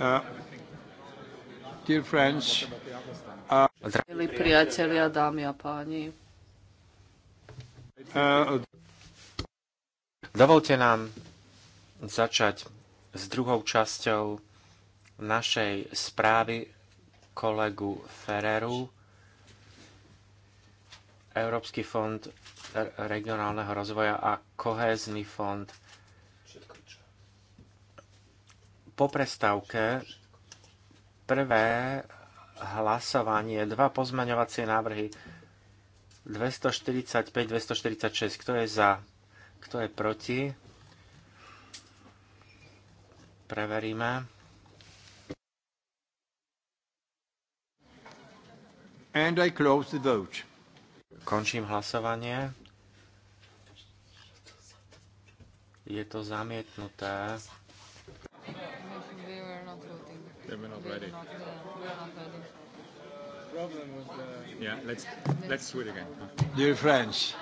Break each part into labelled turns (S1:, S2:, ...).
S1: Uh,
S2: priatelia, dámy a páni.
S1: Uh, Dovolte nám začať s druhou časťou našej správy kolegu Ferreru. Európsky fond regionálneho rozvoja a kohézny fond po prestávke prvé hlasovanie, dva pozmaňovacie návrhy 245, 246. Kto je za? Kto je proti? Preveríme. And I close the vote. Končím hlasovanie. Je to zamietnuté. They were not ready. Problem was the... Yeah, let's, let's switch it again. Dear friends.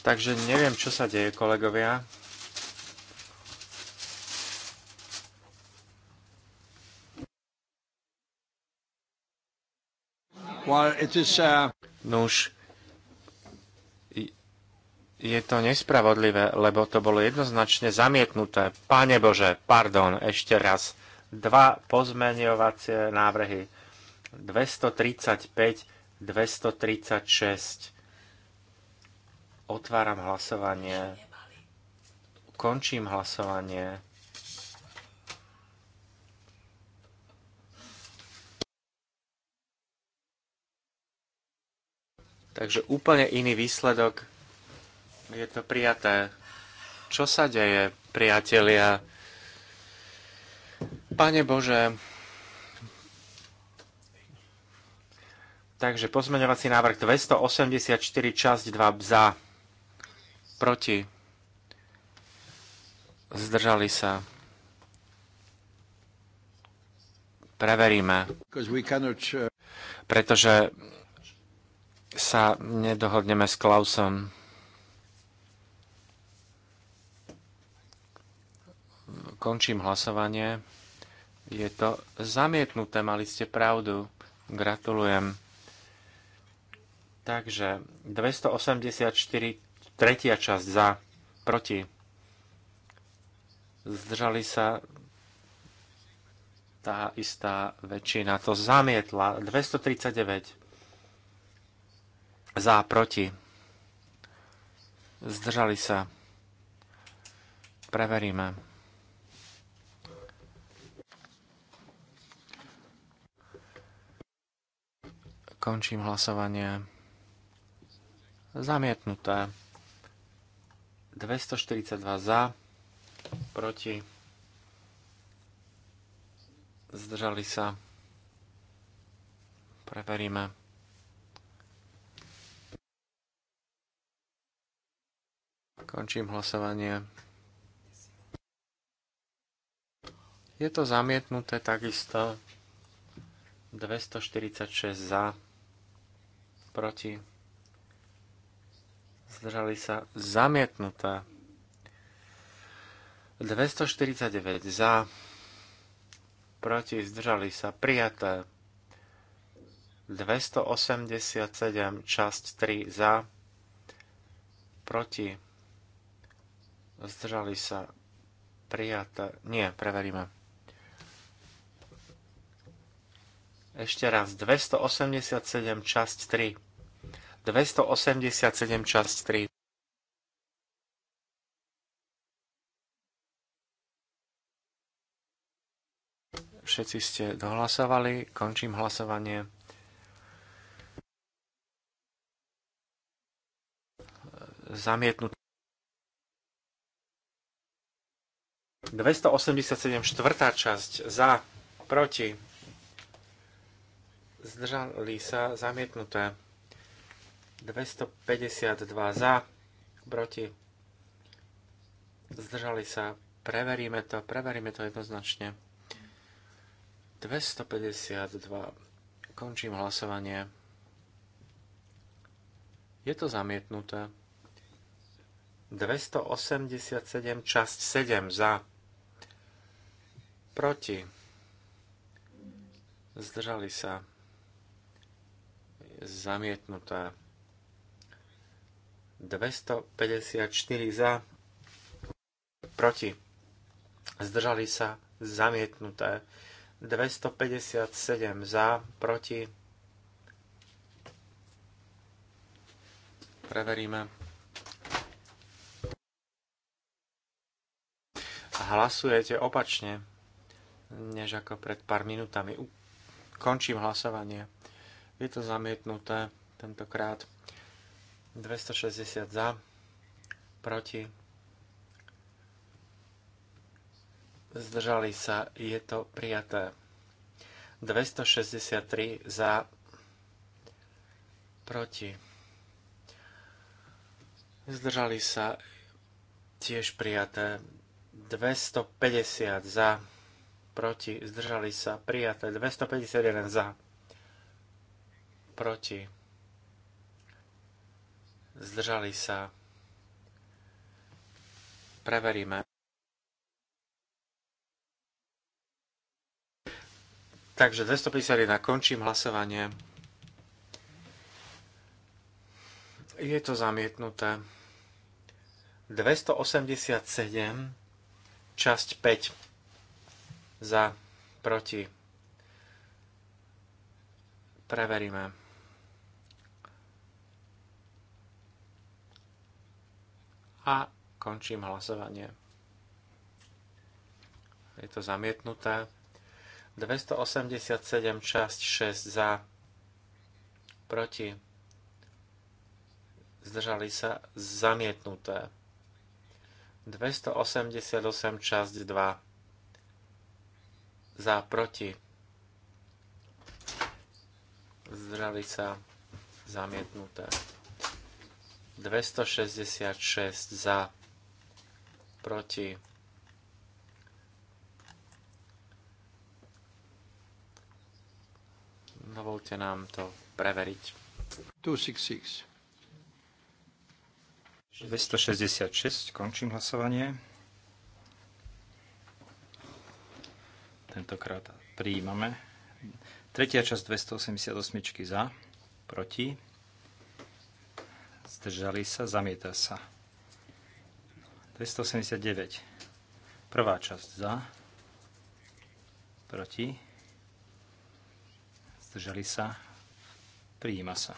S1: Takže neviem, čo sa deje, kolegovia.
S3: Well, it is, uh...
S1: Nuž, no je to nespravodlivé, lebo to bolo jednoznačne zamietnuté. Páne Bože, pardon, ešte raz. Dva pozmeňovacie návrhy. 235, 236. Otváram hlasovanie. Končím hlasovanie. Takže úplne iný výsledok je to prijaté. Čo sa deje, priatelia? Pane Bože, Takže pozmeňovací návrh 284, časť 2 za, proti, zdržali sa. Preveríme. Pretože sa nedohodneme s Klausom. Končím hlasovanie. Je to zamietnuté, mali ste pravdu. Gratulujem. Takže 284, tretia časť za, proti. Zdržali sa tá istá väčšina. To zamietla. 239 za, proti. Zdržali sa. Preveríme. Končím hlasovanie. Zamietnuté. 242 za, proti, zdržali sa. Preveríme. Končím hlasovanie. Je to zamietnuté takisto. 246 za, proti, zdržali sa zamietnuté. 249 za, proti, zdržali sa prijaté. 287 časť 3 za, proti, zdržali sa prijaté. Nie, preveríme. Ešte raz, 287 časť 3. 287 časť 3. Všetci ste dohlasovali, končím hlasovanie. Zamietnuté. 287 štvrtá časť za, proti, zdržali sa, zamietnuté. 252 za, proti, zdržali sa, preveríme to, preveríme to jednoznačne. 252, končím hlasovanie. Je to zamietnuté. 287 časť 7 za. Proti. Zdržali sa zamietnuté. 254 za, proti, zdržali sa, zamietnuté. 257 za, proti, preveríme. Hlasujete opačne, než ako pred pár minútami. Končím hlasovanie. Je to zamietnuté tentokrát. 260 za, proti. Zdržali sa, je to prijaté. 263 za, proti. Zdržali sa, tiež prijaté. 250 za, proti. Zdržali sa, prijaté. 251 za, proti, zdržali sa, preveríme. Takže 251 končím hlasovanie. Je to zamietnuté. 287 časť 5 za proti. Preveríme. A končím hlasovanie. Je to zamietnuté. 287 časť 6 za, proti, zdržali sa zamietnuté. 288 časť 2 za, proti, zdržali sa zamietnuté. 266 za, proti, dovolte nám to preveriť.
S4: 266. končím hlasovanie. Tentokrát príjmame. Tretia časť 288 za, proti zdržali sa, zamieta sa. 289. Prvá časť za, proti, zdržali sa, prijíma sa.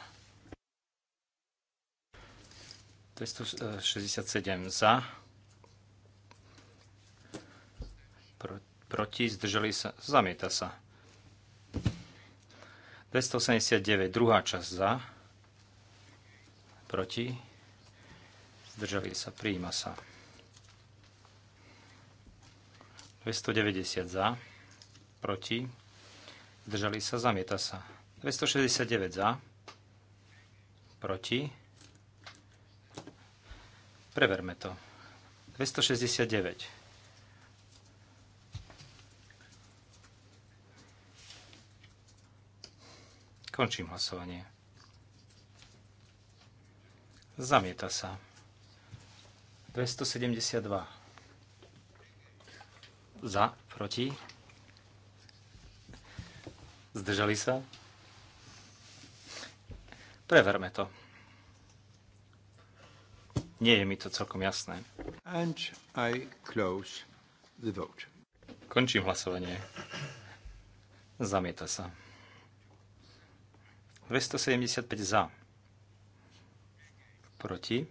S4: 267 za, proti, zdržali sa, zamieta sa. 289, druhá časť za, proti, zdržali sa, prijíma sa. 290 za, proti, zdržali sa, zamieta sa. 269 za, proti, preverme to. 269. Končím hlasovanie. Zamieta sa. 272. Za, proti. Zdržali sa. Preverme to. Nie je mi to celkom jasné. And I close the vote. Končím hlasovanie. Zamieta sa. 275 za proti,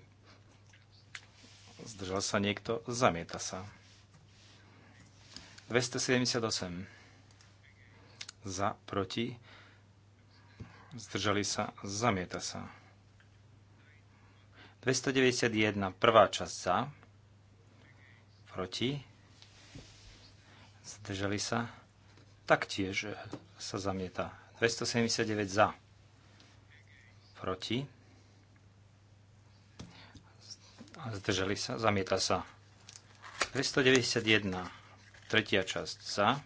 S4: zdržal sa niekto, zamieta sa. 278 za, proti, zdržali sa, zamieta sa. 291, prvá časť za, proti, zdržali sa, taktiež sa zamieta. 279 za, proti, zdržali sa, zamieta sa. 291, tretia časť za,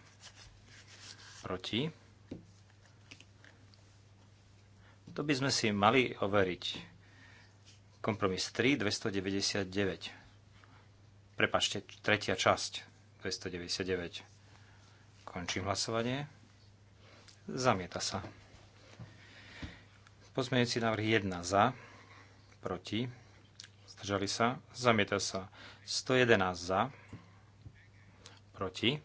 S4: proti. To by sme si mali overiť. Kompromis 3, 299. Prepačte, tretia časť, 299. Končím hlasovanie. Zamieta sa. Pozmeňujúci návrh 1 za, proti zdržali sa, zamieta sa. 111 za, proti,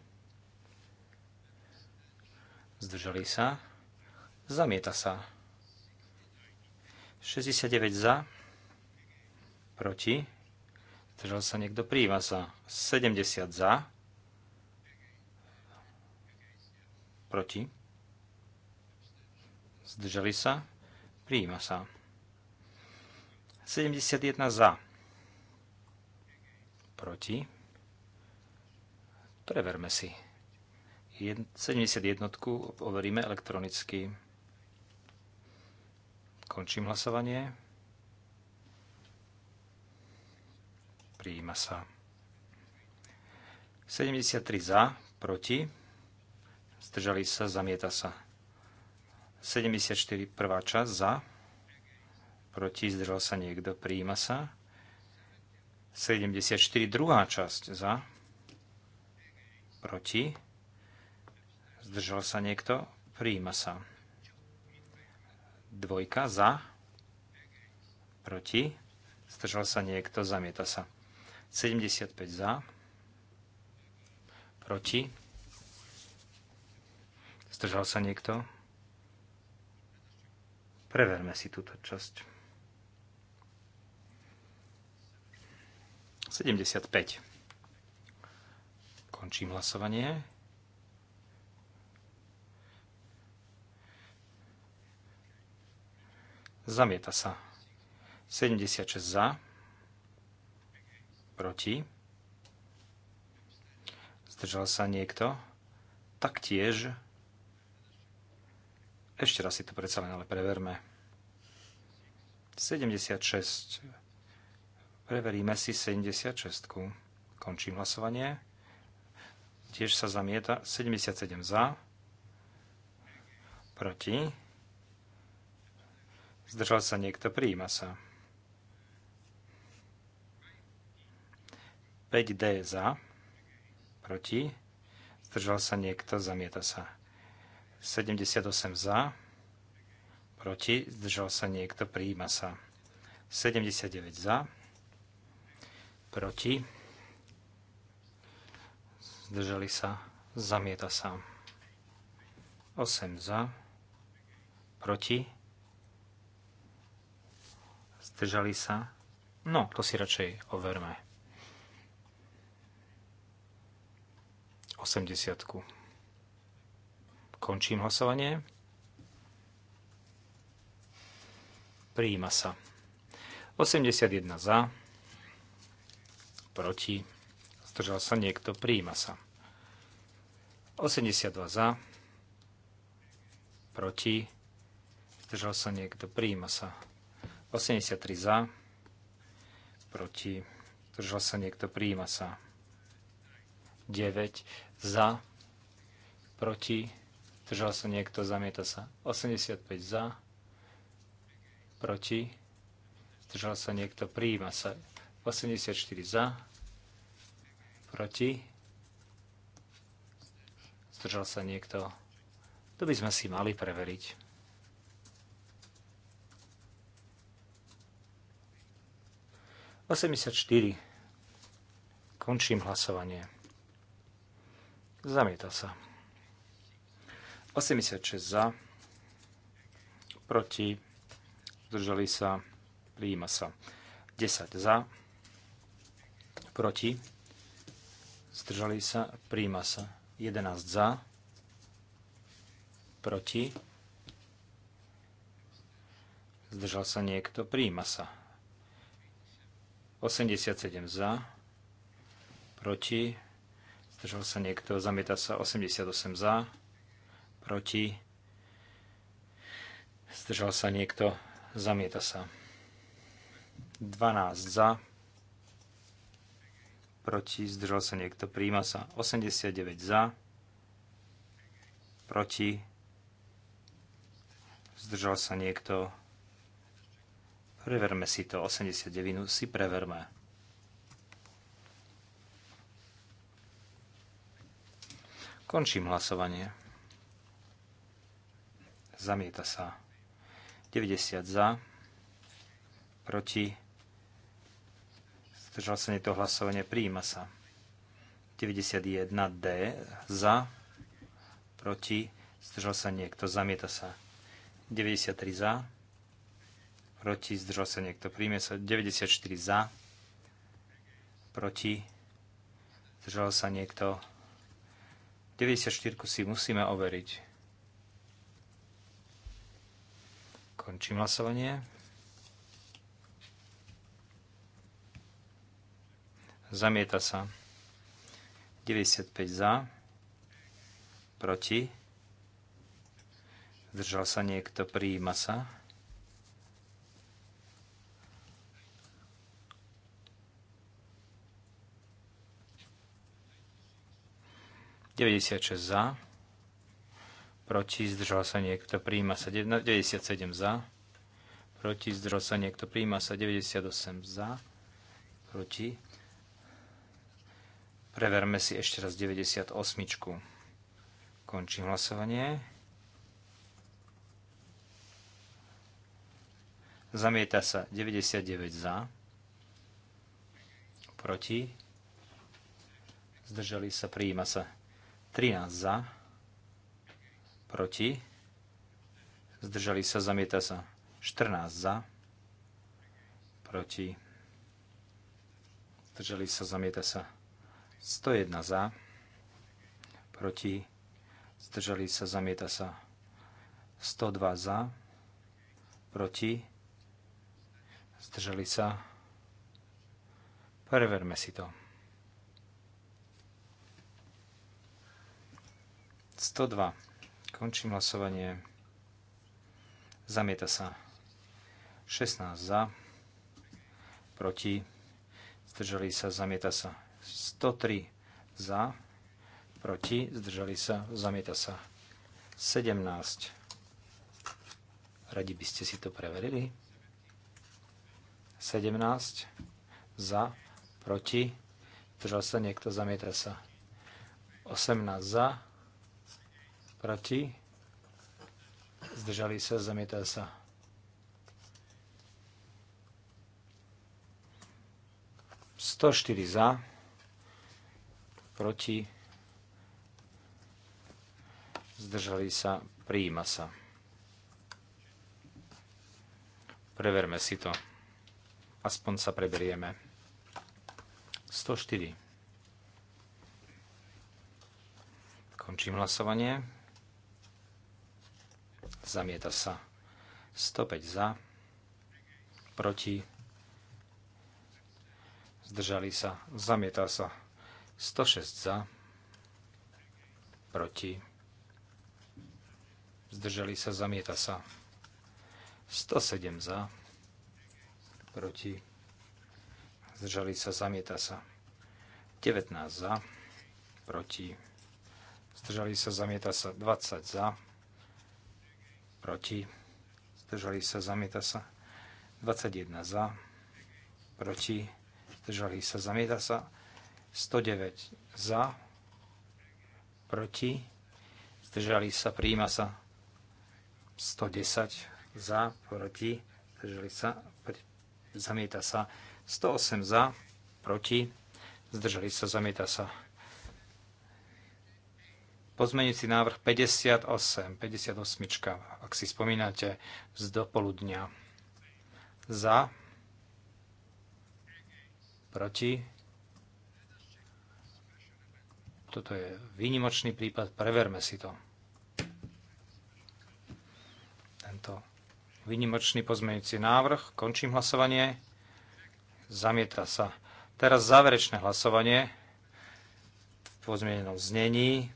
S4: zdržali sa, zamieta sa. 69 za, proti, zdržal sa niekto, príjma sa. 70 za, proti, zdržali sa, príjma sa. 71 za, proti. Preverme si. 71 overíme elektronicky. Končím hlasovanie. Prijíma sa. 73 za, proti. Zdržali sa, zamieta sa. 74 prvá časť za, proti, zdržal sa niekto, prijíma sa. 74. Druhá časť za. Proti. Zdržal sa niekto? Prijíma sa. Dvojka za. Proti. Zdržal sa niekto? Zamieta sa. 75 za. Proti. Zdržal sa niekto? Preverme si túto časť. 75. Končím hlasovanie. Zamieta sa. 76 za. Proti. Zdržal sa niekto. Taktiež. Ešte raz si to predsa len ale preverme. 76 Preveríme si 76. Končím hlasovanie. Tiež sa zamieta 77 za, proti. Zdržal sa niekto, prijíma sa. 5D za, proti. Zdržal sa niekto, zamieta sa. 78 za, proti. Zdržal sa niekto, prijíma sa. 79 za, proti proti, zdržali sa, zamieta sa. 8 za, proti, zdržali sa. No, to si radšej overme. 80. Končím hlasovanie. Prijíma sa. 81 za, proti, zdržal sa niekto, prijíma sa. 82 za, proti, zdržal sa niekto, prijíma sa. 83 za, proti, zdržal sa niekto, prijíma sa. 9 za, proti, zdržal sa niekto, zamieta sa. 85 za, proti, zdržal sa niekto, prijíma sa. 84 za, proti, zdržal sa niekto. To by sme si mali preveriť. Osemdesiat Končím hlasovanie. Zamieta sa. 86 za. Proti. Zdržali sa. Prijíma sa. 10 za proti, zdržali sa, príjma sa. 11 za, proti, zdržal sa niekto, príjma sa. 87 za, proti, zdržal sa niekto, zamieta sa 88 za, proti, zdržal sa niekto, zamieta sa. 12 za, proti, zdržal sa niekto, príjma sa 89 za, proti, zdržal sa niekto, preverme si to, 89 no, si preverme. Končím hlasovanie. Zamieta sa. 90 za, proti, zdržal sa to hlasovanie, príjima sa. 91D za, proti, zdržal sa niekto, zamieta sa. 93 za, proti, zdržal sa niekto, príjme sa. 94 za, proti, zdržal sa niekto. 94 si musíme overiť. Končím hlasovanie. Zamieta sa. 95 za. Proti. Zdržal sa niekto. Prijíma sa. za. Proti. Zdržal sa niekto. Prijíma sa. 97 za. Proti. Zdržal sa niekto. Prijíma sa. 98 za. Proti Preverme si ešte raz 98. Končím hlasovanie. Zamieta sa 99 za. Proti. Zdržali sa, prijíma sa 13 za. Proti. Zdržali sa, zamieta sa 14 za. Proti. Zdržali sa, zamieta sa 101 za, proti, zdržali sa, zamieta sa. 102 za, proti, zdržali sa. Preverme si to. 102. Končím hlasovanie. Zamieta sa. 16 za, proti, zdržali sa, zamieta sa. 103 za, proti, zdržali sa, zamieta sa. 17. Radi by ste si to preverili. 17 za, proti, zdržal sa niekto, zamieta sa. 18 za, proti, zdržali sa, zamieta sa. 104 za, proti, zdržali sa, prijíma sa. Preverme si to. Aspoň sa preberieme. 104. Končím hlasovanie. Zamieta sa. 105 za. Proti. Zdržali sa. Zamieta sa. 106 za, proti, zdržali sa, zamieta sa. 107 za, proti, zdržali sa, zamieta sa. 19 za, proti, zdržali sa, zamieta sa. 20 za, proti, zdržali sa, zamieta sa. 21 za, proti, zdržali sa, zamieta sa. 109 za, proti, zdržali sa, príjma sa 110 za, proti, zdržali sa, zamieta sa 108 za, proti, zdržali sa, zamieta sa. Pozmeňujúci návrh 58, 58, ak si spomínate, z dopoludnia. Za, proti, toto je výnimočný prípad, preverme si to. Tento výnimočný pozmeňujúci návrh, končím hlasovanie, zamieta sa. Teraz záverečné hlasovanie v pozmenenom znení.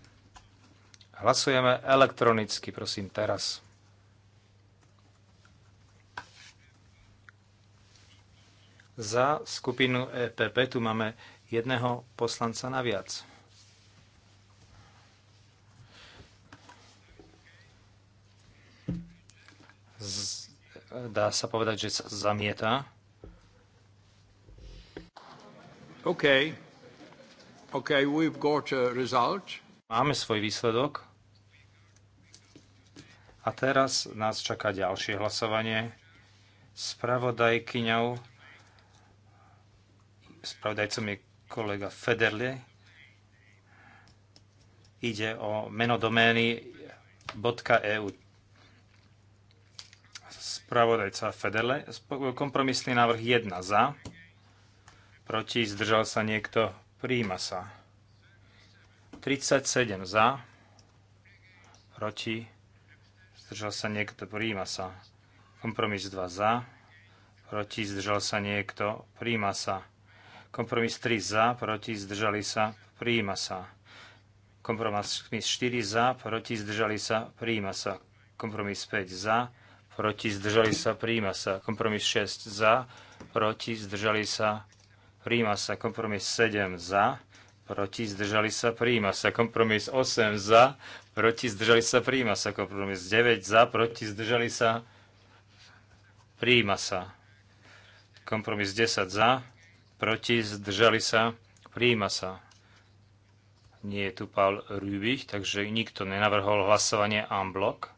S4: Hlasujeme elektronicky, prosím, teraz. Za skupinu EPP tu máme jedného poslanca naviac. Z, dá sa povedať, že zamieta. OK.
S3: OK, we've got a result.
S4: Máme svoj výsledok. A teraz nás čaká ďalšie hlasovanie. Spravodajkyňou spravodajcom je kolega Federle. Ide o meno domény .eu spravodajca Fedele. Kompromisný návrh 1 za. Proti zdržal sa niekto. Príjima sa. 37 za. Proti zdržal sa niekto. Príjima sa. Kompromis 2 za. Proti zdržal sa niekto. Príjima sa. Kompromis 3 za. Proti zdržali sa. Príjima sa. Kompromis 4 za. Proti zdržali sa. Príjima sa. Kompromis 5 za proti, zdržali sa, príjma sa. Kompromis 6 za, proti, zdržali sa, príjma sa. Kompromis 7 za, proti, zdržali sa, príjma sa. Kompromis 8 za, proti, zdržali sa, príjma sa. Kompromis 9 za, proti, zdržali sa, príjma sa. Kompromis 10 za, proti, zdržali sa, príjma sa. Nie je tu Paul Rübich, takže nikto nenavrhol hlasovanie en bloc.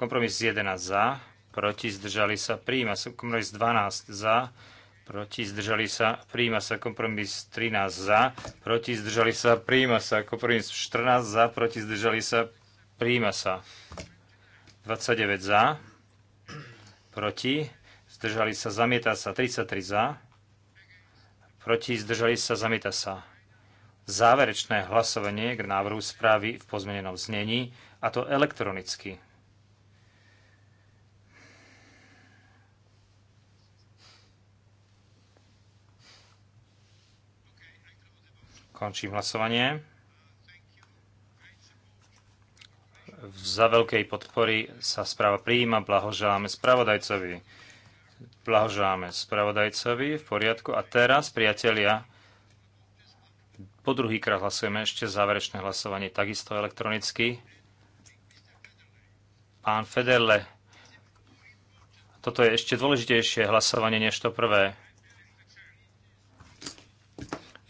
S4: Kompromis 11 za, proti zdržali sa, príjima sa. Kompromis 12 za, proti zdržali sa, príjima sa. Kompromis 13 za, proti zdržali sa, príjima sa. Kompromis 14 za, proti zdržali sa, príjima sa. 29 za, proti, zdržali sa, zamieta sa, 33 za, proti, zdržali sa, zamieta sa. Záverečné hlasovanie k návrhu správy v pozmenenom znení, a to elektronicky. Končím hlasovanie. Za veľkej podpory sa správa prijíma. Blahoželáme spravodajcovi. Blahoželáme spravodajcovi. V poriadku. A teraz, priatelia, po druhýkrát hlasujeme ešte záverečné hlasovanie, takisto elektronicky. Pán Federle, toto je ešte dôležitejšie hlasovanie než to prvé.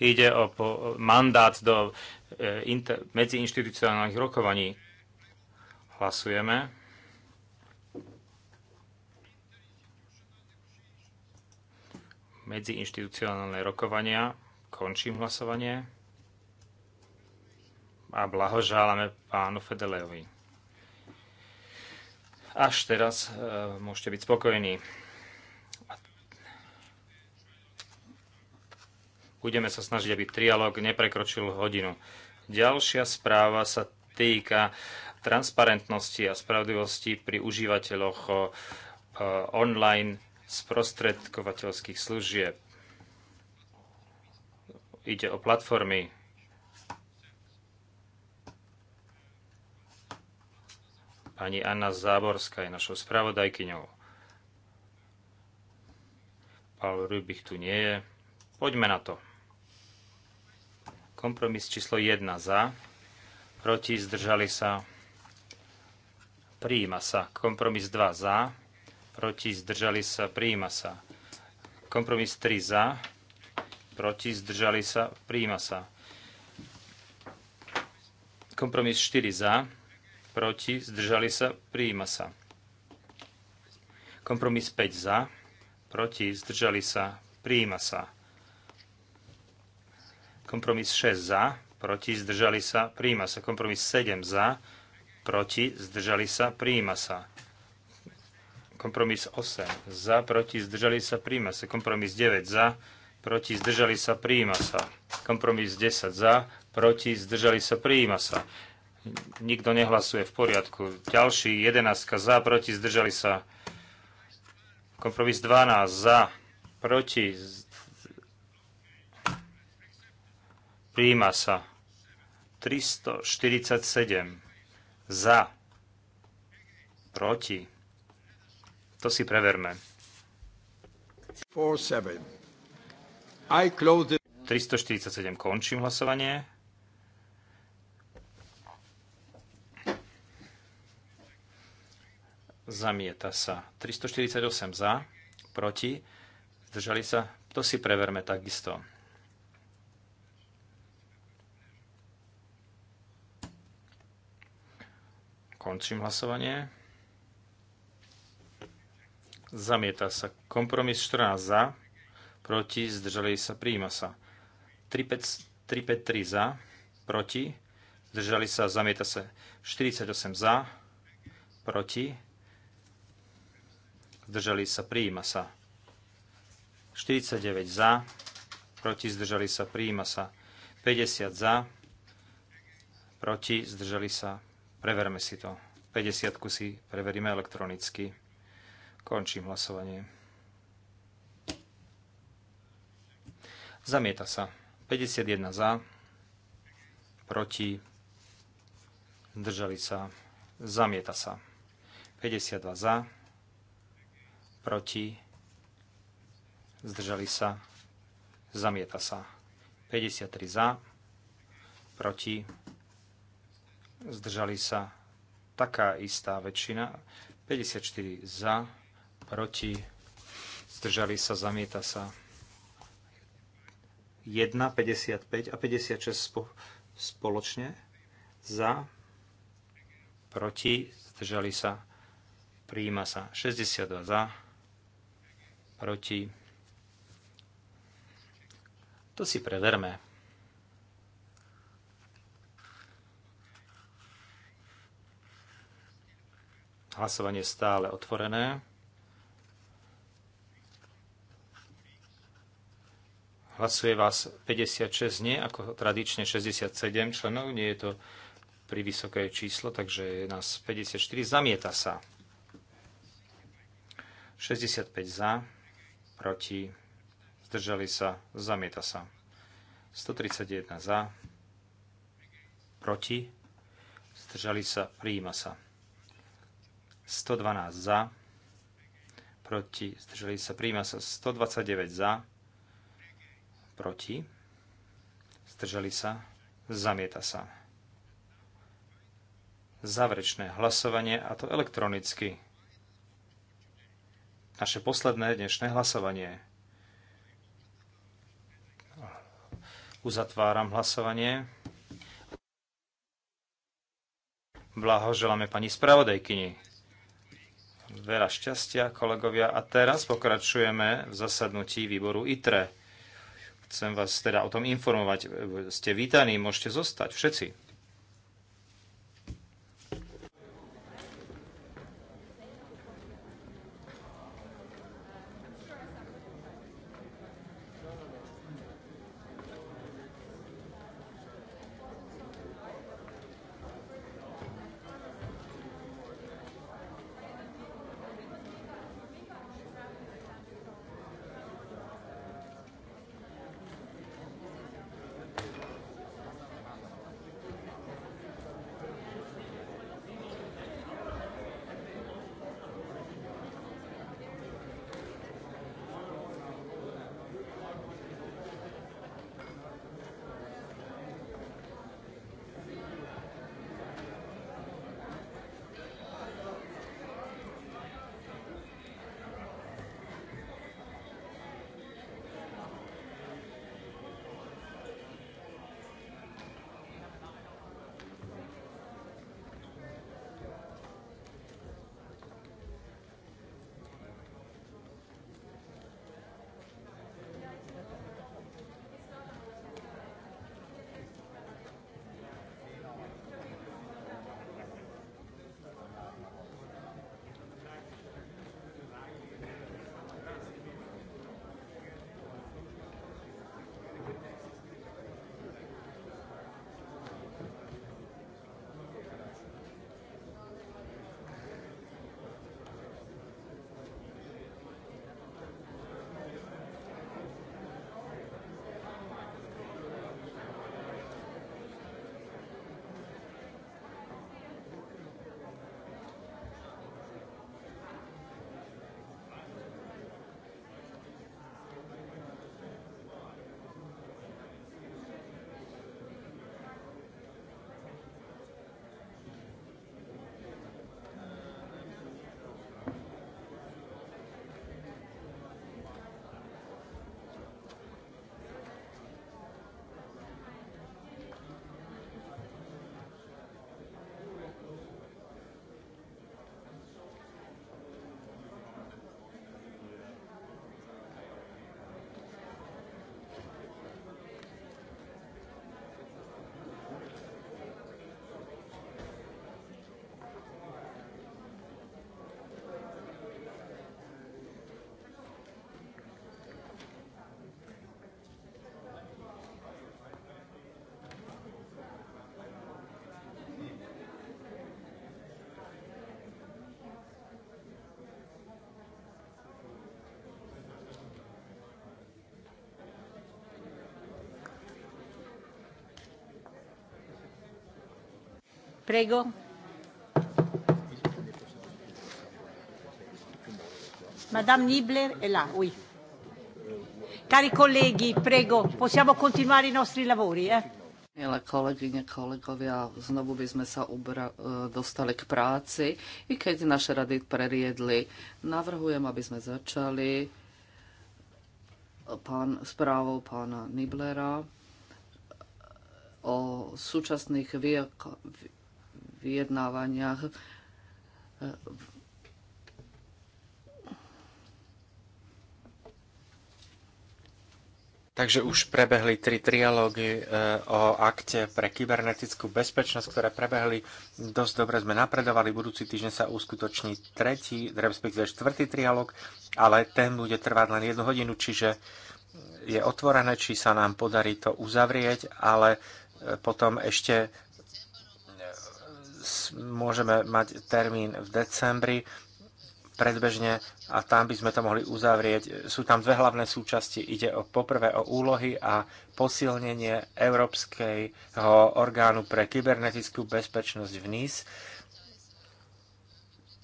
S4: Ide o mandát do e, inter- medziinstitucionálnych rokovaní. Hlasujeme. Medziinstitucionálne rokovania. Končím hlasovanie. A blahožálame pánu Fedelejovi. Až teraz e, môžete byť spokojní. Budeme sa snažiť, aby trialog neprekročil hodinu. Ďalšia správa sa týka transparentnosti a spravodlivosti pri užívateľoch eh, online sprostredkovateľských služieb. Ide o platformy. Pani Anna Záborská je našou spravodajkyňou. Paul Rubich tu nie je. Poďme na to. Kompromis číslo 1 za, proti zdržali sa, prijíma sa. Kompromis 2 za, proti zdržali sa, prijíma sa. Kompromis 3 za, proti zdržali sa, prijíma sa. Kompromis 4 za, proti zdržali sa, prijíma sa. Kompromis 5 za, proti zdržali sa, prijíma sa. Kompromis 6 za, proti, zdržali sa, príjima sa. Kompromis 7 za, proti, zdržali sa, príjima sa. Kompromis 8 za, proti, zdržali sa, príjima sa. Kompromis 9 za, proti, zdržali sa, príjima sa. Kompromis 10 za, proti, zdržali sa, príjima sa. Nikto nehlasuje v poriadku. Ďalší 11 za, proti, zdržali sa. Kompromis 12 za, proti, Príjima sa. 347. Za. Proti. To si preverme. 347. Končím hlasovanie. Zamieta sa. 348 za, proti, zdržali sa. To si preverme takisto. Končím hlasovanie. Zamieta sa. Kompromis 14 za, proti, zdržali sa, príjima sa. 353 za, proti, zdržali sa, zamieta sa. 48 za, proti, zdržali sa, príjima sa. 49 za, proti, zdržali sa, príjima sa. 50 za, proti, zdržali sa, Preverme si to. 50 si preveríme elektronicky. Končím hlasovanie. Zamieta sa. 51 za, proti, držali sa, zamieta sa. 52 za, proti, zdržali sa, zamieta sa. 53 za, proti, zdržali sa taká istá väčšina, 54 za, proti, zdržali sa, zamieta sa. 1, 55 a 56 spoločne, za, proti, zdržali sa, prijíma sa 62 za, proti. To si preverme. Hlasovanie je stále otvorené. Hlasuje vás 56, nie ako tradične 67 členov, nie je to pri vysoké číslo, takže je nás 54, zamieta sa. 65 za, proti, zdržali sa, zamieta sa. 131 za, proti, zdržali sa, prijíma sa. 112 za, proti, zdržali sa, príjma sa 129 za, proti, zdržali sa, zamieta sa. Záverečné hlasovanie, a to elektronicky. Naše posledné dnešné hlasovanie. Uzatváram hlasovanie. Blahoželáme pani spravodajkyni. Veľa šťastia, kolegovia. A teraz pokračujeme v zasadnutí výboru ITRE. Chcem vás teda o tom informovať. Ste vítaní, môžete zostať všetci.
S3: Prego. Madame Nibler è là, oui. Cari colleghi, prego, possiamo continuare i nostri lavori, eh?
S2: Milé kolegyne, kolegovia, znovu by sme sa ubra- e, dostali k práci, i keď naše rady preriedli. Navrhujem, aby sme začali e, pán, správou pána Niblera e, o súčasných vyjednávaniach.
S1: Takže už prebehli tri trialógy e, o akte pre kybernetickú bezpečnosť, ktoré prebehli dosť dobre, sme napredovali. Budúci týždeň sa uskutoční tretí, teda respektíve štvrtý trialóg, ale ten bude trvať len jednu hodinu, čiže je otvorené, či sa nám podarí to uzavrieť, ale e, potom ešte môžeme mať termín v decembri predbežne a tam by sme to mohli uzavrieť. Sú tam dve hlavné súčasti. Ide o poprvé o úlohy a posilnenie Európskeho orgánu pre kybernetickú bezpečnosť v NIS.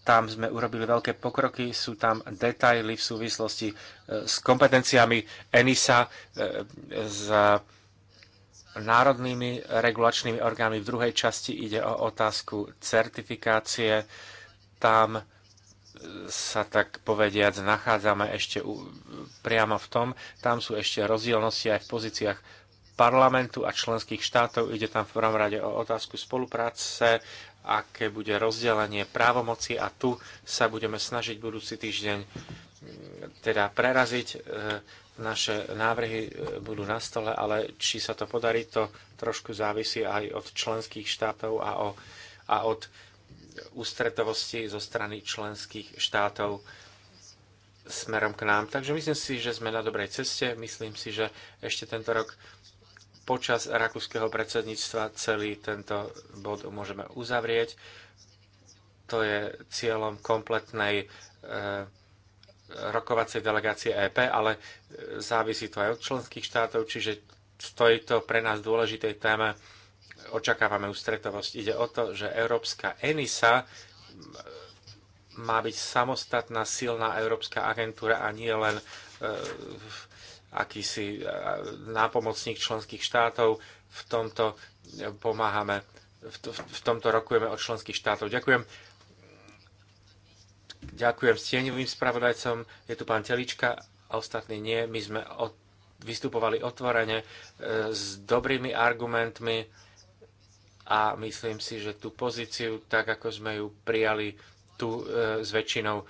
S1: Tam sme urobili veľké pokroky, sú tam detaily v súvislosti eh, s kompetenciami ENISA, s eh, národnými regulačnými orgánmi. V druhej časti ide o otázku certifikácie. Tam e, sa tak povediac nachádzame ešte u, priamo v tom. Tam sú ešte rozdielnosti aj v pozíciách parlamentu a členských štátov. Ide tam v prvom rade o otázku spolupráce, aké bude rozdelenie právomoci a tu sa budeme snažiť budúci týždeň teda preraziť e, naše návrhy e, budú na stole, ale či sa to podarí, to trošku závisí aj od členských štátov a, o, a od ústretovosti zo strany členských štátov smerom k nám. Takže myslím si, že sme na dobrej ceste. Myslím si, že ešte tento rok počas rakúskeho predsedníctva celý tento bod môžeme uzavrieť. To je cieľom kompletnej Eh, rokovacej delegácie EP, ale e, závisí to aj od členských štátov, čiže stojí to pre nás dôležitej téme očakávame ústretovosť. Ide o to, že Európska ENISA má byť samostatná silná európska agentúra a nie len e, akýsi e, nápomocník členských štátov. V tomto pomáhame, v, v tomto rokujeme od členských štátov. Ďakujem. Ďakujem stieňovým spravodajcom. Je tu pán Telička a ostatní nie. My sme od, vystupovali otvorene e, s dobrými argumentmi a myslím si, že tú pozíciu, tak ako sme ju prijali tu e, s väčšinou,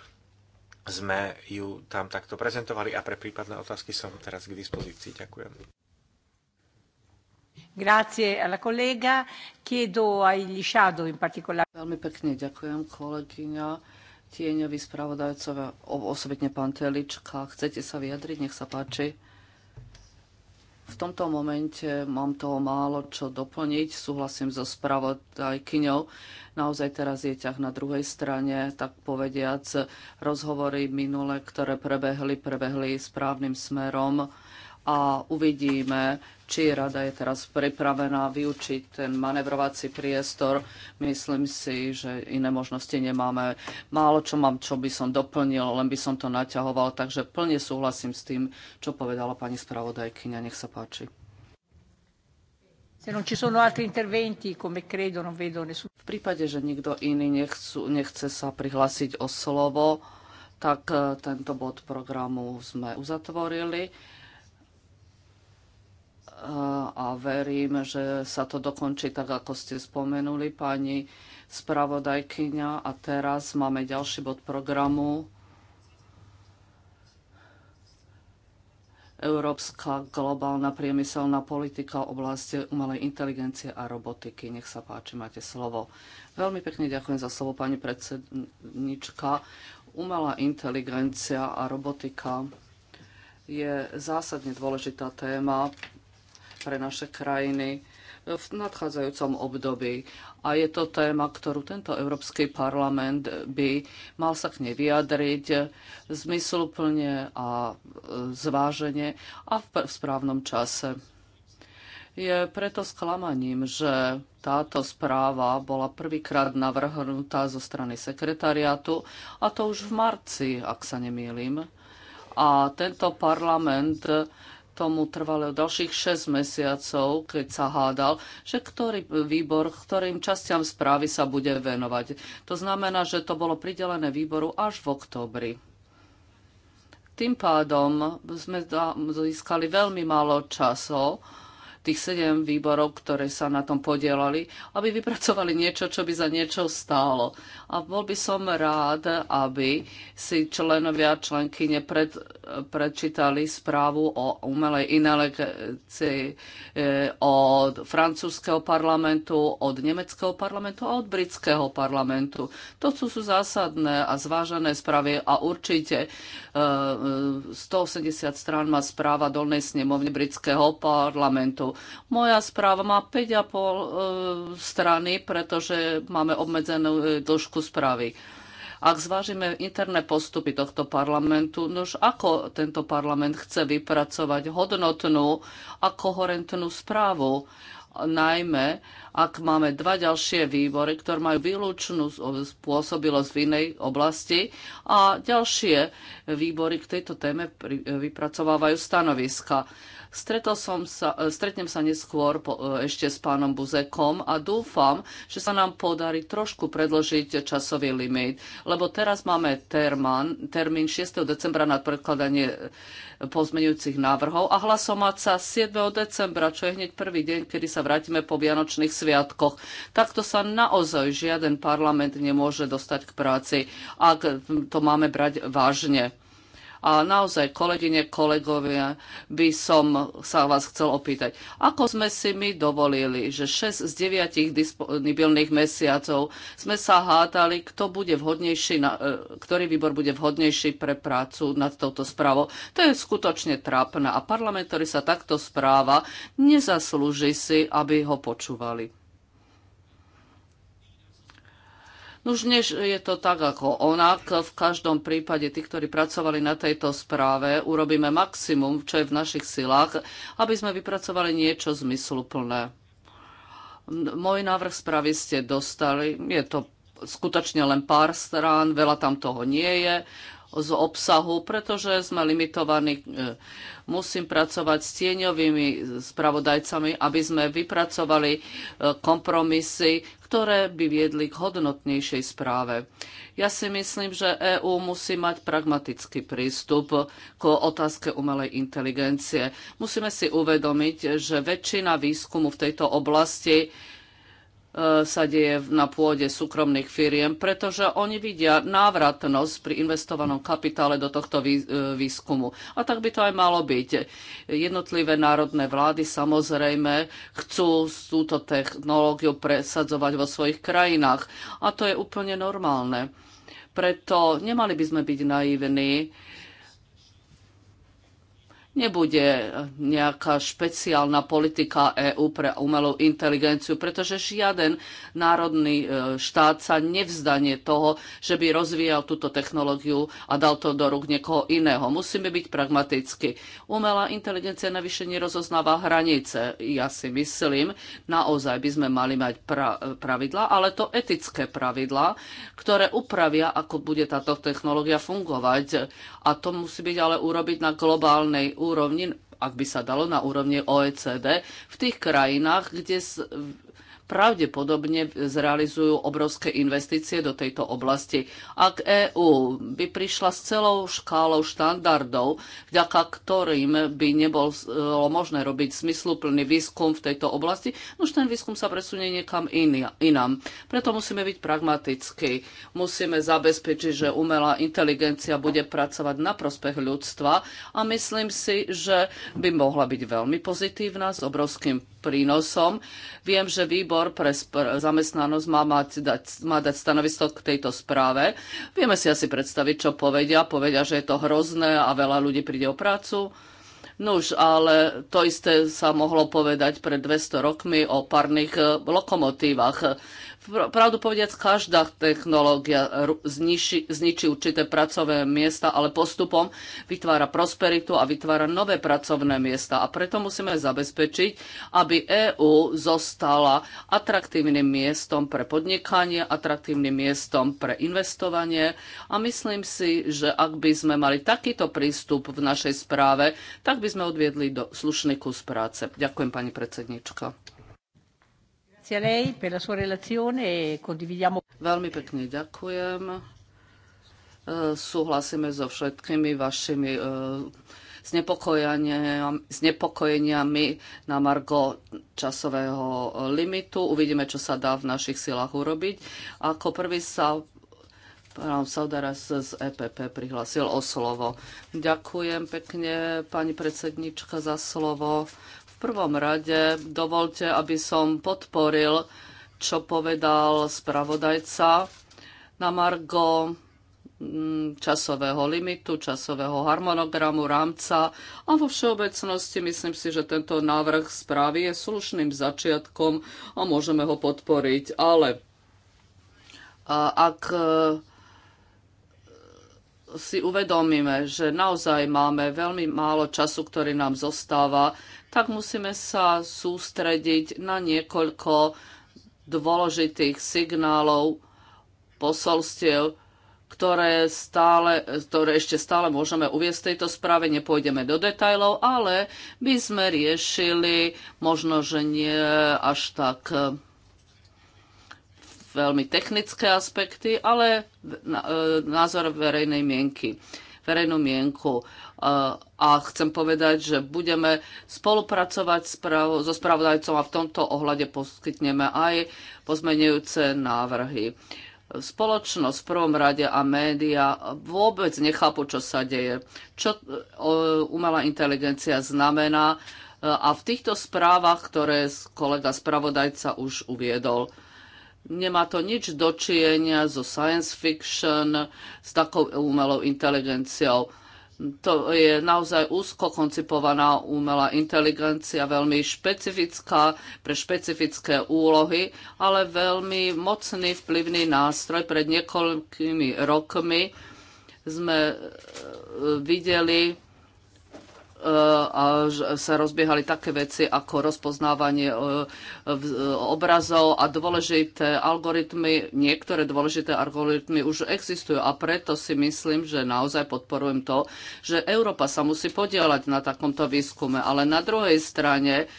S1: sme ju tam takto prezentovali a pre prípadné otázky som teraz k dispozícii. Ďakujem.
S3: Grazie alla collega. Chiedo agli shadow in particolare. Veľmi
S2: pekne ďakujem, kolegyňa spravodajcov a osobitne pán Telička. Chcete sa vyjadriť? Nech sa páči. V tomto momente mám toho málo čo doplniť. Súhlasím so spravodajkyňou. Naozaj teraz je ťah na druhej strane, tak povediac. Rozhovory minule, ktoré prebehli, prebehli správnym smerom a uvidíme, či rada je teraz pripravená vyučiť ten manevrovací priestor. Myslím si, že iné možnosti nemáme. Málo čo mám, čo by som doplnil, len by som to naťahoval, takže plne súhlasím s tým, čo povedala pani spravodajkyňa. Nech sa páči. V prípade, že nikto iný nechcú, nechce sa prihlásiť o slovo, tak eh, tento bod programu sme uzatvorili a verím, že sa to dokončí tak, ako ste spomenuli, pani spravodajkyňa. A teraz máme ďalší bod programu. Európska globálna priemyselná politika v oblasti umelej inteligencie a robotiky. Nech sa páči, máte slovo. Veľmi pekne ďakujem za slovo, pani predsednička. Umelá inteligencia a robotika je zásadne dôležitá téma pre naše krajiny v nadchádzajúcom období. A je to téma, ktorú tento Európsky parlament by mal sa k nej vyjadriť zmysluplne a e, zvážene a v správnom čase. Je preto sklamaním, že táto správa bola prvýkrát navrhnutá zo strany sekretariátu, a to už v marci, ak sa nemýlim. A tento parlament tomu trvalo ďalších 6 mesiacov, keď sa hádal, že ktorý výbor, ktorým častiam správy sa bude venovať. To znamená, že to bolo pridelené výboru až v oktobri. Tým pádom sme získali veľmi málo času tých sedem výborov, ktoré sa na tom podielali, aby vypracovali niečo, čo by za niečo stálo. A bol by som rád, aby si členovia a členky nepred, prečítali správu o umelej inelekcii eh, od francúzského parlamentu, od nemeckého parlamentu a od britského parlamentu. To sú, sú zásadné a zvážené správy a určite 180 eh, strán má správa Dolnej snemovne britského parlamentu. Moja správa má 5,5 e, strany, pretože máme obmedzenú e, dĺžku správy. Ak zvážime interné postupy tohto parlamentu, nož ako tento parlament chce vypracovať hodnotnú a koherentnú správu, najmä ak máme dva ďalšie výbory, ktoré majú výlučnú spôsobilosť v inej oblasti a ďalšie výbory k tejto téme vypracovávajú stanoviska. Stretol som sa, e, stretnem sa neskôr po, e, ešte s pánom Buzekom a dúfam, že sa nám podarí trošku predložiť časový limit, lebo teraz máme termán, termín 6. decembra na predkladanie e, pozmenujúcich návrhov a hlasovať sa 7. decembra, čo je hneď prvý deň, kedy sa vrátime po Vianočných sviatkoch. Takto sa naozaj žiaden parlament nemôže dostať k práci, ak to máme brať vážne. A naozaj, kolegyne, kolegovia, by som sa vás chcel opýtať, ako sme si my dovolili, že 6 z 9 disponibilných mesiacov sme sa hádali, kto bude vhodnejší, e, ktorý výbor bude vhodnejší pre prácu nad touto správou. To je skutočne trápne a parlament, ktorý sa takto správa, nezaslúži si, aby ho počúvali. No už než je to tak ako onak, v každom prípade tí, ktorí pracovali na tejto správe, urobíme maximum, čo je v našich silách, aby sme vypracovali niečo zmysluplné. Môj návrh správy ste dostali, je to skutočne len pár strán, veľa tam toho nie je z obsahu, pretože sme limitovaní e, musím pracovať s tieňovými spravodajcami, aby sme vypracovali e, kompromisy, ktoré by viedli k hodnotnejšej správe. Ja si myslím, že EÚ musí mať pragmatický prístup k otázke umelej inteligencie. Musíme si uvedomiť, že väčšina výskumu v tejto oblasti E, sa deje na pôde súkromných firiem, pretože oni vidia návratnosť pri investovanom kapitále do tohto e, výskumu. A tak by to aj malo byť. Jednotlivé národné vlády samozrejme chcú túto technológiu presadzovať vo svojich krajinách a to je úplne normálne. Preto nemali by sme byť naivní nebude nejaká špeciálna politika EÚ pre umelú inteligenciu, pretože žiaden národný e, štát sa nevzdanie toho, že by rozvíjal túto technológiu a dal to do rúk niekoho iného. Musíme byť pragmaticky. Umelá inteligencia navyše nerozoznáva hranice. Ja si myslím, naozaj by sme mali mať pra- pravidla, ale to etické pravidla, ktoré upravia, ako bude táto technológia fungovať. A to musí byť ale urobiť na globálnej úrovni úrovni, ak by sa dalo na úrovni OECD, v tých krajinách, kde pravdepodobne zrealizujú obrovské investície do tejto oblasti. Ak EÚ by prišla s celou škálou štandardov, vďaka ktorým by nebolo eh, možné robiť zmysluplný výskum v tejto oblasti, no už ten výskum sa presunie niekam inám. Preto musíme byť pragmatickí. Musíme zabezpečiť, že umelá inteligencia bude pracovať na prospech ľudstva a myslím si, že by mohla byť veľmi pozitívna s obrovským prínosom. Viem, že výbor pre zamestnanosť má, mať, dať, má dať stanovisko k tejto správe. Vieme si asi predstaviť, čo povedia. Povedia, že je to hrozné a veľa ľudí príde o prácu. Nuž, ale to isté sa mohlo povedať pred 200 rokmi o parných eh, lokomotívach pravdu povediac, každá technológia zniči, zničí určité pracové miesta, ale postupom vytvára prosperitu a vytvára nové pracovné miesta. A preto musíme zabezpečiť, aby EÚ zostala atraktívnym miestom pre podnikanie, atraktívnym miestom pre investovanie. A myslím si, že ak by sme mali takýto prístup v našej správe, tak by sme odviedli do slušný kus práce. Ďakujem, pani predsednička.
S3: E Veľmi
S2: pekne ďakujem. E, súhlasíme so všetkými vašimi e, znepokojeniami na margo časového limitu. Uvidíme, čo sa dá v našich silách urobiť. Ako prvý sa pán Saudaras z EPP prihlásil o slovo. Ďakujem pekne, pani predsednička, za slovo prvom rade dovolte, aby som podporil, čo povedal spravodajca na Margo mm, časového limitu, časového harmonogramu, rámca a vo všeobecnosti myslím si, že tento návrh správy je slušným začiatkom a môžeme ho podporiť. Ale ak si uvedomíme, že naozaj máme veľmi málo času, ktorý nám zostáva, tak musíme sa sústrediť na niekoľko dôležitých signálov, posolstiev, ktoré, stále, ktoré ešte stále môžeme uviesť v tejto správe, nepôjdeme do detajlov, ale by sme riešili možno, že nie až tak veľmi technické aspekty, ale e, názor verejnej mienky verejnú mienku. E, a chcem povedať, že budeme spolupracovať so spravodajcom a v tomto ohľade poskytneme aj pozmenujúce návrhy. Spoločnosť v prvom rade a média vôbec nechápu, čo sa deje, čo e, umelá inteligencia znamená. A v týchto správach, ktoré kolega spravodajca už uviedol, Nemá to nič dočienia so science fiction, s takou umelou inteligenciou. To je naozaj úzko koncipovaná umelá inteligencia, veľmi špecifická pre špecifické úlohy, ale veľmi mocný vplyvný nástroj. Pred niekoľkými rokmi sme e, videli E, a sa rozbiehali také veci ako rozpoznávanie e, e, obrazov a dôležité algoritmy, niektoré dôležité algoritmy už existujú a preto si myslím, že naozaj podporujem to, že Európa sa musí podielať na takomto výskume, ale na druhej strane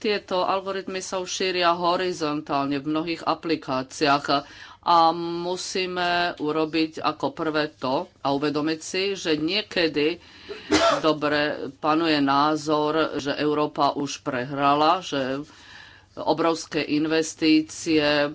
S2: tieto algoritmy sa už šíria horizontálne v mnohých aplikáciách a musíme urobiť ako prvé to a uvedomiť si, že niekedy dobre panuje názor, že Európa už prehrala, že obrovské investície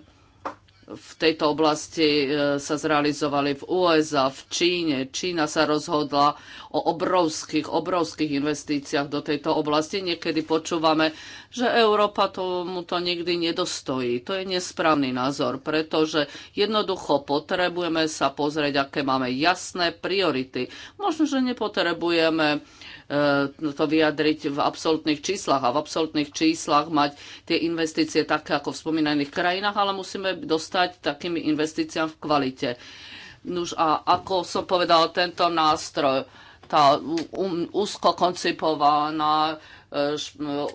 S2: v tejto oblasti e, sa zrealizovali v USA, v Číne. Čína sa rozhodla o obrovských, obrovských investíciách do tejto oblasti. Niekedy počúvame, že Európa tomu to nikdy nedostojí. To je nesprávny názor, pretože jednoducho potrebujeme sa pozrieť, aké máme jasné priority. Možno, že nepotrebujeme E, to vyjadriť v absolútnych číslach a v absolútnych číslach mať tie investície také ako v spomínaných krajinách, ale musíme dostať takými investíciám v kvalite. Nuž a ako som povedal, tento nástroj, tá úzko koncipovaná e,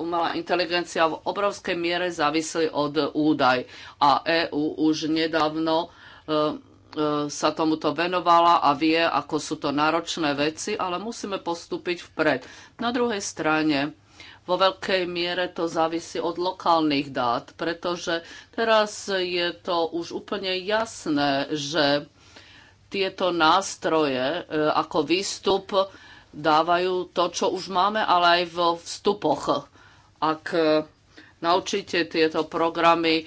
S2: umelá inteligencia v obrovskej miere závislí od údaj. A EÚ už nedávno e, E, sa tomuto venovala a vie, ako sú to náročné veci, ale musíme postúpiť vpred. Na druhej strane, vo veľkej miere to závisí od lokálnych dát, pretože teraz je to už úplne jasné, že tieto nástroje e, ako výstup dávajú to, čo už máme, ale aj vo vstupoch. Ak e, naučíte tieto programy e,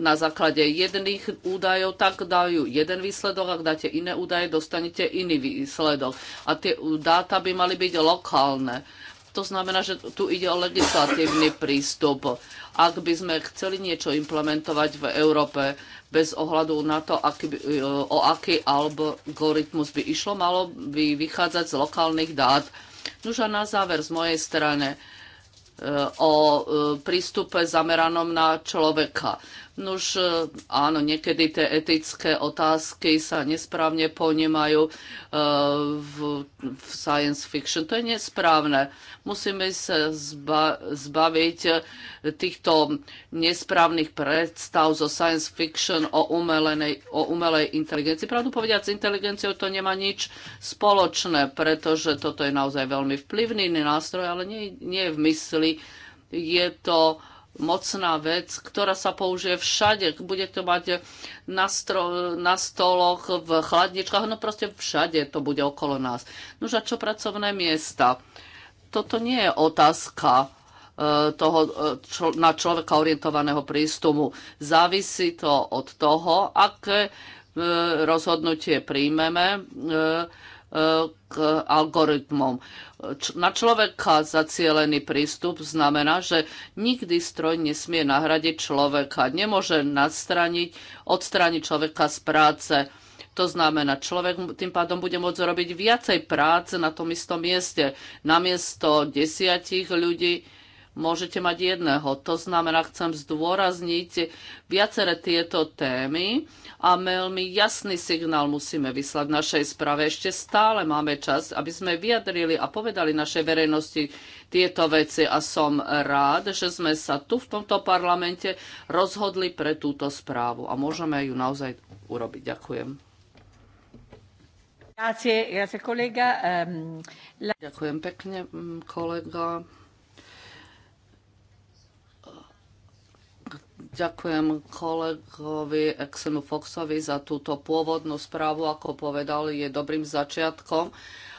S2: na základe jedných údajov, tak dajú jeden výsledok, ak dáte iné údaje, dostanete iný výsledok. A tie dáta by mali byť lokálne. To znamená, že tu ide o legislatívny prístup. Ak by sme chceli niečo implementovať v Európe bez ohľadu na to, aký, e, o aký algoritmus by išlo, malo by vychádzať z lokálnych dát. Nož a na záver z mojej strany o e, prístupe zameranom na človeka. Nuž, e, áno, niekedy tie etické otázky sa nesprávne ponímajú e, v, v science fiction. To je nesprávne. Musíme sa zba, zbaviť týchto nesprávnych predstav zo science fiction o, umelenej, o umelej inteligencii. Pravdu povediať, s inteligenciou to nemá nič spoločné, pretože toto je naozaj veľmi vplyvný nástroj, ale nie, nie je v mysli. Je to uh, mocná vec, ktorá sa použije všade. Bude to mať na, stro, na stoloch, v chladničkách, no proste všade to bude okolo nás. No a čo pracovné miesta? Toto nie je otázka e, toho e, na človeka orientovaného prístumu. Závisí to od toho, aké e, rozhodnutie príjmeme k algoritmom. Na človeka zacielený prístup znamená, že nikdy stroj nesmie nahradiť človeka. Nemôže nastraniť, odstrániť človeka z práce. To znamená, človek tým pádom bude môcť robiť viacej práce na tom istom mieste. Namiesto desiatich ľudí môžete mať jedného. To znamená, chcem zdôrazniť viaceré tieto témy a veľmi jasný signál musíme vyslať v našej správe. Ešte stále máme čas, aby sme vyjadrili a povedali našej verejnosti tieto veci a som rád, že sme sa tu v tomto parlamente rozhodli pre túto správu a môžeme ju naozaj urobiť. Ďakujem.
S3: Ehm,
S2: Ďakujem pekne, mm, kolega. Ďakujem kolegovi Exenu Foxovi za túto pôvodnú správu. Ako povedal, je dobrým začiatkom.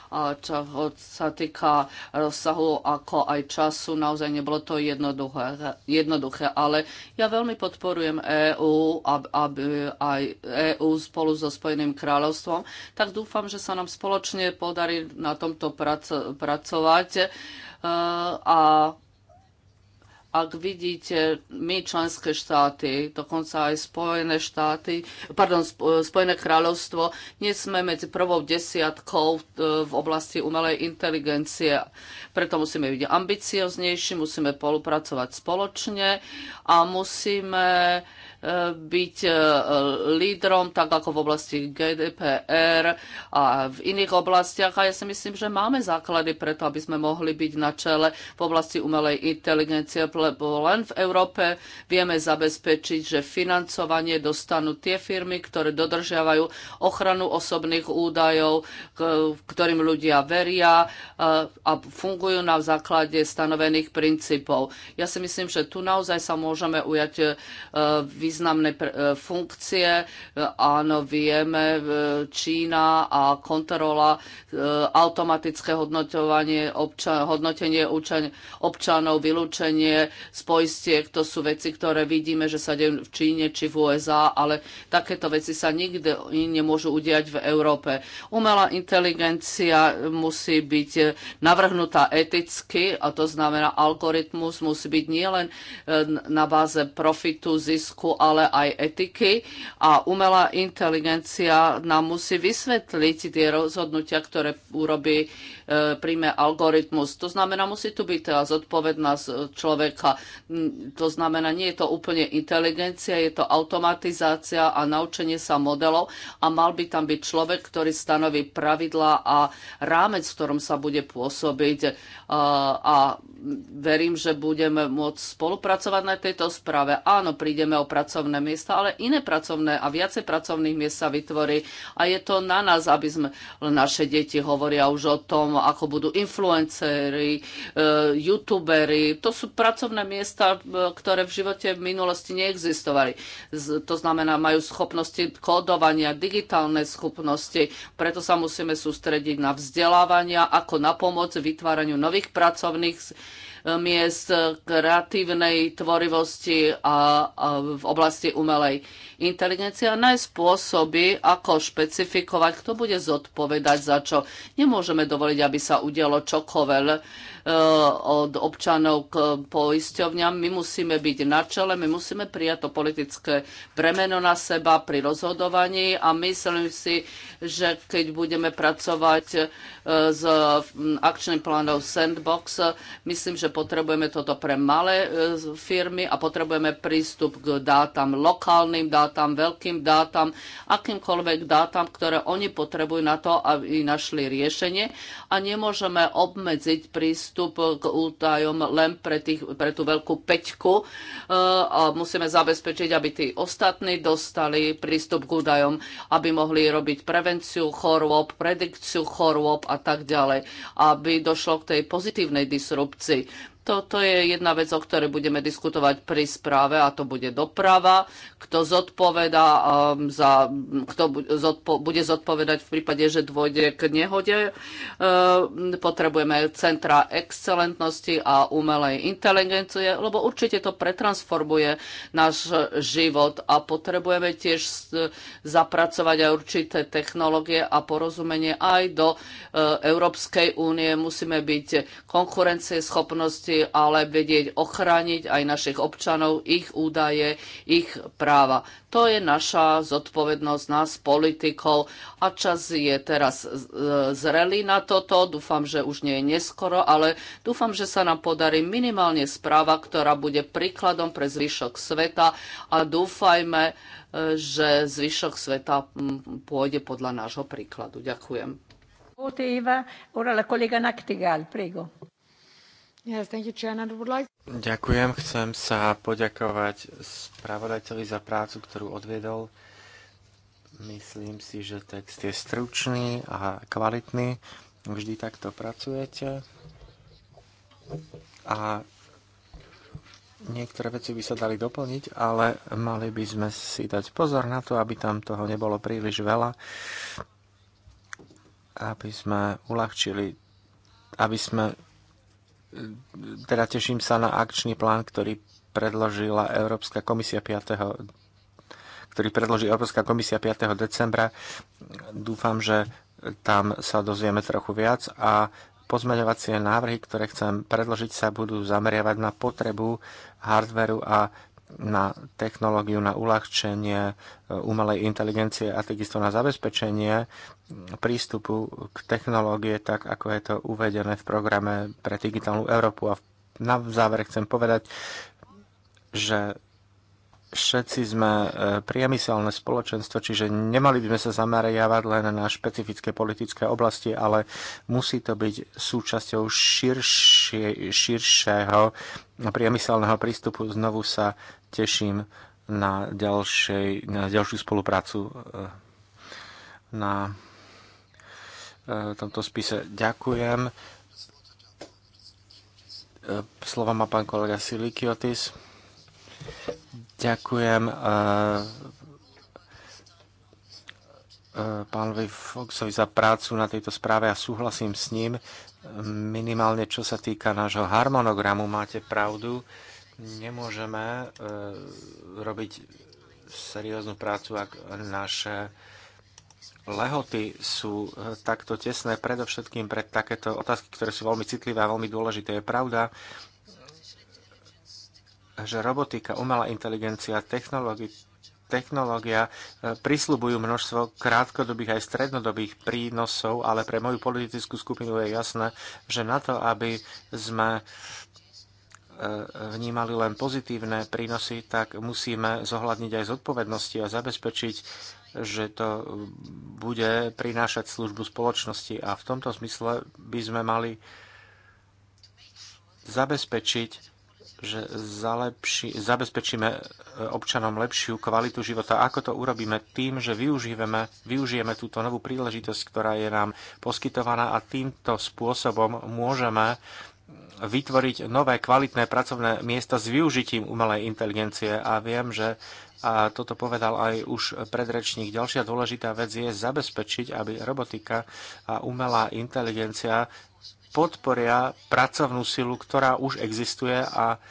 S2: A čo sa týka rozsahu ako aj času, naozaj nebolo to jednoduché, jednoduché ale ja veľmi podporujem EÚ aby aj EÚ spolu so Spojeným kráľovstvom, tak dúfam, že sa nám spoločne podarí na tomto prac, pracovať e, a ak vidíte my členské štáty, dokonca aj Spojené štáty, pardon, Spojené kráľovstvo, nie sme medzi prvou desiatkou e, v oblasti umelej inteligencie. Preto musíme byť ambicioznejší, musíme spolupracovať spoločne a musíme byť e, lídrom, tak ako v oblasti GDPR a v iných oblastiach. A ja si myslím, že máme základy preto, aby sme mohli byť na čele v oblasti umelej inteligencie, lebo len v Európe vieme zabezpečiť, že financovanie dostanú tie firmy, ktoré dodržiavajú ochranu osobných údajov, ktorým ľudia veria e, a fungujú na základe stanovených princípov. Ja si myslím, že tu naozaj sa môžeme ujať e, význam významné e, funkcie. E, áno, vieme, e, Čína a kontrola, automatické hodnotovanie, občan, hodnotenie občan, občanov, vylúčenie z poistiek, to sú veci, ktoré vidíme, že sa dejú v Číne či v USA, ale takéto veci sa nikdy nemôžu udiať v Európe. Umelá inteligencia musí byť navrhnutá eticky, a to znamená, algoritmus musí byť nielen na báze profitu, zisku, ale aj etiky a umelá inteligencia nám musí vysvetliť tie rozhodnutia, ktoré urobí príjme algoritmus. To znamená, musí tu byť teda zodpovednosť človeka. To znamená, nie je to úplne inteligencia, je to automatizácia a naučenie sa modelov a mal by tam byť človek, ktorý stanoví pravidlá a rámec, v ktorom sa bude pôsobiť a verím, že budeme môcť spolupracovať na tejto správe. Áno, prídeme o pracovné miesta, ale iné pracovné a viacej pracovných miest sa vytvorí a je to na nás, aby sme naše deti hovoria už o tom, ako budú influenceri, e, youtuberi. To sú pracovné miesta, e, ktoré v živote v minulosti neexistovali. To znamená, majú schopnosti kódovania, digitálne schopnosti, preto sa musíme sústrediť na vzdelávania, ako na pomoc vytváraniu nových pracovných miest kreatívnej tvorivosti a, a v oblasti umelej inteligencie a nájsť spôsoby, ako špecifikovať, kto bude zodpovedať za čo. Nemôžeme dovoliť, aby sa udialo čokoľvek E, od občanov k poisťovňam. My musíme byť na čele, my musíme prijať to politické bremeno na seba pri rozhodovaní a myslím si, že keď budeme pracovať e, s akčným plánom Sandbox, myslím, že potrebujeme toto pre malé e, firmy a potrebujeme prístup k dátam, lokálnym dátam, veľkým dátam, akýmkoľvek dátam, ktoré oni potrebujú na to, aby našli riešenie a nemôžeme obmedziť prístup prístup k údajom len pre, tých, pre tú veľkú peťku e, a musíme zabezpečiť, aby tí ostatní dostali prístup k údajom, aby mohli robiť prevenciu chorôb, predikciu chorôb a tak ďalej, aby došlo k tej pozitívnej disrupcii toto je jedna vec, o ktorej budeme diskutovať pri správe a to bude doprava. Kto zodpoveda um, za, kto zodpo, bude zodpovedať v prípade, že dôjde k nehode. Uh, potrebujeme centra excelentnosti a umelej inteligencie, lebo určite to pretransformuje náš život a potrebujeme tiež zapracovať aj určité technológie a porozumenie aj do uh, Európskej únie. Musíme byť schopnosti ale vedieť ochrániť aj našich občanov, ich údaje, ich práva. To je naša zodpovednosť nás, politikov. A čas je teraz e, zrelý na toto. Dúfam, že už nie je neskoro, ale dúfam, že sa nám podarí minimálne správa, ktorá bude príkladom pre zvyšok sveta a dúfajme, e, že zvyšok sveta pôjde podľa nášho príkladu. Ďakujem.
S3: ora la collega Nactigal, prego.
S1: Ďakujem, chcem sa poďakovať spravodajcovi za prácu, ktorú odviedol. Myslím si, že text je stručný a kvalitný. Vždy takto pracujete. A niektoré veci by sa dali doplniť, ale mali by sme si dať pozor na to, aby tam toho nebolo príliš veľa, aby sme uľahčili, aby sme teda teším sa na akčný plán, ktorý predložila Európska komisia 5. ktorý predloží Európska komisia 5. decembra. Dúfam, že tam sa dozvieme trochu viac a pozmeňovacie návrhy, ktoré chcem predložiť, sa budú zameriavať na potrebu hardveru a na technológiu, na uľahčenie e, umelej inteligencie a takisto na zabezpečenie prístupu k technológie, tak ako je to uvedené v programe pre digitálnu Európu. A na záver chcem povedať, že všetci sme e, priemyselné spoločenstvo, čiže nemali by sme sa zameriavať len na špecifické politické oblasti, ale musí to byť súčasťou širšie, širšieho priemyselného prístupu. Znovu sa teším na, ďalšej, na ďalšiu spoluprácu e, na e, tomto spise. Ďakujem. E, slova má pán kolega Silikiotis. Ďakujem pánovi Foxovi za prácu na tejto správe a súhlasím s ním. Minimálne čo sa týka nášho harmonogramu, máte pravdu. Nemôžeme e, robiť serióznu prácu, ak naše lehoty sú e, takto tesné, predovšetkým pre takéto otázky, ktoré sú veľmi citlivé a veľmi dôležité. Je pravda, že robotika, umelá inteligencia, technológia, technológia prislúbujú množstvo krátkodobých aj strednodobých prínosov, ale pre moju politickú skupinu je jasné, že na to, aby sme E, vnímali len pozitívne prínosy, tak musíme zohľadniť aj zodpovednosti a zabezpečiť, že to bude prinášať službu spoločnosti. A v tomto zmysle by sme mali zabezpečiť, že zalepši, zabezpečíme e, občanom lepšiu kvalitu života. Ako to urobíme? Tým, že využijeme, využijeme túto novú príležitosť, ktorá je nám poskytovaná a týmto spôsobom môžeme vytvoriť nové kvalitné pracovné miesta s využitím umelej inteligencie a viem, že a toto povedal aj už predrečník. Ďalšia dôležitá vec je zabezpečiť, aby robotika a umelá inteligencia podporia pracovnú silu, ktorá už existuje a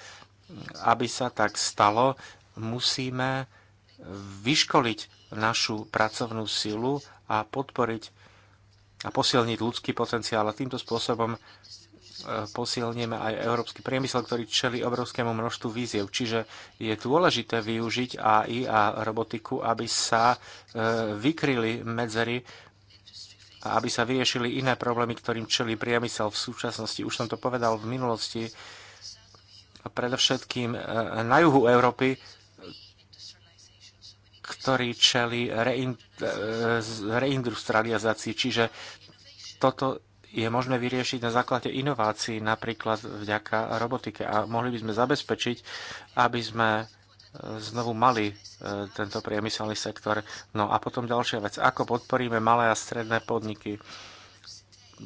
S1: aby sa tak stalo, musíme vyškoliť našu pracovnú silu a podporiť a posilniť ľudský potenciál. A týmto spôsobom posilníme aj európsky priemysel, ktorý čeli obrovskému množstvu víziev. Čiže je dôležité využiť AI a robotiku, aby sa e, vykryli medzery a aby sa vyriešili iné problémy, ktorým čelí priemysel v súčasnosti. Už som to povedal v minulosti, a predovšetkým e, na juhu Európy, ktorý čeli e, reindustrializácii. Čiže toto je možné vyriešiť na základe inovácií, napríklad vďaka robotike. A mohli by sme zabezpečiť, aby sme e, znovu mali e, tento priemyselný sektor. No a potom ďalšia vec, ako podporíme malé a stredné podniky.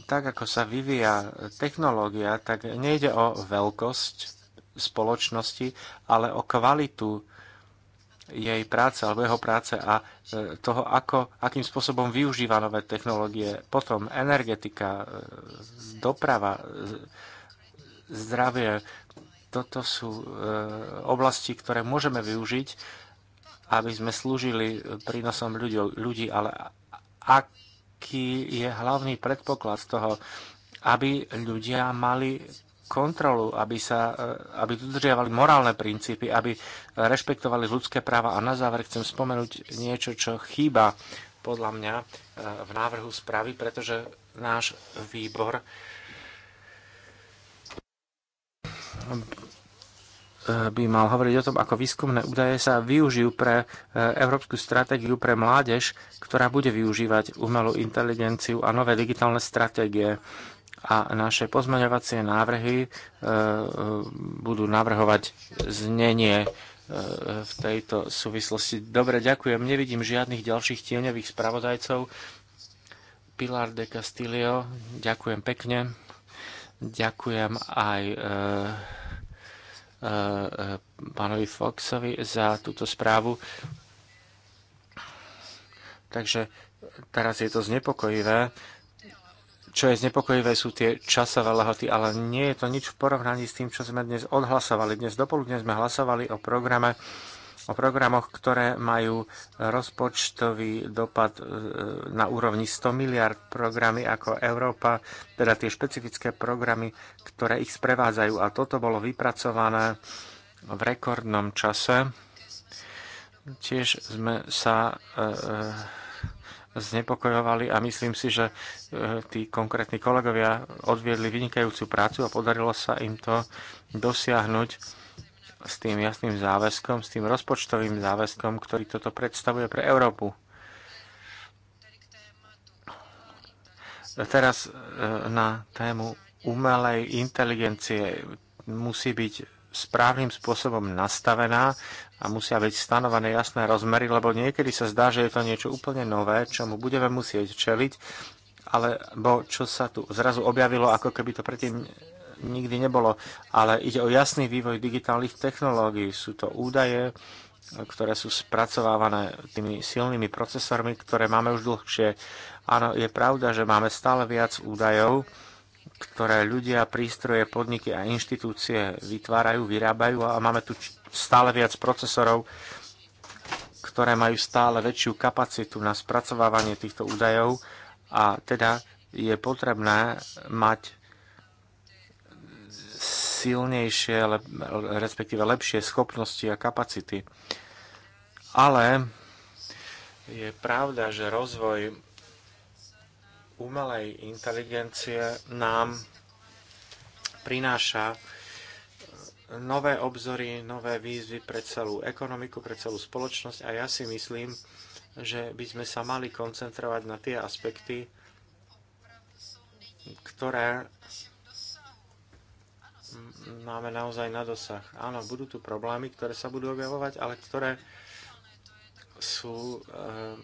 S1: Tak ako sa vyvíja technológia, tak nejde o veľkosť spoločnosti, ale o kvalitu jej práce alebo jeho práce a e, toho, ako, akým spôsobom využíva nové technológie. Potom energetika, e, doprava, e, zdravie. Toto sú oblasti, ktoré môžeme využiť, aby sme slúžili prínosom ľudí, ľudí ale aký je hlavný predpoklad toho, aby ľudia mali kontrolu, aby, sa, e, aby dodržiavali morálne princípy, aby rešpektovali ľudské práva. A na záver chcem spomenúť niečo, čo chýba podľa mňa e, v návrhu správy, pretože náš výbor e, by mal hovoriť o tom, ako výskumné údaje sa využijú pre európsku stratégiu pre mládež, ktorá bude využívať umelú inteligenciu a nové digitálne stratégie a naše pozmeňovacie návrhy e, e, budú navrhovať znenie e, v tejto súvislosti. Dobre, ďakujem. Nevidím žiadnych ďalších tieňových spravodajcov. Pilar de Castillo, ďakujem pekne. Ďakujem aj e, e, pánovi Foxovi za túto správu. Takže teraz je to znepokojivé, čo je znepokojivé, sú tie časové lehoty, ale nie je to nič v porovnaní s tým, čo sme dnes odhlasovali. Dnes dopoludne sme hlasovali o programe o programoch, ktoré majú rozpočtový dopad e, na úrovni 100 miliard programy ako Európa, teda tie špecifické programy, ktoré ich sprevádzajú. A toto bolo vypracované v rekordnom čase. Tiež sme sa e, e, znepokojovali a myslím si, že eh, tí konkrétni kolegovia odviedli vynikajúcu prácu a podarilo sa im to dosiahnuť s tým jasným záväzkom, s tým rozpočtovým záväzkom, ktorý toto predstavuje pre Európu. Teraz eh, na tému umelej inteligencie musí byť správnym spôsobom nastavená a musia byť stanovené jasné rozmery, lebo niekedy sa zdá, že je to niečo úplne nové, čomu budeme musieť čeliť, alebo čo sa tu zrazu objavilo, ako keby to predtým nikdy nebolo. Ale ide o jasný vývoj digitálnych technológií. Sú to údaje, ktoré sú spracovávané tými silnými procesormi, ktoré máme už dlhšie. Áno, je pravda, že máme stále viac údajov, ktoré ľudia, prístroje, podniky a inštitúcie vytvárajú, vyrábajú a máme tu stále viac procesorov, ktoré majú stále väčšiu kapacitu na spracovávanie týchto údajov a teda je potrebné mať silnejšie, respektíve lepšie schopnosti a kapacity. Ale je pravda, že rozvoj umelej inteligencie nám prináša nové obzory, nové výzvy pre celú ekonomiku, pre celú spoločnosť a ja si myslím, že by sme sa mali koncentrovať na tie aspekty, ktoré máme naozaj na dosah. Áno, budú tu problémy, ktoré sa budú objavovať, ale ktoré sú eh,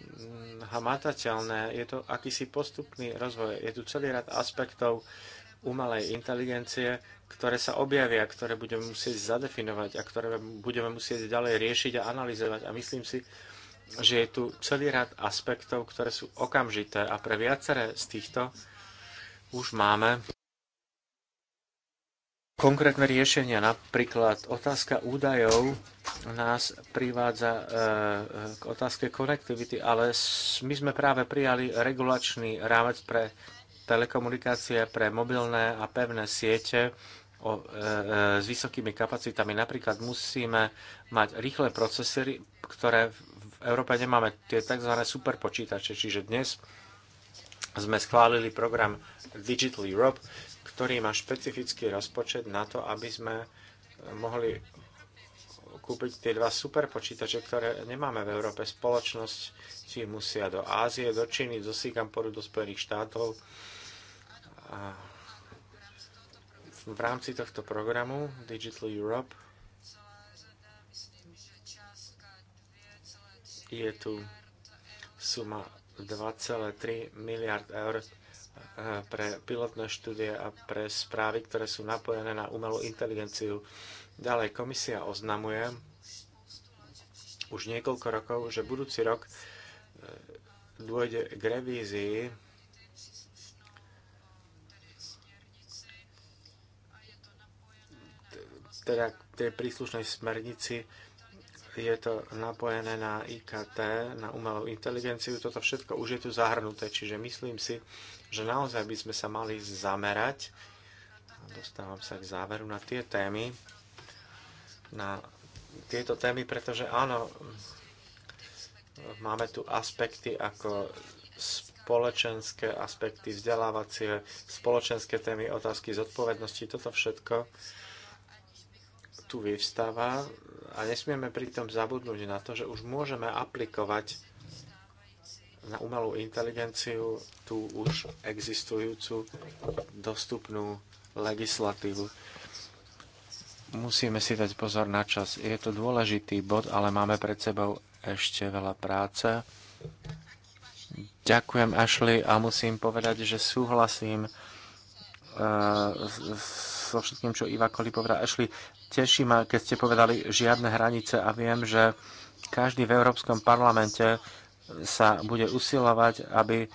S1: hmatateľné. Je to akýsi postupný rozvoj. Je tu celý rad aspektov umalej inteligencie, ktoré sa objavia, ktoré budeme musieť zadefinovať a ktoré budeme musieť ďalej riešiť a analyzovať. A myslím si, že je tu celý rad aspektov, ktoré sú okamžité a pre viaceré z týchto už máme konkrétne riešenia. Napríklad otázka údajov nás privádza e, k otázke konektivity, ale my sme práve prijali regulačný rámec pre telekomunikácie, pre mobilné a pevné siete e, e, s vysokými kapacitami. Napríklad musíme mať rýchle procesory, ktoré v Európe nemáme, tie tzv. superpočítače. Čiže dnes sme schválili program Digital Europe, ktorý má špecifický rozpočet na to, aby sme mohli kúpiť tie dva superpočítače, ktoré nemáme v Európe. Spoločnosť si musia do Ázie, do Číny, do Singapuru, do Spojených štátov. A v rámci tohto programu Digital Europe je tu suma 2,3 miliard eur pre pilotné štúdie a pre správy, ktoré sú napojené na umelú inteligenciu. Ďalej komisia oznamuje už niekoľko rokov, že budúci rok e, dôjde k revízii teda k tej príslušnej smernici je to napojené na IKT, na umelú inteligenciu, toto všetko už je tu zahrnuté, čiže myslím si, že naozaj by sme sa mali zamerať, dostávam sa k záveru, na tie témy, na tieto témy, pretože áno, máme tu aspekty ako spoločenské aspekty, vzdelávacie, spoločenské témy, otázky zodpovednosti, toto všetko tu vyvstáva a nesmieme pritom zabudnúť na to, že už môžeme aplikovať na umelú inteligenciu tú už existujúcu dostupnú legislatívu. Musíme si dať pozor na čas. Je to dôležitý bod, ale máme pred sebou ešte veľa práce. Ďakujem, Ashley, a musím povedať, že súhlasím e, so všetkým, čo Iva Koli povedal. Ashley, teší ma, keď ste povedali žiadne hranice a viem, že každý v Európskom parlamente sa bude usilovať, aby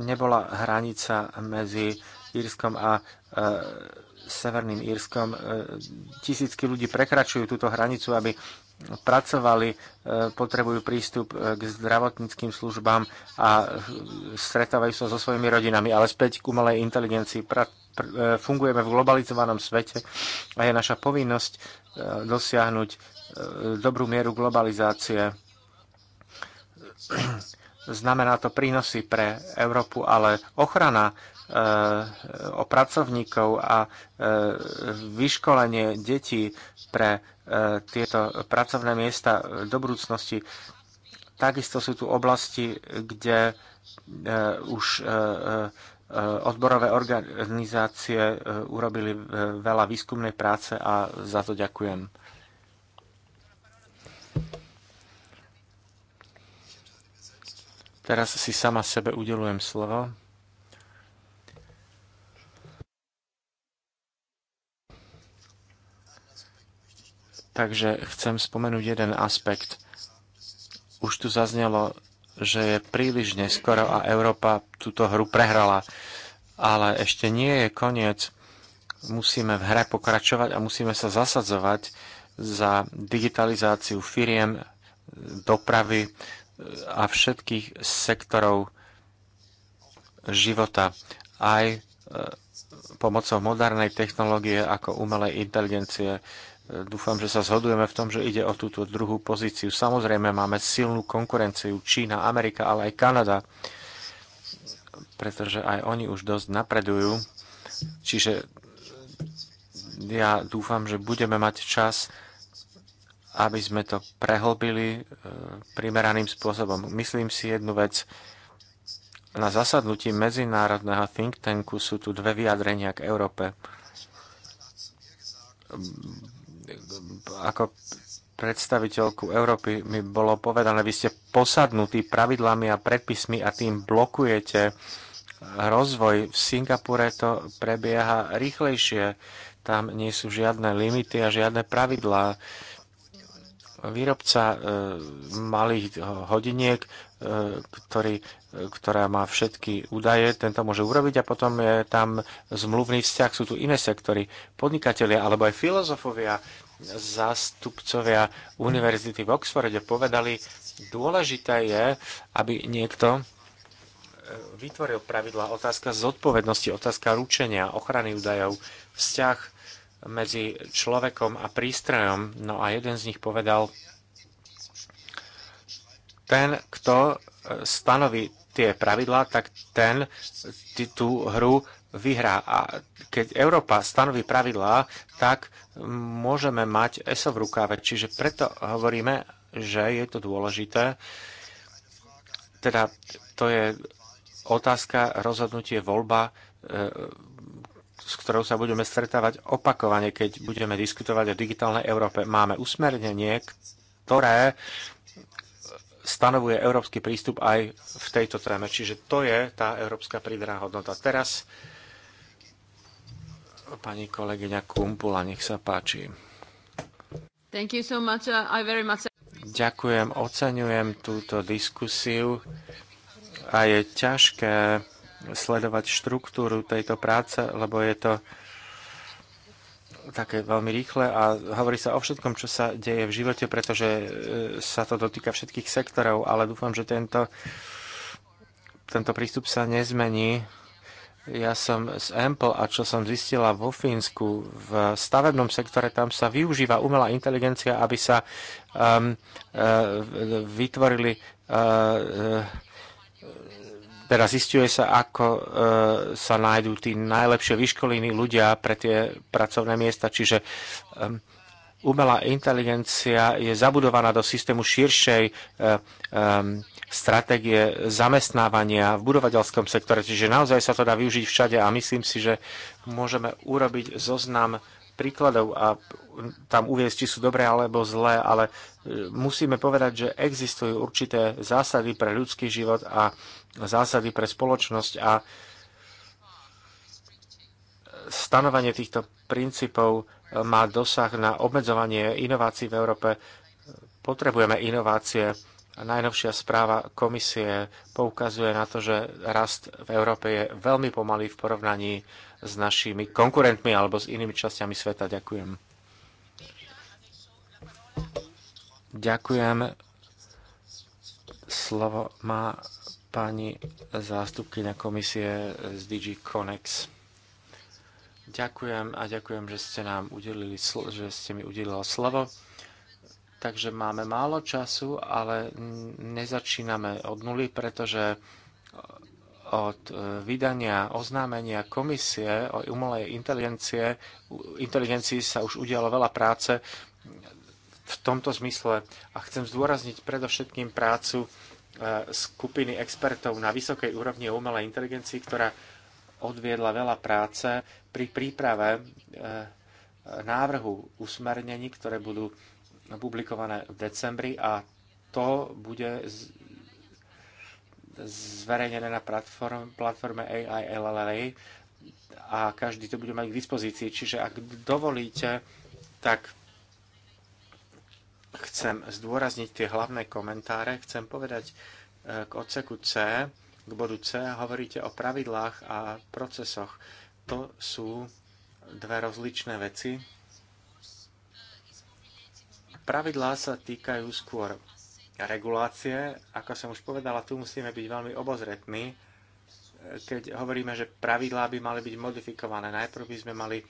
S1: nebola hranica medzi Írskom a e, Severným Írskom. E, tisícky ľudí prekračujú túto hranicu, aby pracovali, e, potrebujú prístup e, k zdravotníckým službám a e, stretávajú sa so svojimi rodinami. Ale späť k umelej inteligencii. Pra, pr, e, fungujeme v globalizovanom svete a je naša povinnosť e, dosiahnuť e, dobrú mieru globalizácie Znamená to prínosy pre Európu, ale ochrana e, o pracovníkov a e, vyškolenie detí pre e, tieto pracovné miesta do budúcnosti. Takisto sú tu oblasti, kde už odborové organizácie urobili veľa výskumnej práce a za to ďakujem. Teraz si sama sebe udelujem slovo. Takže chcem spomenúť jeden aspekt. Už tu zaznelo, že je príliš neskoro a Európa túto hru prehrala. Ale ešte nie je koniec. Musíme v hre pokračovať a musíme sa zasadzovať za digitalizáciu firiem, dopravy, a všetkých sektorov života, aj e, pomocou modernej technológie ako umelej inteligencie. E, dúfam, že sa zhodujeme v tom, že ide o túto druhú pozíciu. Samozrejme, máme silnú konkurenciu Čína, Amerika, ale aj Kanada, pretože aj oni už dosť napredujú. Čiže ja dúfam, že budeme mať čas aby sme to prehlbili e, primeraným spôsobom. Myslím si jednu vec. Na zasadnutí medzinárodného think tanku sú tu dve vyjadrenia k Európe. Ako predstaviteľku Európy mi bolo povedané, vy ste posadnutí pravidlami a predpismi a tým blokujete rozvoj. V Singapúre to prebieha rýchlejšie. Tam nie sú žiadne limity a žiadne pravidlá. Uh, výrobca e, malých hodiniek, e, ktorý, e, ktorá má všetky údaje, tento môže urobiť a potom je tam zmluvný vzťah. Sú tu iné sektory, podnikatelia alebo aj filozofovia, zástupcovia univerzity v Oxforde povedali, dôležité je, aby niekto vytvoril pravidla otázka zodpovednosti, otázka ručenia, ochrany údajov, vzťah medzi človekom a prístrojom. No a jeden z nich povedal, ten, kto e, stanoví tie pravidlá, tak ten tú hru vyhrá. A keď Európa stanoví pravidlá, tak môžeme mať ESO v rukáve. Čiže preto hovoríme, že je to dôležité. Teda to je otázka, rozhodnutie, voľba e, s ktorou sa budeme stretávať opakovane, keď budeme diskutovať o digitálnej Európe. Máme usmernenie, ktoré stanovuje európsky prístup aj v tejto téme. Čiže to je tá európska pridaná hodnota. Teraz pani kolegyňa Kumpula, nech sa páči.
S2: Thank you so much. I very much...
S1: Ďakujem, oceňujem túto diskusiu a je ťažké sledovať štruktúru tejto práce, lebo je to také veľmi rýchle a hovorí sa o všetkom, čo sa deje v živote, pretože e, sa to dotýka všetkých sektorov, ale dúfam, že tento, tento prístup sa nezmení. Ja som z Ample a čo som zistila vo Fínsku, v stavebnom sektore tam sa využíva umelá inteligencia, aby sa um, uh, vytvorili uh, uh Teraz zistuje sa, ako e, sa nájdú tí najlepšie vyškolení ľudia pre tie pracovné miesta, čiže e, umelá inteligencia je zabudovaná do systému širšej e, e, stratégie zamestnávania v budovateľskom sektore, čiže naozaj sa to dá využiť všade a myslím si, že môžeme urobiť zoznam príkladov a tam uviezť, či sú dobré alebo zlé, ale e, musíme povedať, že existujú určité zásady pre ľudský život a zásady pre spoločnosť a stanovanie týchto princípov má dosah na obmedzovanie inovácií v Európe. Potrebujeme inovácie. Najnovšia správa komisie poukazuje na to, že rast v Európe je veľmi pomalý v porovnaní s našimi konkurentmi alebo s inými časťami sveta. Ďakujem. Ďakujem. Slovo má pani zástupkyňa komisie z DG Connex. Ďakujem a ďakujem, že ste, nám udelili, že ste mi udelili slovo. Takže máme málo času, ale nezačíname od nuly, pretože od e, vydania oznámenia komisie o umelej inteligencie, inteligencii sa už udialo veľa práce v tomto zmysle. A chcem zdôrazniť predovšetkým prácu E, skupiny expertov na vysokej úrovni umelej inteligencii, ktorá odviedla veľa práce pri príprave e, návrhu usmernení, ktoré budú publikované v decembri a to bude zverejnené na platform, platforme AILLA a každý to bude mať k dispozícii. Čiže ak dovolíte, tak chcem zdôrazniť tie hlavné komentáre. Chcem povedať e, k odseku C, k bodu C, hovoríte o pravidlách a procesoch. To sú dve rozličné veci. Pravidlá sa týkajú skôr regulácie. Ako som už povedala, tu musíme byť veľmi obozretní, e, keď hovoríme, že pravidlá by mali byť modifikované. Najprv by sme mali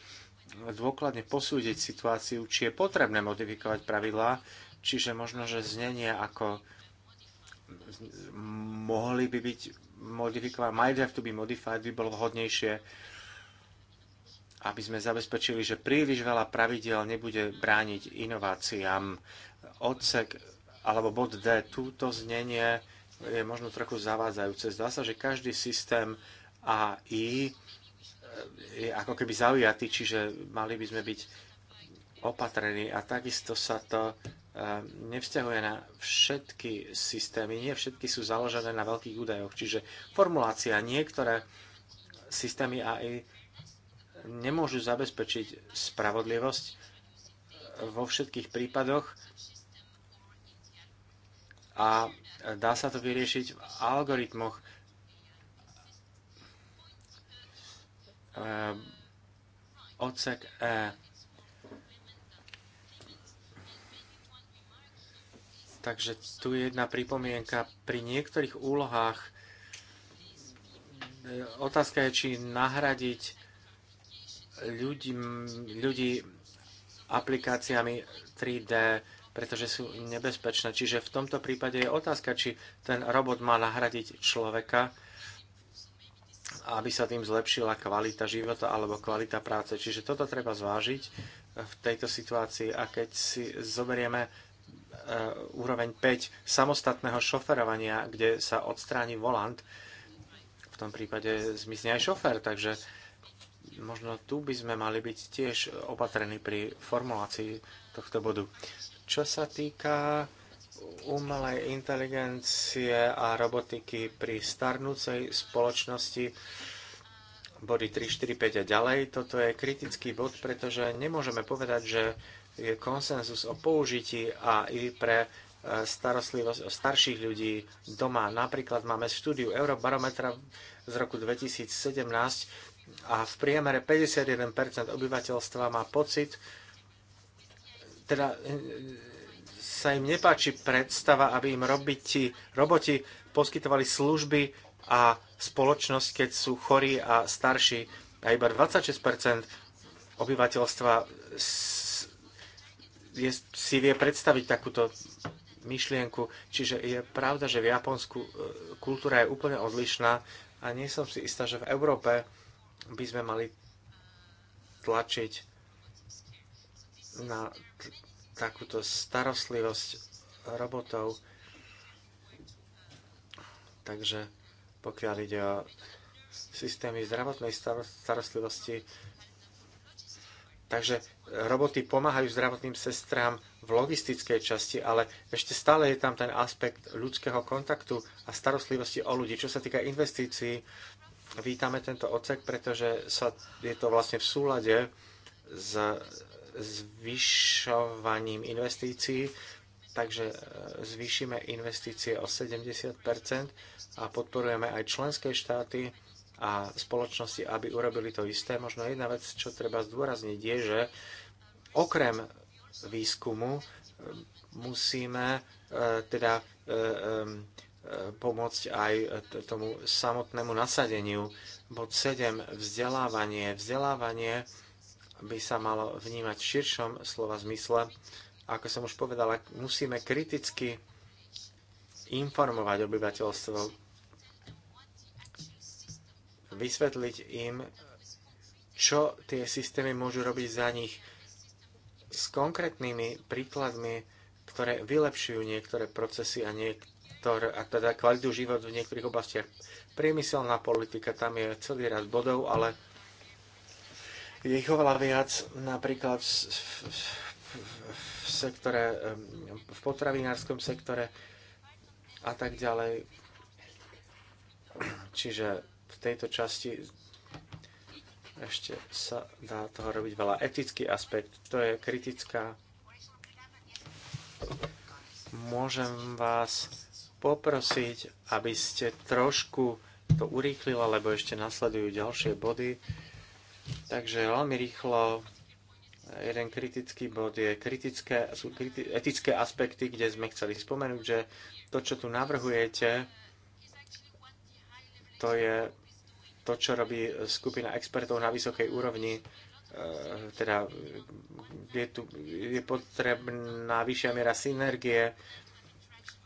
S1: dôkladne posúdiť situáciu, či je potrebné modifikovať pravidlá, čiže možno, že znenie ako mohli by byť modifikované, might have to be modified by bolo vhodnejšie, aby sme zabezpečili, že príliš veľa pravidel nebude brániť inováciám. Odsek alebo bod D, túto znenie je možno trochu zavádzajúce. Zdá sa, že každý systém AI je ako keby zaujatý, čiže mali by sme byť opatrení a takisto sa to eh, nevzťahuje na všetky systémy. Nie všetky sú založené na veľkých údajoch, čiže formulácia niektoré systémy AI nemôžu zabezpečiť spravodlivosť vo všetkých prípadoch a dá sa to vyriešiť v algoritmoch Ehm, odsek E. Takže tu je jedna pripomienka. Pri niektorých úlohách e, otázka je, či nahradiť ľudí, ľudí aplikáciami 3D, pretože sú nebezpečné. Čiže v tomto prípade je otázka, či ten robot má nahradiť človeka, aby sa tým zlepšila kvalita života alebo kvalita práce. Čiže toto treba zvážiť v tejto situácii a keď si zoberieme e, úroveň 5 samostatného šoferovania, kde sa odstráni volant, v tom prípade zmizne aj šofér, takže možno tu by sme mali byť tiež opatrení pri formulácii tohto bodu. Čo sa týka umelej inteligencie a robotiky pri starnúcej spoločnosti body 3, 4, 5 a ďalej. Toto je kritický bod, pretože nemôžeme povedať, že je konsenzus o použití i pre e, starostlivosť o starších ľudí doma. Napríklad máme štúdiu Eurobarometra z roku 2017 a v priemere 51% obyvateľstva má pocit, teda e, sa im nepáči predstava, aby im robiti, roboti poskytovali služby a spoločnosť, keď sú chorí a starší. A iba 26 obyvateľstva je, si vie predstaviť takúto myšlienku. Čiže je pravda, že v Japonsku e, kultúra je úplne odlišná a nie som si istá, že v Európe by sme mali tlačiť na takúto starostlivosť robotov. Takže pokiaľ ide o systémy zdravotnej starostlivosti, takže roboty pomáhajú zdravotným sestrám v logistickej časti, ale ešte stále je tam ten aspekt ľudského kontaktu a starostlivosti o ľudí. Čo sa týka investícií, vítame tento odsek, pretože sa, je to vlastne v súlade s zvyšovaním investícií, takže e, zvýšime investície o 70 a podporujeme aj členské štáty a spoločnosti, aby urobili to isté. Možno jedna vec, čo treba zdôrazniť, je, že okrem výskumu e, musíme e, teda pomôcť aj tomu samotnému nasadeniu. Bod 7. Vzdelávanie. Vzdelávanie by sa malo vnímať v širšom slova zmysle. Ako som už povedala, musíme kriticky informovať obyvateľstvo, vysvetliť im, čo tie systémy môžu robiť za nich s konkrétnymi príkladmi, ktoré vylepšujú niektoré procesy a niektoré, a teda kvalitu života v niektorých oblastiach. Priemyselná politika, tam je celý rad bodov, ale je ich oveľa viac napríklad v, v, v sektore, v potravinárskom sektore a tak ďalej. Čiže v tejto časti ešte sa dá toho robiť veľa. Etický aspekt, to je kritická. Môžem vás poprosiť, aby ste trošku to urýchlila, lebo ešte nasledujú ďalšie body. Takže veľmi rýchlo jeden kritický bod je kritické, sú kriti- etické aspekty, kde sme chceli spomenúť, že to, čo tu navrhujete, to je to, čo robí skupina expertov na vysokej úrovni. E, teda je, tu, je potrebná vyššia miera synergie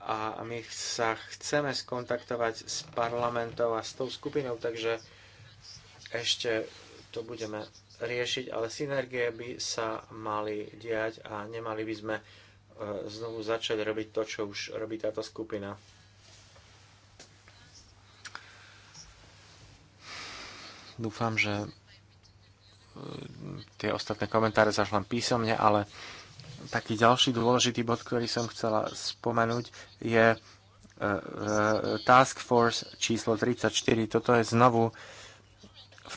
S1: a my sa chceme skontaktovať s parlamentom a s tou skupinou, takže ešte to budeme riešiť, ale synergie by sa mali diať a nemali by sme e, znovu začať robiť to, čo už robí táto skupina. Dúfam, že e, tie ostatné komentáre zašlám písomne, ale taký ďalší dôležitý bod, ktorý som chcela spomenúť, je e, Task Force číslo 34. Toto je znovu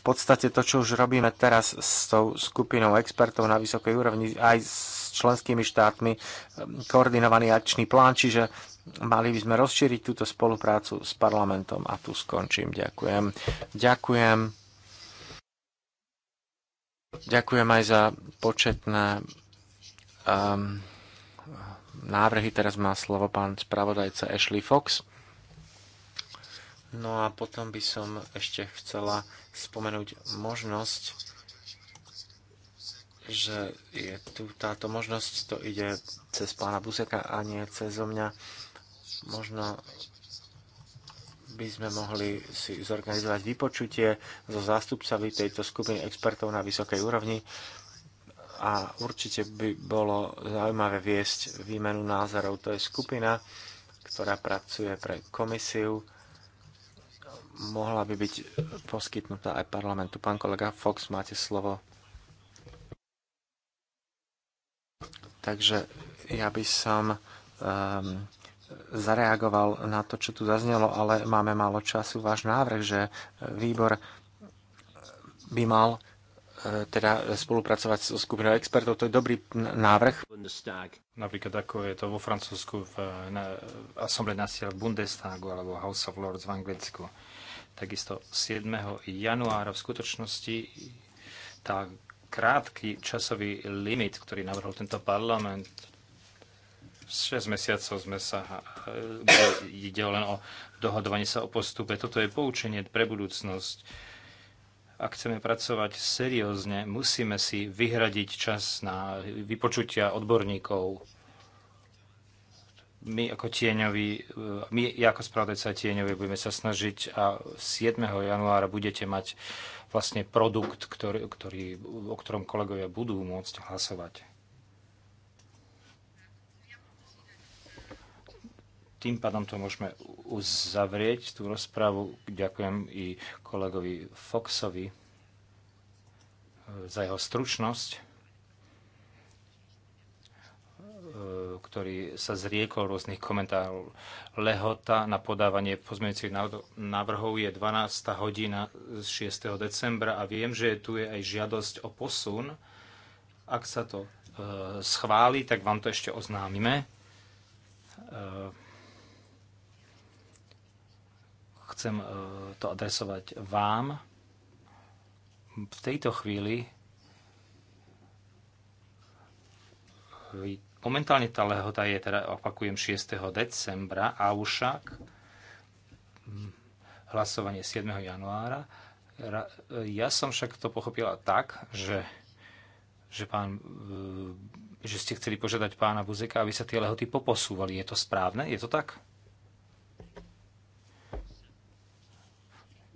S1: podstate to, čo už robíme teraz s tou skupinou expertov na vysokej úrovni, aj s členskými štátmi, e, koordinovaný akčný plán, čiže mali by sme rozšíriť túto spoluprácu s parlamentom. A tu skončím. Ďakujem. Ďakujem. Ďakujem aj za početné um, návrhy. Teraz má slovo pán spravodajca Ashley Fox. No a potom by som ešte chcela spomenúť možnosť, že je tu táto možnosť, to ide cez pána Buseka a nie cez mňa. Možno by sme mohli si zorganizovať vypočutie so zástupcami tejto skupiny expertov na vysokej úrovni a určite by bolo zaujímavé viesť výmenu názorov. To je skupina, ktorá pracuje pre komisiu mohla by byť poskytnutá aj parlamentu. Pán kolega Fox, máte slovo. Takže ja by som um, zareagoval na to, čo tu zaznelo, ale máme málo času. Váš návrh, že výbor by mal e, teda spolupracovať so skupinou expertov. To je dobrý návrh.
S4: Napríklad ako je to vo Francúzsku v, na, na Assemblée nationale v Bundestagu alebo House of Lords v Anglicku takisto 7. januára. V skutočnosti tá krátky časový limit, ktorý navrhol tento parlament, 6 mesiacov sme sa, eh, ide len o dohodovanie sa o postupe. Toto je poučenie pre budúcnosť. Ak chceme pracovať seriózne, musíme si vyhradiť čas na vypočutia odborníkov, my ako tieňovi, e, my ako spravodajca tieňovi budeme sa snažiť a 7. januára budete mať vlastne produkt, ktorý, ktorý, o ktorom kolegovia budú môcť hlasovať. Tým pádom to môžeme uzavrieť, tú rozprávu. Ďakujem i kolegovi Foxovi e, za jeho stručnosť. Eh, ktorý sa zriekol rôznych komentárov. Lehota na podávanie pozmeňujúcich návrhov je 12. hodina 6. decembra a viem, že tu je aj žiadosť o posun. Ak sa to eh, schváli, tak vám to ešte oznámime. Eh, chcem to adresovať vám. V tejto chvíli Momentálne tá lehota je teda, opakujem, 6. decembra a však hm, hlasovanie 7. januára. Ja som však to pochopila tak, že, že, pán, e, že ste chceli požiadať pána Buzeka, aby sa tie lehoty poposúvali. Je to správne? Je to tak?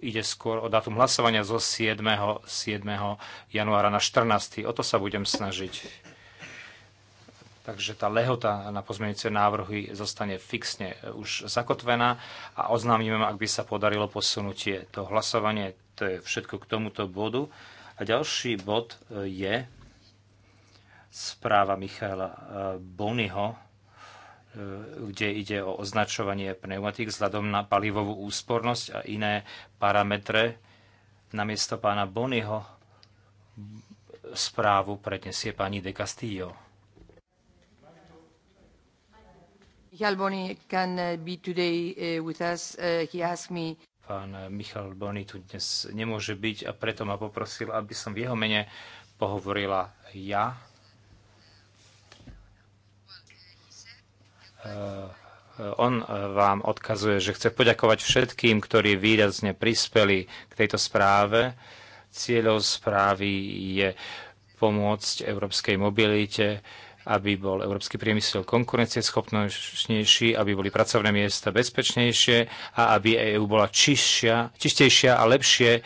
S4: Ide skôr o dátum hlasovania zo 7. 7. januára na 14. O to sa budem snažiť. Takže tá lehota na pozmeňujúce návrhy zostane fixne e, už zakotvená a oznámime, ak by sa podarilo posunutie to hlasovanie. To je všetko k tomuto bodu. A ďalší bod e, je správa Michaela e, Bonyho, kde ide o označovanie pneumatík vzhľadom na palivovú úspornosť a iné parametre. Namiesto pána Bonyho správu prednesie pani De Castillo.
S3: Uh, uh, uh,
S4: Pán Michal Boni tu dnes nemôže byť a preto ma poprosil, aby som v jeho mene pohovorila ja. On vám odkazuje, že chce poďakovať všetkým, ktorí výrazne prispeli k tejto správe. Cieľom správy je pomôcť európskej mobilite, aby bol európsky priemysel konkurencieschopnejší, aby boli pracovné miesta bezpečnejšie a aby EÚ bola čišia, čistejšia a lepšie e,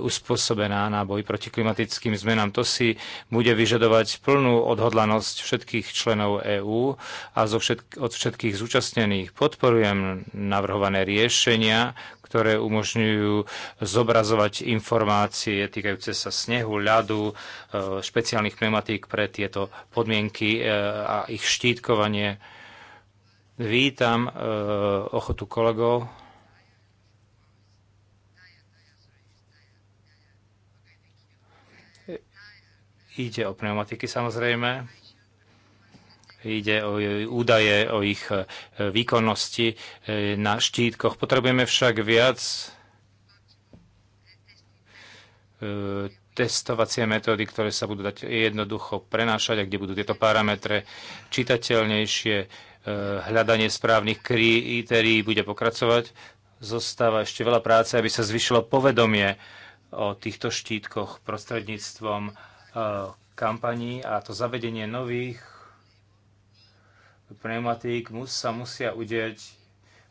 S4: uspôsobená na boj proti klimatickým zmenám. To si bude vyžadovať plnú odhodlanosť všetkých členov EÚ a zo všetk- od všetkých zúčastnených. Podporujem navrhované riešenia, ktoré umožňujú zobrazovať informácie týkajúce sa snehu, ľadu, e, špeciálnych pneumatík pre tieto podmienky e, a ich štítkovanie. Vítam e, ochotu kolegov. Ide o pneumatiky samozrejme ide o údaje o ich e, výkonnosti e, na štítkoch. Potrebujeme však viac e, testovacie metódy, ktoré sa budú dať jednoducho prenášať a kde budú tieto parametre čitateľnejšie. Hľadanie správnych kritérií bude pokračovať. Zostáva ešte veľa práce, aby sa zvyšilo povedomie o týchto štítkoch prostredníctvom kampaní a to zavedenie nových pneumatík mus, sa musia udiať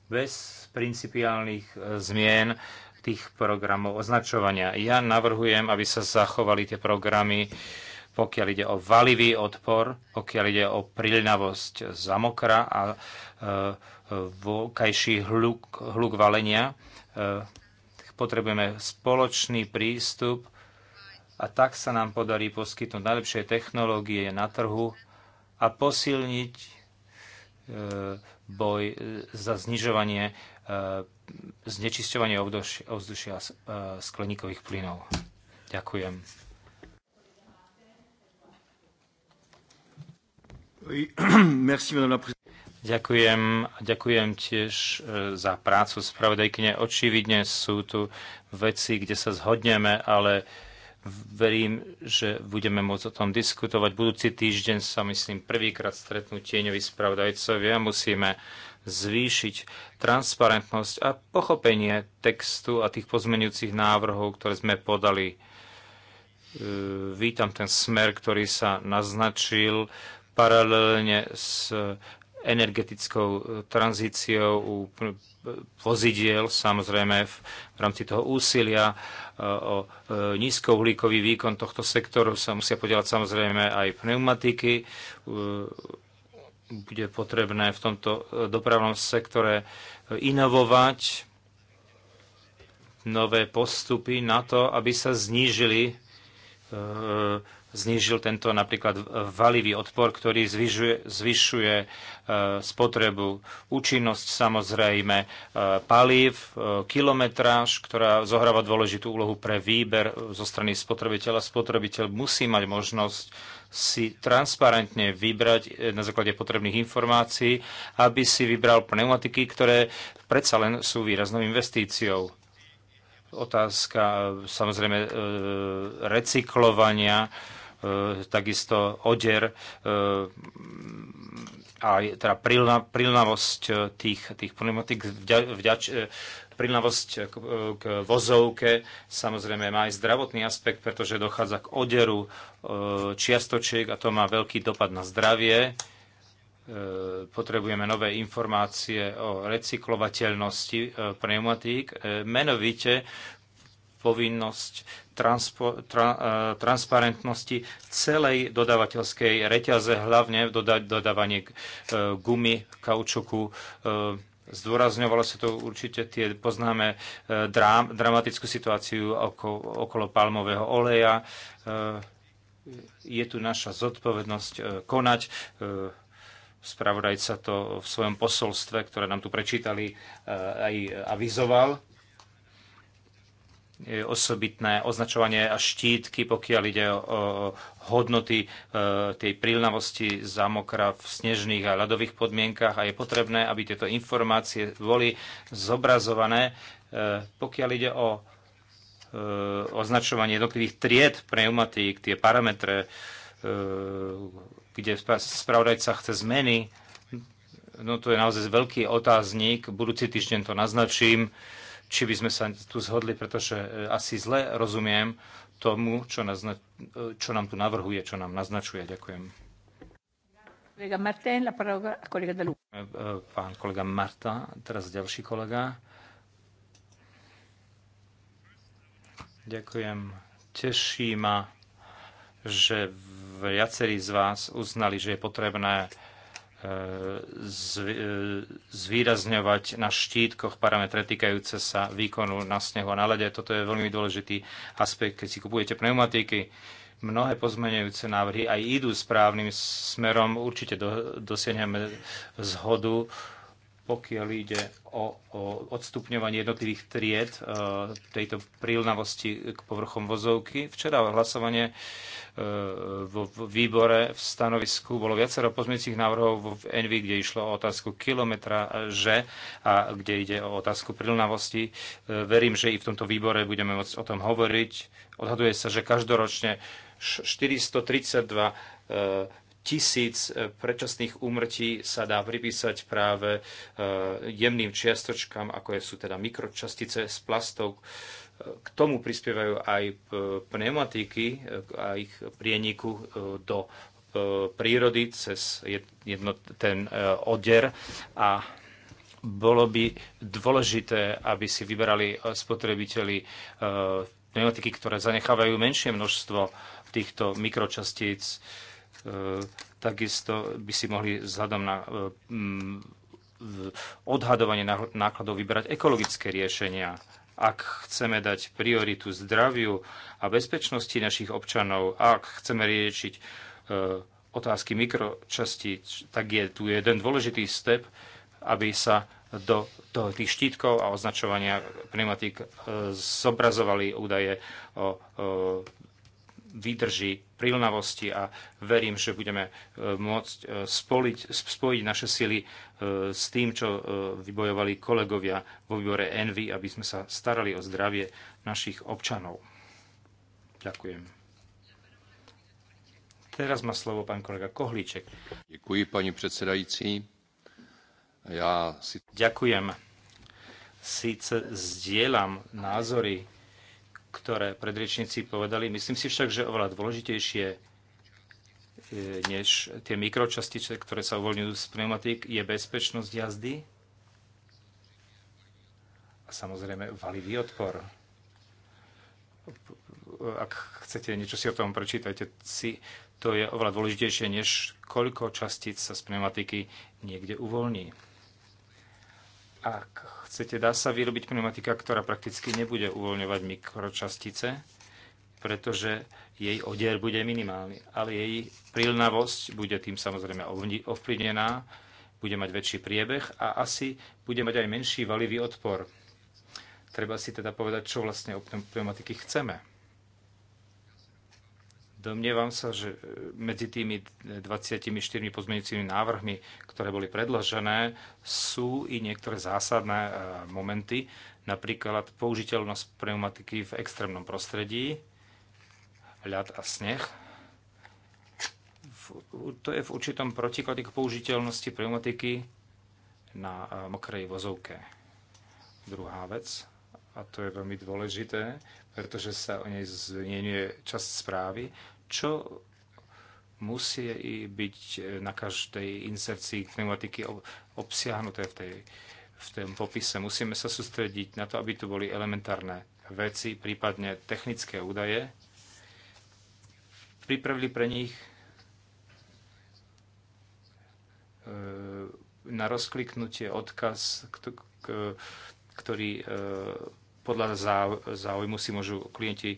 S4: bez principiálnych e, zmien tých programov označovania. Ja navrhujem, aby sa zachovali tie programy, pokiaľ ide o valivý odpor, pokiaľ ide o príľnavosť zamokra a e, vokajší hluk, hluk valenia. E, potrebujeme spoločný prístup a tak sa nám podarí poskytnúť najlepšie technológie na trhu a posilniť E, boj e, za znižovanie e, znečisťovanie ovzdušia skleníkových plynov. Ďakujem. Ďakujem, ďakujem tiež za prácu spravodajkyne. Očividne sú tu veci, kde sa zhodneme, ale Verím, že budeme môcť o tom diskutovať. Budúci týždeň sa, myslím, prvýkrát stretnú tieňoví spravodajcovia. Musíme zvýšiť transparentnosť a pochopenie textu a tých pozmenujúcich návrhov, ktoré sme podali. E, vítam ten smer, ktorý sa naznačil paralelne s energetickou e, tranzíciou u e, vozidiel, samozrejme v rámci toho úsilia e, o nízkouhlíkový výkon tohto sektoru sa musia podielať samozrejme aj pneumatiky. Bude potrebné v tomto dopravnom sektore inovovať nové postupy na to, aby sa znížili znížil tento napríklad valivý odpor, ktorý zvyšuje, zvyšuje e, spotrebu, účinnosť samozrejme e, palív, e, kilometráž, ktorá zohráva dôležitú úlohu pre výber zo strany spotrebiteľa. Spotrebiteľ musí mať možnosť si transparentne vybrať na základe potrebných informácií, aby si vybral pneumatiky, ktoré predsa len sú výraznou investíciou otázka samozrejme recyklovania E, takisto oder e, a teda prilnavosť e, tých, tých pneumatik, vďač, prilnavosť k, k vozovke samozrejme má aj zdravotný aspekt, pretože dochádza k oderu čiastočiek a to má veľký dopad na zdravie. Potrebujeme nové informácie o recyklovateľnosti pneumatík, menovite povinnosť transpo, tra, e, transparentnosti celej dodávateľskej reťaze, hlavne doda, dodávanie e, gumy, kaučuku. E, zdôrazňovalo sa to určite, tie poznáme drám, dramatickú situáciu okolo, okolo palmového oleja. Je tu naša zodpovednosť konať spravodajca to v svojom posolstve, ktoré nám tu prečítali, aj avizoval osobitné označovanie a štítky, pokiaľ ide o, hodnoty e, tej prílnavosti zamokra v snežných a ľadových podmienkach a je potrebné, aby tieto informácie boli zobrazované, e, pokiaľ ide o e, označovanie jednotlivých tried pneumatík, tie parametre, kde spravodajca chce zmeny. No to je naozaj veľký otáznik. Budúci týždeň to naznačím či by sme sa tu zhodli, pretože e, asi zle rozumiem tomu, čo, nazna- e, čo nám tu navrhuje, čo nám naznačuje. Ďakujem. E, pán kolega Marta, teraz ďalší kolega. Ďakujem. Teší ma, že viacerí z vás uznali, že je potrebné zvýrazňovať na štítkoch parametre týkajúce sa výkonu na snehu a na lede. Toto je veľmi dôležitý aspekt, keď si kupujete pneumatiky. Mnohé pozmeňujúce návrhy aj idú správnym smerom. Určite do, dosiahneme zhodu pokiaľ ide o, o odstupňovanie jednotlivých tried e, tejto prílnavosti k povrchom vozovky. Včera hlasovanie e, vo výbore v stanovisku bolo viacero pozmeňujúcich návrhov v Envy, kde išlo o otázku kilometra že a kde ide o otázku prílnavosti. E, verím, že i v tomto výbore budeme môcť o tom hovoriť. Odhaduje sa, že každoročne 432 tisíc e, predčasných úmrtí sa dá pripísať práve e, jemným čiastočkám, ako sú teda mikročastice z plastov. E, k tomu prispievajú aj pneumatiky a ich prieniku do prírody cez jedno, ten odier. a bolo by dôležité, aby si vyberali spotrebiteli pneumatiky, ktoré zanechávajú menšie množstvo týchto mikročastíc E, takisto by si mohli vzhľadom na e, odhadovanie nákladov vybrať ekologické riešenia. Ak chceme dať prioritu zdraviu a bezpečnosti našich občanov, ak chceme riešiť e, otázky mikročasti, tak je tu jeden dôležitý step, aby sa do, do tých štítkov a označovania pneumatík zobrazovali údaje o, o výdrži, prilnavosti a verím, že budeme e, môcť e, spoliť, spojiť naše sily e, s tým, čo vybojovali kolegovia vo výbore Envy, aby sme sa starali o zdravie našich občanov. Ďakujem. Teraz má slovo pán kolega Kohlíček. Ďakujem, pani predsedajúci. Ja si... Ďakujem. Sice zdieľam názory ktoré predriečníci povedali. Myslím si však, že oveľa dôležitejšie e, než tie mikročastice, ktoré sa uvoľňujú z pneumatík, je bezpečnosť jazdy a samozrejme valivý odpor. Ak chcete niečo si o tom prečítajte si, to je oveľa dôležitejšie, než koľko častíc sa z pneumatiky niekde uvoľní ak chcete, dá sa vyrobiť pneumatika, ktorá prakticky nebude uvoľňovať mikročastice, pretože jej odier bude minimálny, ale jej prilnavosť bude tým samozrejme ovplyvnená, bude mať väčší priebeh a asi bude mať aj menší valivý odpor. Treba si teda povedať, čo vlastne od pneumatiky chceme. Domnievam sa, že e, medzi tými 24 pozmeňujúcimi návrhmi, ktoré boli predložené, sú i niektoré zásadné e, momenty, napríklad použiteľnosť pneumatiky v extrémnom prostredí, ľad a sneh. To je v určitom protiklade k použiteľnosti pneumatiky na e, mokrej vozovke. Druhá vec, a to je veľmi dôležité, pretože sa o nej zmienuje časť správy, čo musí byť e, na každej insercii pneumatiky obsiahnuté v, tej, v tom popise. Musíme sa sústrediť na to, aby tu boli elementárne veci, prípadne technické údaje. Pripravili pre nich e, na rozkliknutie odkaz, ktorý e, podľa záujmu si môžu klienti e,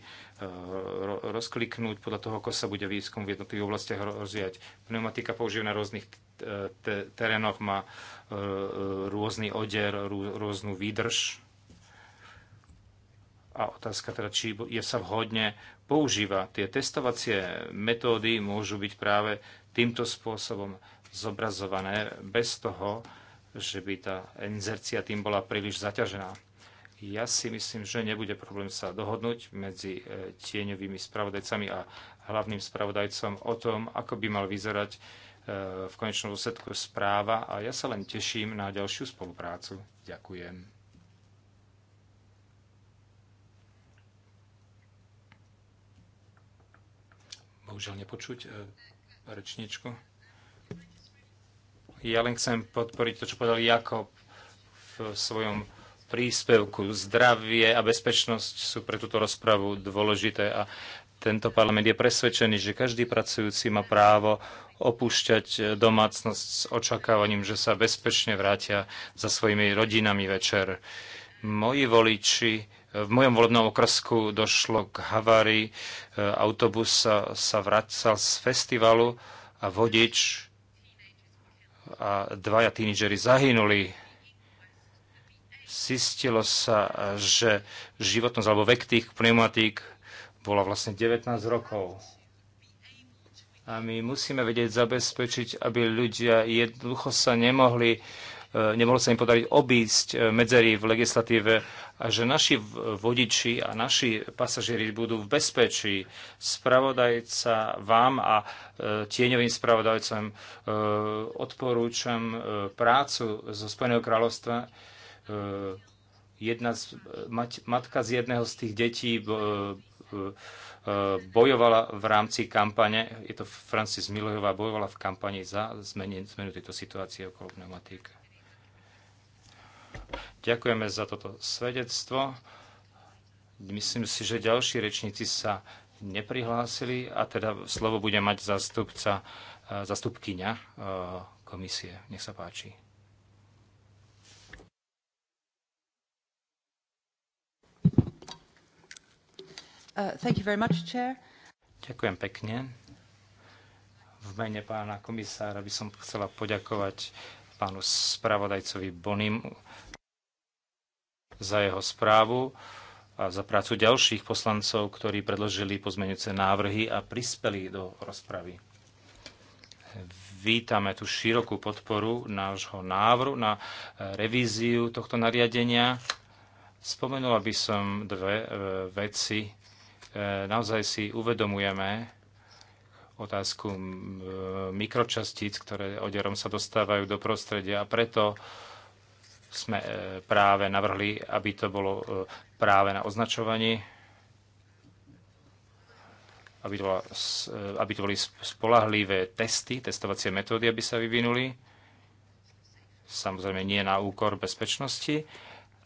S4: rozkliknúť podľa toho, ako sa bude výskum v jednotlivých oblastiach rozvíjať. Pneumatika používaná na rôznych e, terénoch má e, rôzny odier, rôznu výdrž. A otázka teda, či je sa vhodne používa. Tie testovacie metódy môžu byť práve týmto spôsobom zobrazované bez toho, že by tá inzercia tým bola príliš zaťažená ja si myslím, že nebude problém sa dohodnúť medzi e, tieňovými spravodajcami a hlavným spravodajcom o tom, ako by mal vyzerať e, v konečnom dôsledku správa a ja sa len teším na ďalšiu spoluprácu. Ďakujem. Bohužiaľ nepočuť e, rečničku. Ja len chcem podporiť to, čo povedal Jakob v svojom príspevku. Zdravie a bezpečnosť sú pre túto rozpravu dôležité a tento parlament je presvedčený, že každý pracujúci má právo opúšťať domácnosť s očakávaním, že sa bezpečne vrátia za svojimi rodinami večer. Moji voliči v mojom volebnom okrsku došlo k havárii. E, autobus sa, sa vracal z festivalu a vodič a dvaja tínidžeri zahynuli zistilo sa, že životnosť alebo vek tých pneumatík bola vlastne 19 rokov. A my musíme vedieť zabezpečiť, aby ľudia jednoducho sa nemohli, e, nemohlo sa im podariť obísť e, medzery v legislatíve a že naši vodiči a naši pasažieri budú v bezpečí. Spravodajca vám a e, tieňovým spravodajcom odporúčam prácu zo Spojeného kráľovstva, E, jedna z, mať, matka z jedného z tých detí e, e, bojovala v rámci kampane, je to Francis Milojová, bojovala v kampani za zmenu, zmenu tejto situácie okolo pneumatík. Ďakujeme za toto svedectvo. Myslím si, že ďalší rečníci sa neprihlásili a teda slovo bude mať zastupca, zastupkyňa komisie. Nech sa páči. Uh, Ďakujem pekne. V mene pána komisára by som chcela poďakovať pánu spravodajcovi Bonim za jeho správu a za prácu ďalších poslancov, ktorí predložili pozmeňujúce návrhy a prispeli do rozpravy. Vítame tú širokú podporu nášho návru na e, revíziu tohto nariadenia. Spomenula by som dve e, veci, E, naozaj si uvedomujeme otázku e, mikročastíc, ktoré odierom sa dostávajú do prostredia a preto sme e, práve navrhli, aby to bolo práve na označovaní, aby to, bola, aby to boli spolahlivé testy, testovacie metódy, aby sa vyvinuli, samozrejme nie na úkor bezpečnosti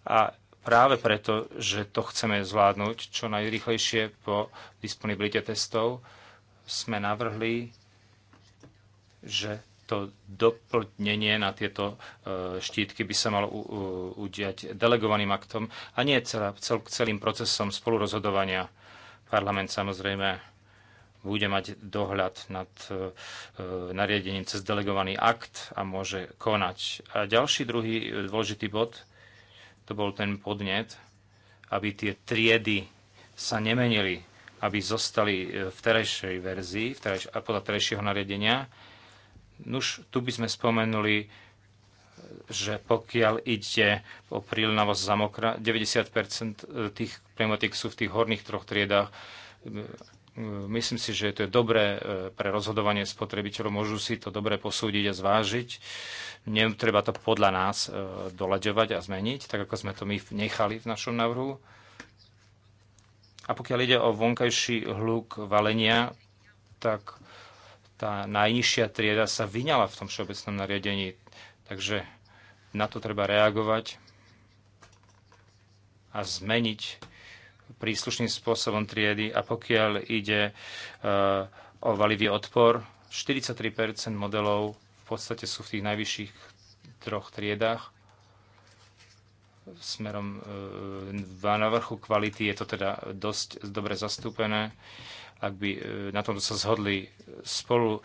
S4: a práve preto, že to chceme zvládnuť čo najrychlejšie po disponibilite testov, sme navrhli, že to doplnenie na tieto e, štítky by sa malo udiať delegovaným aktom a nie celá, cel, celým procesom spolurozhodovania. Parlament samozrejme bude mať dohľad nad e, e, nariadením cez delegovaný akt a môže konať. A ďalší druhý dôležitý bod to bol ten podnet, aby tie triedy sa nemenili, aby zostali e, v terajšej verzii, v terajš- a podľa terajšieho nariadenia. Nuž, tu by sme spomenuli, e, že pokiaľ ide o prílnavosť zamokra, 90% e, tých pneumatík sú v tých horných troch triedách Myslím si, že to je dobré e, pre rozhodovanie spotrebiteľov. Môžu si to dobre posúdiť a zvážiť. Netreba to podľa nás e, doľaďovať a zmeniť, tak ako sme to my nechali v našom návrhu. A pokiaľ ide o vonkajší hluk valenia, tak tá najnižšia trieda sa vyňala v tom všeobecnom nariadení. Takže na to treba reagovať a zmeniť príslušným spôsobom triedy a pokiaľ ide e, o valivý odpor, 43 modelov v podstate sú v tých najvyšších troch triedách smerom e, na vrchu kvality je to teda dosť dobre zastúpené. Ak by e, na tomto sa zhodli spolu e,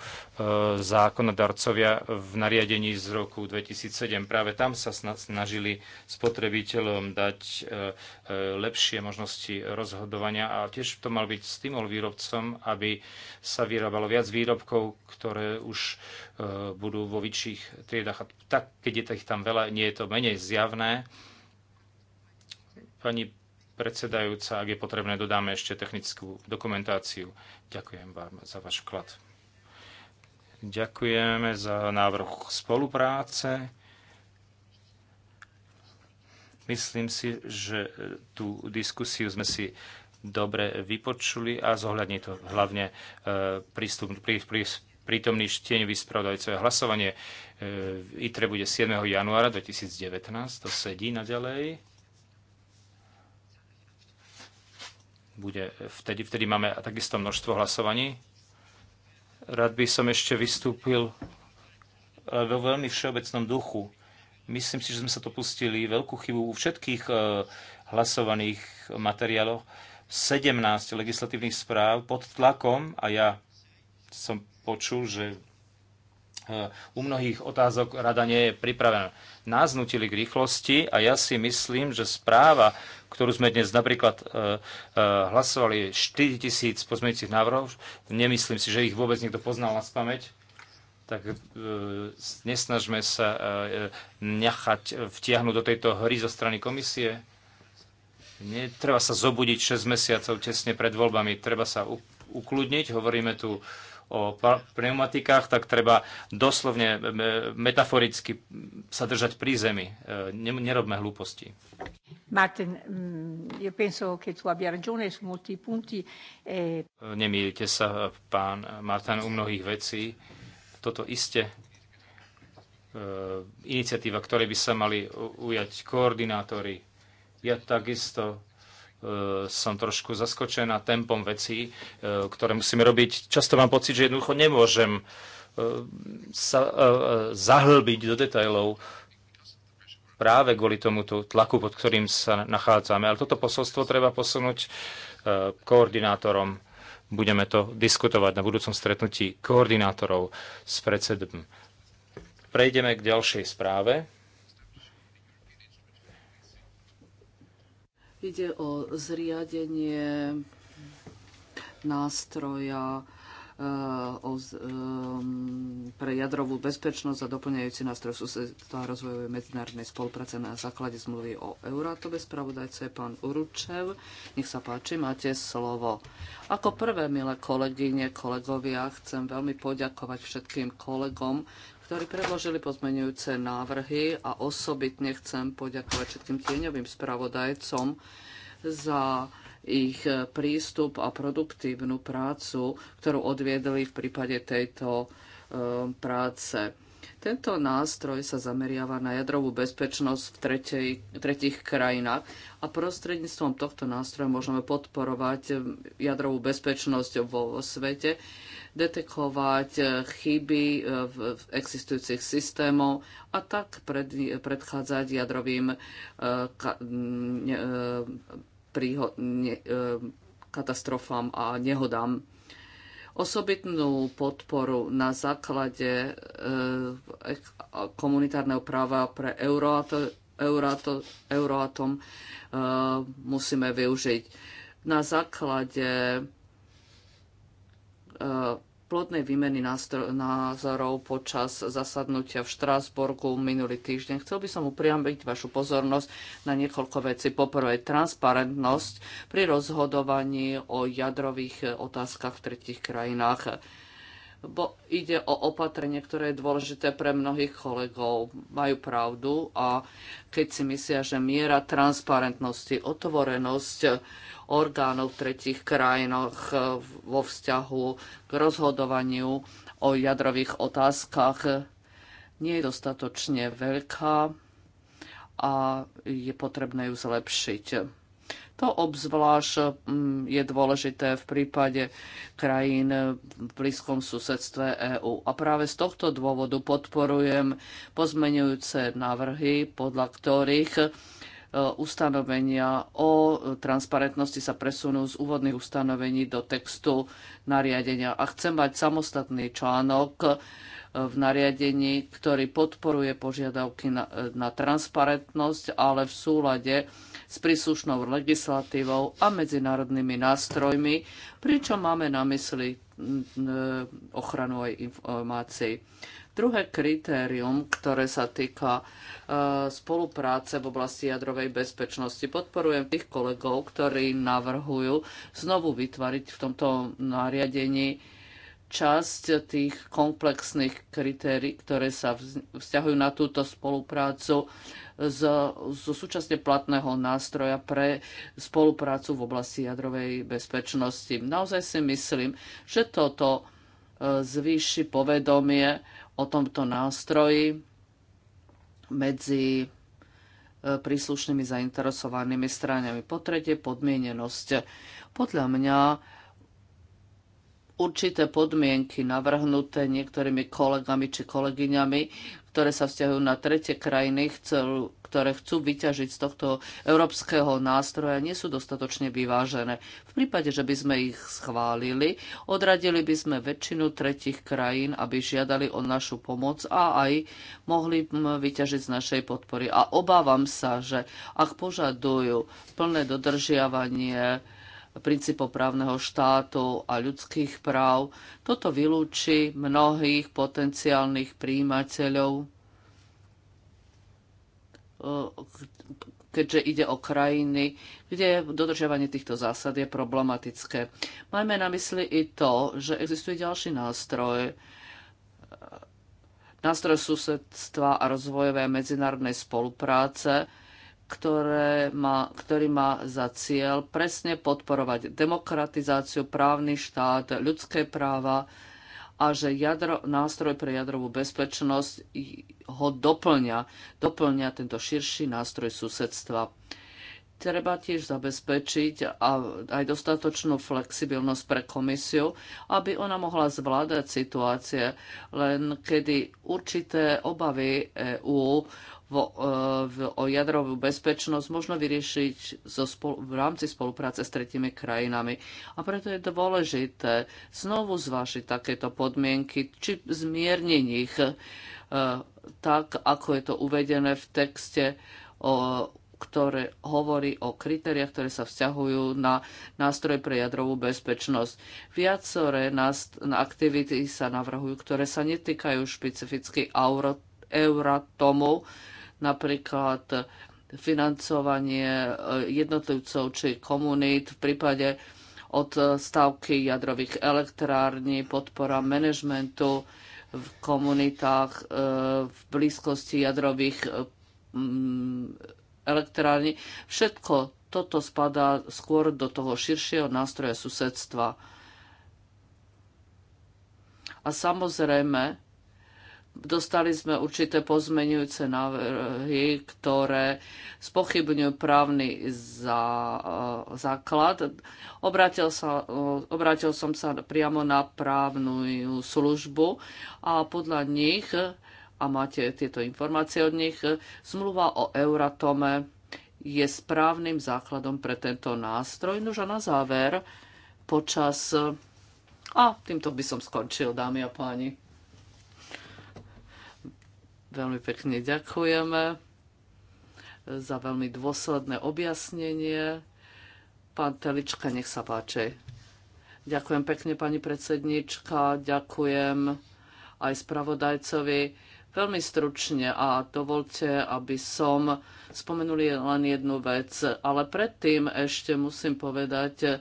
S4: zákonodarcovia v nariadení z roku 2007, práve tam sa snažili spotrebiteľom dať lepšie možnosti rozhodovania a tiež to mal byť stimul výrobcom, aby sa vyrábalo viac výrobkov, ktoré už budú vo vyšších triedach. A tak, keď je ich tam veľa, nie je to menej zjavné. Pani predsedajúca, ak je potrebné, dodáme ešte technickú dokumentáciu. Ďakujem vám za váš vklad. Ďakujeme za návrh spolupráce. Myslím si, že tú diskusiu sme si dobre vypočuli a zohľadní to hlavne e, prístup, prí, prí, prítomný štieňový spravodajcové hlasovanie. E, ITRE bude 7. januára 2019, to sedí naďalej. bude, vtedy, vtedy máme takisto množstvo hlasovaní. Rád by som ešte vystúpil vo veľmi všeobecnom duchu. Myslím si, že sme sa to pustili veľkú chybu u všetkých e, hlasovaných materiálov. 17 legislatívnych správ pod tlakom a ja som počul, že u mnohých otázok rada nie je pripravená. Nás nutili k rýchlosti a ja si myslím, že správa, ktorú sme dnes napríklad e, e, hlasovali 4000 pozmeňujúcich návrhov, nemyslím si, že ich vôbec niekto poznal na spameť, tak e, nesnažme sa nechať vtiahnuť do tejto hry zo strany komisie. Netreba sa zobudiť 6 mesiacov tesne pred voľbami, treba sa ukludniť. Hovoríme tu o pneumatikách, tak treba doslovne metaforicky sa držať pri zemi. E, nerobme hlúposti.
S3: Martin, mm, io penso che tu abbia ragione su molti punti. E...
S4: e nemýlite sa, pán Martin, u mnohých vecí. Toto iste e, iniciatíva, ktoré by sa mali ujať koordinátori. Ja takisto E, som trošku zaskočená tempom vecí, e, ktoré musíme robiť. Často mám pocit, že jednoducho nemôžem e, sa zahlbiť do detajlov práve kvôli tomuto tlaku, pod ktorým sa nachádzame. Ale toto posolstvo treba posunúť koordinátorom. Budeme to diskutovať na budúcom stretnutí koordinátorov s predsedom. Prejdeme k ďalšej správe.
S2: Ide o zriadenie nástroja e, e, pre jadrovú bezpečnosť a doplňajúci nástroj susedstva a rozvojovej medzinárodnej spolupráce na základe zmluvy o Euratobe. Spravodajce je pán Uručev. Nech sa páči, máte slovo. Ako prvé, milé kolegyne, kolegovia, chcem veľmi poďakovať všetkým kolegom, ktorí predložili pozmenujúce návrhy a osobitne chcem poďakovať všetkým tieňovým spravodajcom za ich e, prístup a produktívnu prácu, ktorú odviedli v prípade tejto e, práce. Tento nástroj sa zameriava na jadrovú bezpečnosť v tretej, tretich krajinách a prostredníctvom tohto nástroja môžeme podporovať e, jadrovú bezpečnosť vo svete detekovať eh, chyby eh, v existujúcich systémov a tak predchádzať jadrovým eh, mm, katastrofám a nehodám osobitnú podporu na základe komunitárneho práva pre Euroato, Euroato, Euroatom musíme využiť. Na základe E, plodnej výmeny názorov počas zasadnutia v Štrásborgu minulý týždeň. Chcel by som upriamiť vašu pozornosť na niekoľko vecí. Poprvé, transparentnosť pri rozhodovaní o jadrových otázkach v tretich krajinách bo ide o opatrenie, ktoré je dôležité pre mnohých kolegov. Majú pravdu a keď si myslia, že miera transparentnosti, otvorenosť orgánov v tretich krajinách eh, vo vzťahu k rozhodovaniu o jadrových otázkach nie je dostatočne veľká a je potrebné ju zlepšiť. To obzvlášť mm, je dôležité v prípade krajín v blízkom susedstve EÚ. A práve z tohto dôvodu podporujem pozmeňujúce návrhy, podľa ktorých Eh, ustanovenia o transparentnosti sa presunú z úvodných ustanovení do textu nariadenia. A chcem mať samostatný článok eh, v nariadení, ktorý podporuje požiadavky na, eh, na transparentnosť, ale v súlade s príslušnou legislatívou a medzinárodnými nástrojmi, pričom máme na mysli mm, ochranu aj informácií. Druhé kritérium, ktoré sa týka e, spolupráce v oblasti jadrovej bezpečnosti. Podporujem tých kolegov, ktorí navrhujú znovu vytvoriť v tomto nariadení časť tých komplexných kritérií, ktoré sa vzťahujú na túto spoluprácu zo, súčasne platného nástroja pre spoluprácu v oblasti jadrovej bezpečnosti. Naozaj si myslím, že toto e, zvýši povedomie o tomto nástroji medzi e, príslušnými zainteresovanými stranami. Po tretie, podmienenosť. Podľa mňa určité podmienky navrhnuté niektorými kolegami či kolegyňami ktoré sa vzťahujú na tretie krajiny, chcel, ktoré chcú vyťažiť z tohto európskeho nástroja, nie sú dostatočne vyvážené. V prípade, že by sme ich schválili, odradili by sme väčšinu tretich krajín, aby žiadali o našu pomoc a aj mohli vyťažiť z našej podpory. A obávam sa, že ak požadujú plné dodržiavanie princípov právneho štátu a ľudských práv. Toto vylúči mnohých potenciálnych príjimateľov, keďže ide o krajiny, kde dodržiavanie týchto zásad je problematické. Majme na mysli i to, že existuje ďalší nástroj, nástroj susedstva a rozvojové medzinárodnej spolupráce, ktoré má, ktorý má za cieľ presne podporovať demokratizáciu, právny štát, ľudské práva a že jadro, nástroj pre jadrovú bezpečnosť ho doplňa, doplňa tento širší nástroj susedstva. Treba tiež zabezpečiť a aj dostatočnú flexibilnosť pre komisiu, aby ona mohla zvládať situácie, len kedy určité obavy EÚ vo, e, v, o jadrovú bezpečnosť možno vyriešiť zo spol, v rámci spolupráce s tretimi krajinami. A preto je dôležité znovu zvážiť takéto podmienky, či zmiernení ich e, tak, ako je to uvedené v texte, o, ktoré hovorí o kritériách, ktoré sa vzťahujú na nástroj pre jadrovú bezpečnosť. Viacoré aktivity sa navrhujú, ktoré sa netýkajú špecificky aurot napríklad financovanie e, jednotlivcov či komunít v prípade od stavky jadrových elektrární, podpora manažmentu v komunitách e, v blízkosti jadrových e, mm, elektrární. Všetko toto spadá skôr do toho širšieho nástroja susedstva. A samozrejme, Dostali sme určité pozmeňujúce návrhy, ktoré spochybňujú právny za, eh, základ. Obrátil, sa, eh, obrátil som sa priamo na právnu službu a podľa nich, a máte tieto informácie od nich, zmluva o Euratome je správnym základom pre tento nástroj. Nož a na záver, počas... A týmto by som skončil, dámy a páni. Veľmi pekne ďakujeme za veľmi dôsledné objasnenie. Pán Telička, nech sa páči. Ďakujem pekne, pani predsednička, ďakujem aj spravodajcovi. Veľmi stručne a dovolte, aby som spomenul len jednu vec, ale predtým ešte musím povedať, e,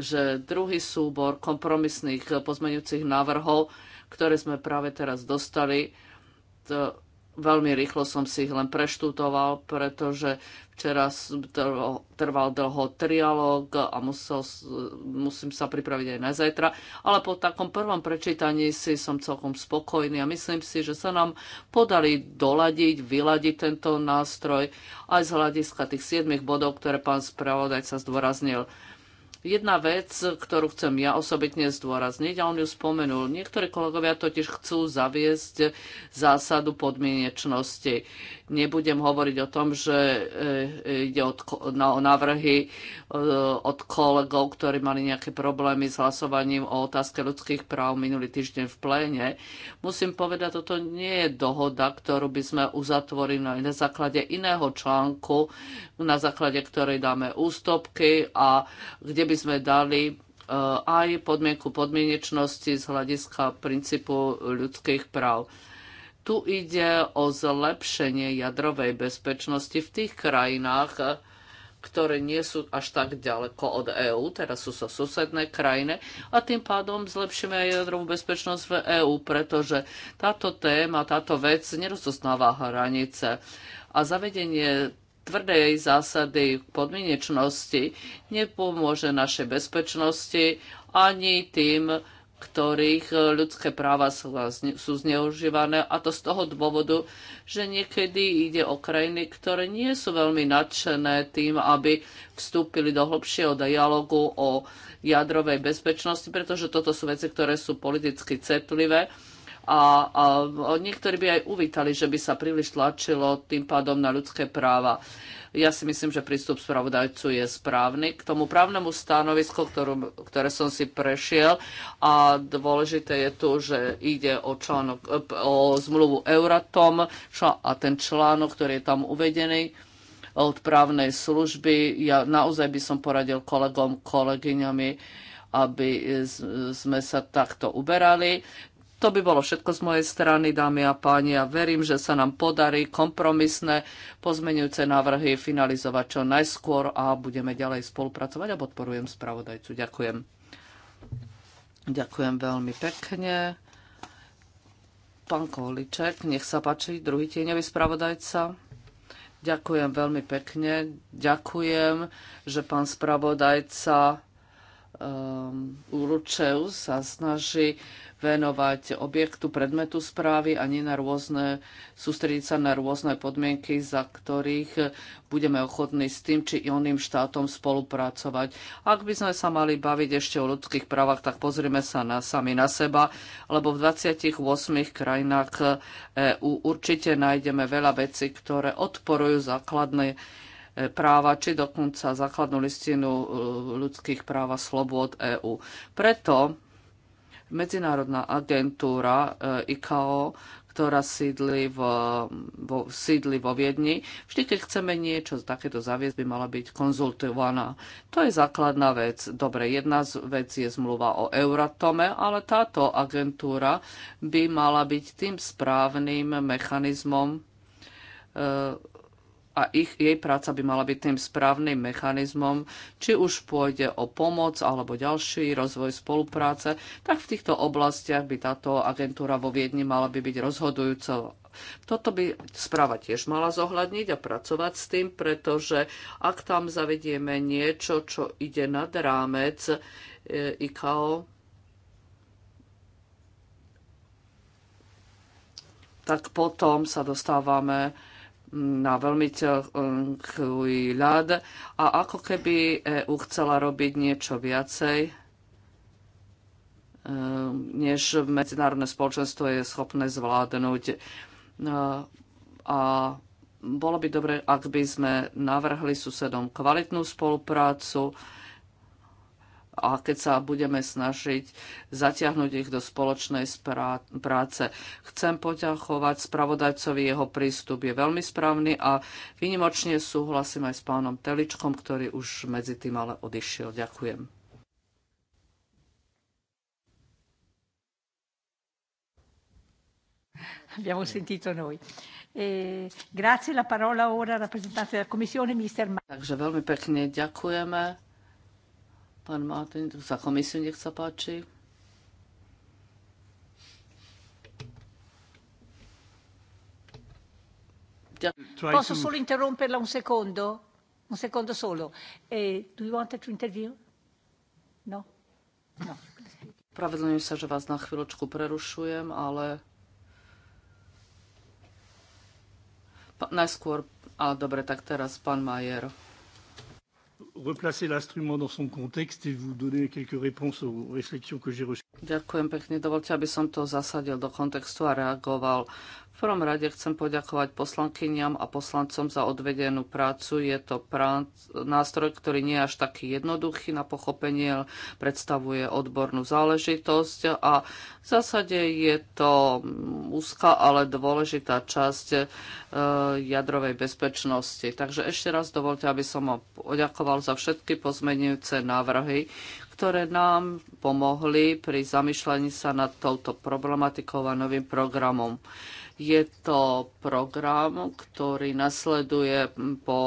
S2: že druhý súbor kompromisných pozmeňujúcich návrhov ktoré sme práve teraz dostali. To veľmi rýchlo som si ich len preštutoval, pretože včera trval, dlho trialóg a musel, musím sa pripraviť aj na zajtra. Ale po takom prvom prečítaní si som celkom spokojný a myslím si, že sa nám podali doladiť, vyladiť tento nástroj aj z hľadiska tých siedmých bodov, ktoré pán spravodajca zdôraznil. Jedna vec, ktorú chcem ja osobitne zdôrazniť, a on ju spomenul, niektorí kolegovia totiž chcú zaviesť zásadu podmienečnosti. Nebudem hovoriť o tom, že e, e, ide od, na, o návrhy e, od kolegov, ktorí mali nejaké problémy s hlasovaním o otázke ľudských práv minulý týždeň v pléne. Musím povedať, toto nie je dohoda, ktorú by sme uzatvorili na základe iného článku, na základe ktorej dáme ústopky a kde by by sme dali eh, aj podmienku podmienečnosti z hľadiska princípu ľudských práv. Tu ide o zlepšenie jadrovej bezpečnosti v tých krajinách, ktoré nie sú až tak ďaleko od EÚ, teraz sú so susedné krajiny a tým pádom zlepšíme aj jadrovú bezpečnosť v EÚ, pretože táto téma, táto vec nerozoznáva hranice a zavedenie tvrdej zásady podmienečnosti nepomôže našej bezpečnosti ani tým, ktorých ľudské práva sú zneužívané a to z toho dôvodu, že niekedy ide o krajiny, ktoré nie sú veľmi nadšené tým, aby vstúpili do hlbšieho dialogu o jadrovej bezpečnosti, pretože toto sú veci, ktoré sú politicky citlivé a, a niektorí by aj uvítali, že by sa príliš tlačilo tým pádom na ľudské práva. Ja si myslím, že prístup spravodajcu je správny. K tomu právnemu stanovisku, ktorú, ktoré som si prešiel, a dôležité je tu, že ide o, článok, o zmluvu Euratom a ten článok, ktorý je tam uvedený od právnej služby. Ja naozaj by som poradil kolegom, kolegyňami, aby sme sa takto uberali. To by bolo všetko z mojej strany, dámy a páni, a verím, že sa nám podarí kompromisné pozmenujúce návrhy finalizovať čo najskôr a budeme ďalej spolupracovať a podporujem spravodajcu. Ďakujem. Ďakujem veľmi pekne. Pán Količek, nech sa páči, druhý tieňový spravodajca. Ďakujem veľmi pekne. Ďakujem, že pán spravodajca um, sa snaží venovať objektu, predmetu správy a nie na rôzne, sústrediť sa na rôzne podmienky, za ktorých budeme ochotní s tým či iným štátom spolupracovať. Ak by sme sa mali baviť ešte o ľudských právach, tak pozrime sa na, sami na seba, lebo v 28 krajinách EU určite nájdeme veľa vecí, ktoré odporujú základné. E, práva či dokonca základnú listinu e, ľudských práv a slobôd EÚ. Preto Medzinárodná agentúra e, ICAO, ktorá sídli, v, vo, sídli vo Viedni. Vždy, keď chceme niečo takéto zaviesť, by mala byť konzultovaná. To je základná vec. Dobre, jedna z vec je zmluva o Euratome, ale táto agentúra by mala byť tým správnym mechanizmom, a ich, jej práca by mala byť tým správnym mechanizmom, či už pôjde o pomoc alebo ďalší rozvoj spolupráce, tak v týchto oblastiach by táto agentúra vo Viedni mala by byť rozhodujúca. Toto by správa tiež mala zohľadniť a pracovať s tým, pretože ak tam zavedieme niečo, čo ide nad rámec eh, IKO, tak potom sa dostávame na veľmi ťahlý ľad a ako keby EU chcela robiť niečo viacej, e, než medzinárodné spoločenstvo je schopné zvládnuť. E, a bolo by dobre, ak by sme navrhli susedom kvalitnú spoluprácu, a keď sa budeme snažiť zatiahnuť ich do spoločnej práce. Chcem poďakovať spravodajcovi, jeho prístup je veľmi správny a vynimočne súhlasím aj s pánom Teličkom, ktorý už medzi tým ale odišiel. Ďakujem. Abbiamo sentito
S3: noi. E grazie, la parola ora rappresentante della Commissione, Mister.
S2: Takže veľmi pekne ďakujeme Pán Martin, tu sa komisiu nech sa páči. Posso solo
S3: interromperla un secondo? Un secondo solo. Eh, do you want to interview? No?
S2: No. Pravedlňujem sa, že vás na chvíľočku prerušujem, ale najskôr, ale dobre, tak teraz pán Majer
S3: replacer l'instrument dans son contexte et vous donner quelques réponses aux réflexions
S2: que j'ai reçues. Ďakujem pekne. Dovolte, aby som to zasadil do kontextu a reagoval v prvom rade chcem poďakovať poslankyňam a poslancom za odvedenú prácu. Je to prác, nástroj, ktorý nie je až taký jednoduchý na pochopenie, predstavuje odbornú záležitosť a v zásade je to úzka, ale dôležitá časť e, jadrovej bezpečnosti. Takže ešte raz dovolte, aby som ho poďakoval za všetky pozmenujúce návrhy, ktoré nám pomohli pri zamýšľaní sa nad touto problematikou a novým programom. Je to program, ktorý nasleduje po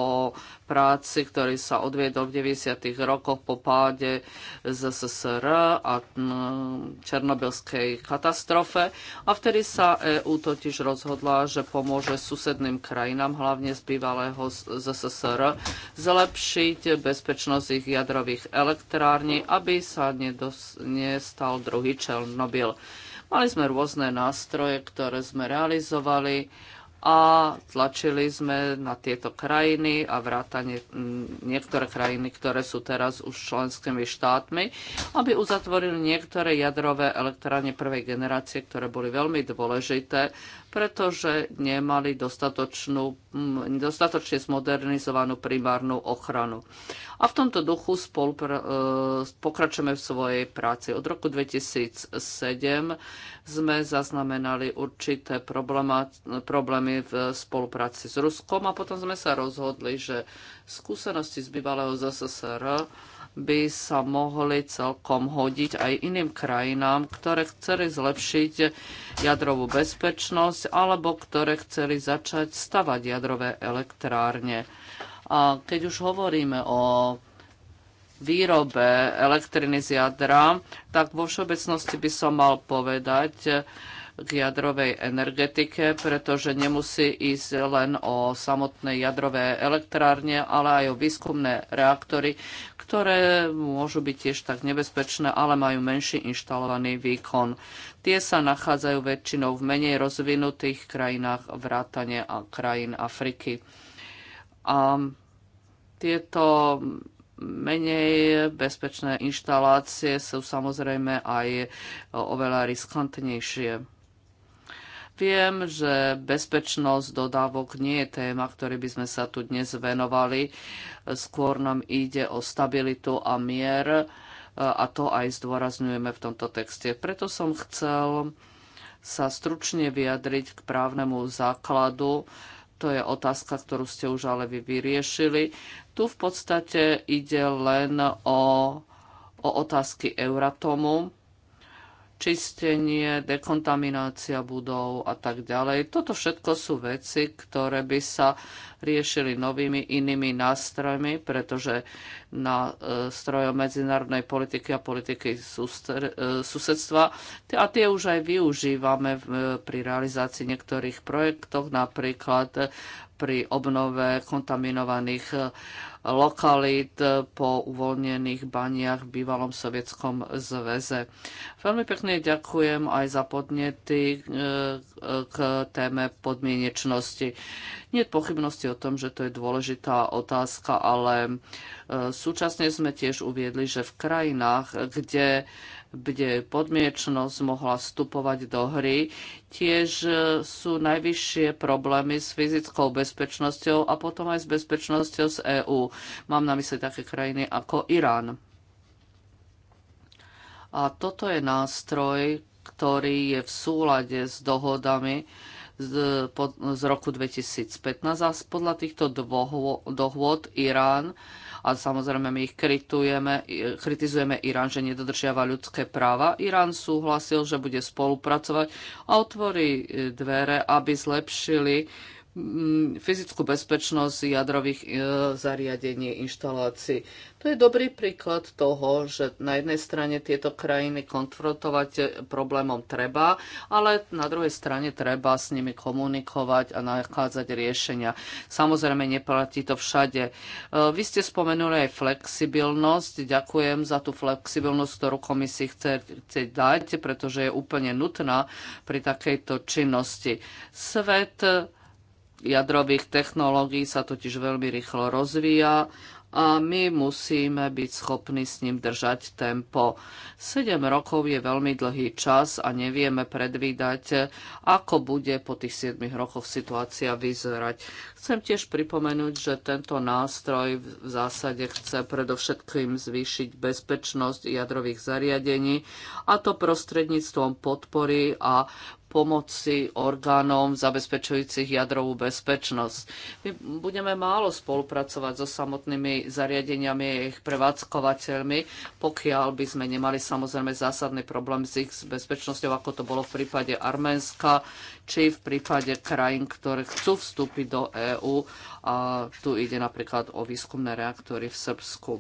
S2: práci, ktorý sa odviedol v 90. rokoch po páde SSR a černobylskej katastrofe. A vtedy sa EU totiž rozhodla, že pomôže susedným krajinám, hlavne z bývalého SSR, zlepšiť bezpečnosť ich jadrových elektrární, aby sa nedos- nestal druhý Černobyl. Mali sme rôzne nástroje, ktoré sme realizovali a tlačili sme na tieto krajiny a vrátane niektoré krajiny, ktoré sú teraz už členskými štátmi, aby uzatvorili niektoré jadrové elektrárne prvej generácie, ktoré boli veľmi dôležité pretože nemali mm, dostatočne zmodernizovanú primárnu ochranu. A v tomto duchu e, pokračujeme v svojej práci. Od roku 2007 sme zaznamenali určité problémy v spolupráci s Ruskom a potom sme sa rozhodli, že skúsenosti z bývalého ZSSR by sa mohli celkom hodiť aj iným krajinám, ktoré chceli zlepšiť jadrovú bezpečnosť alebo ktoré chceli začať stavať jadrové elektrárne. A keď už hovoríme o výrobe elektriny z jadra, tak vo všeobecnosti by som mal povedať, k jadrovej energetike, pretože nemusí ísť len o samotné jadrové elektrárne, ale aj o výskumné reaktory, ktoré môžu byť tiež tak nebezpečné, ale majú menší inštalovaný výkon. Tie sa nachádzajú väčšinou v menej rozvinutých krajinách vrátane a krajín Afriky. A tieto menej bezpečné inštalácie sú samozrejme aj oveľa riskantnejšie. Viem, že bezpečnosť dodávok nie je téma, ktorej by sme sa tu dnes venovali. Skôr nám ide o stabilitu a mier e, a to aj zdôrazňujeme v tomto texte. Preto som chcel sa stručne vyjadriť k právnemu základu. To je otázka, ktorú ste už ale vy vyriešili. Tu v podstate ide len o, o otázky Euratomu čistenie, dekontaminácia budov a tak ďalej. Toto všetko sú veci, ktoré by sa riešili novými inými nástrojmi, pretože na e, strojo medzinárodnej politiky a politiky e, susedstva a tie už aj využívame e, pri realizácii niektorých projektov, napríklad pri obnove kontaminovaných lokalít eh, po uvoľnených baniach v bývalom sovietskom zväze. Veľmi pekne ďakujem aj za podnety eh, k téme podmienečnosti. Nie je pochybnosti o tom, že to je dôležitá otázka, ale eh, súčasne sme tiež uviedli, že v krajinách, kde kde podmiečnosť mohla vstupovať do hry. Tiež e, sú najvyššie problémy s fyzickou bezpečnosťou a potom aj s bezpečnosťou z EÚ. Mám na mysli také krajiny ako Irán. A toto je nástroj, ktorý je v súlade s dohodami, z, po, z roku 2015 a podľa týchto dohôd Irán a samozrejme my ich kritujeme, kritizujeme Irán, že nedodržiava ľudské práva. Irán súhlasil, že bude spolupracovať a otvorí e, dvere, aby zlepšili Mm, fyzickú bezpečnosť jadrových e, zariadení, inštalácií. To je dobrý príklad toho, že na jednej strane tieto krajiny konfrontovať e, problémom treba, ale na druhej strane treba s nimi komunikovať a nachádzať riešenia. Samozrejme, neplatí to všade. E, vy ste spomenuli aj flexibilnosť. Ďakujem za tú flexibilnosť, ktorú komisii chce, chce dať, pretože je úplne nutná pri takejto činnosti. Svet jadrových technológií sa totiž veľmi rýchlo rozvíja a my musíme byť schopní s ním držať tempo. 7 rokov je veľmi dlhý čas a nevieme predvídať, ako bude po tých 7 rokoch situácia vyzerať. Chcem tiež pripomenúť, že tento nástroj v zásade chce predovšetkým zvýšiť bezpečnosť jadrových zariadení a to prostredníctvom podpory a pomoci orgánom zabezpečujúcich jadrovú bezpečnosť. My budeme málo spolupracovať so samotnými zariadeniami a ich prevádzkovateľmi, pokiaľ by sme nemali samozrejme zásadný problém s ich bezpečnosťou, ako to bolo v prípade Arménska, či v prípade krajín, ktoré chcú vstúpiť do EÚ. A tu ide napríklad o výskumné reaktory v Srbsku.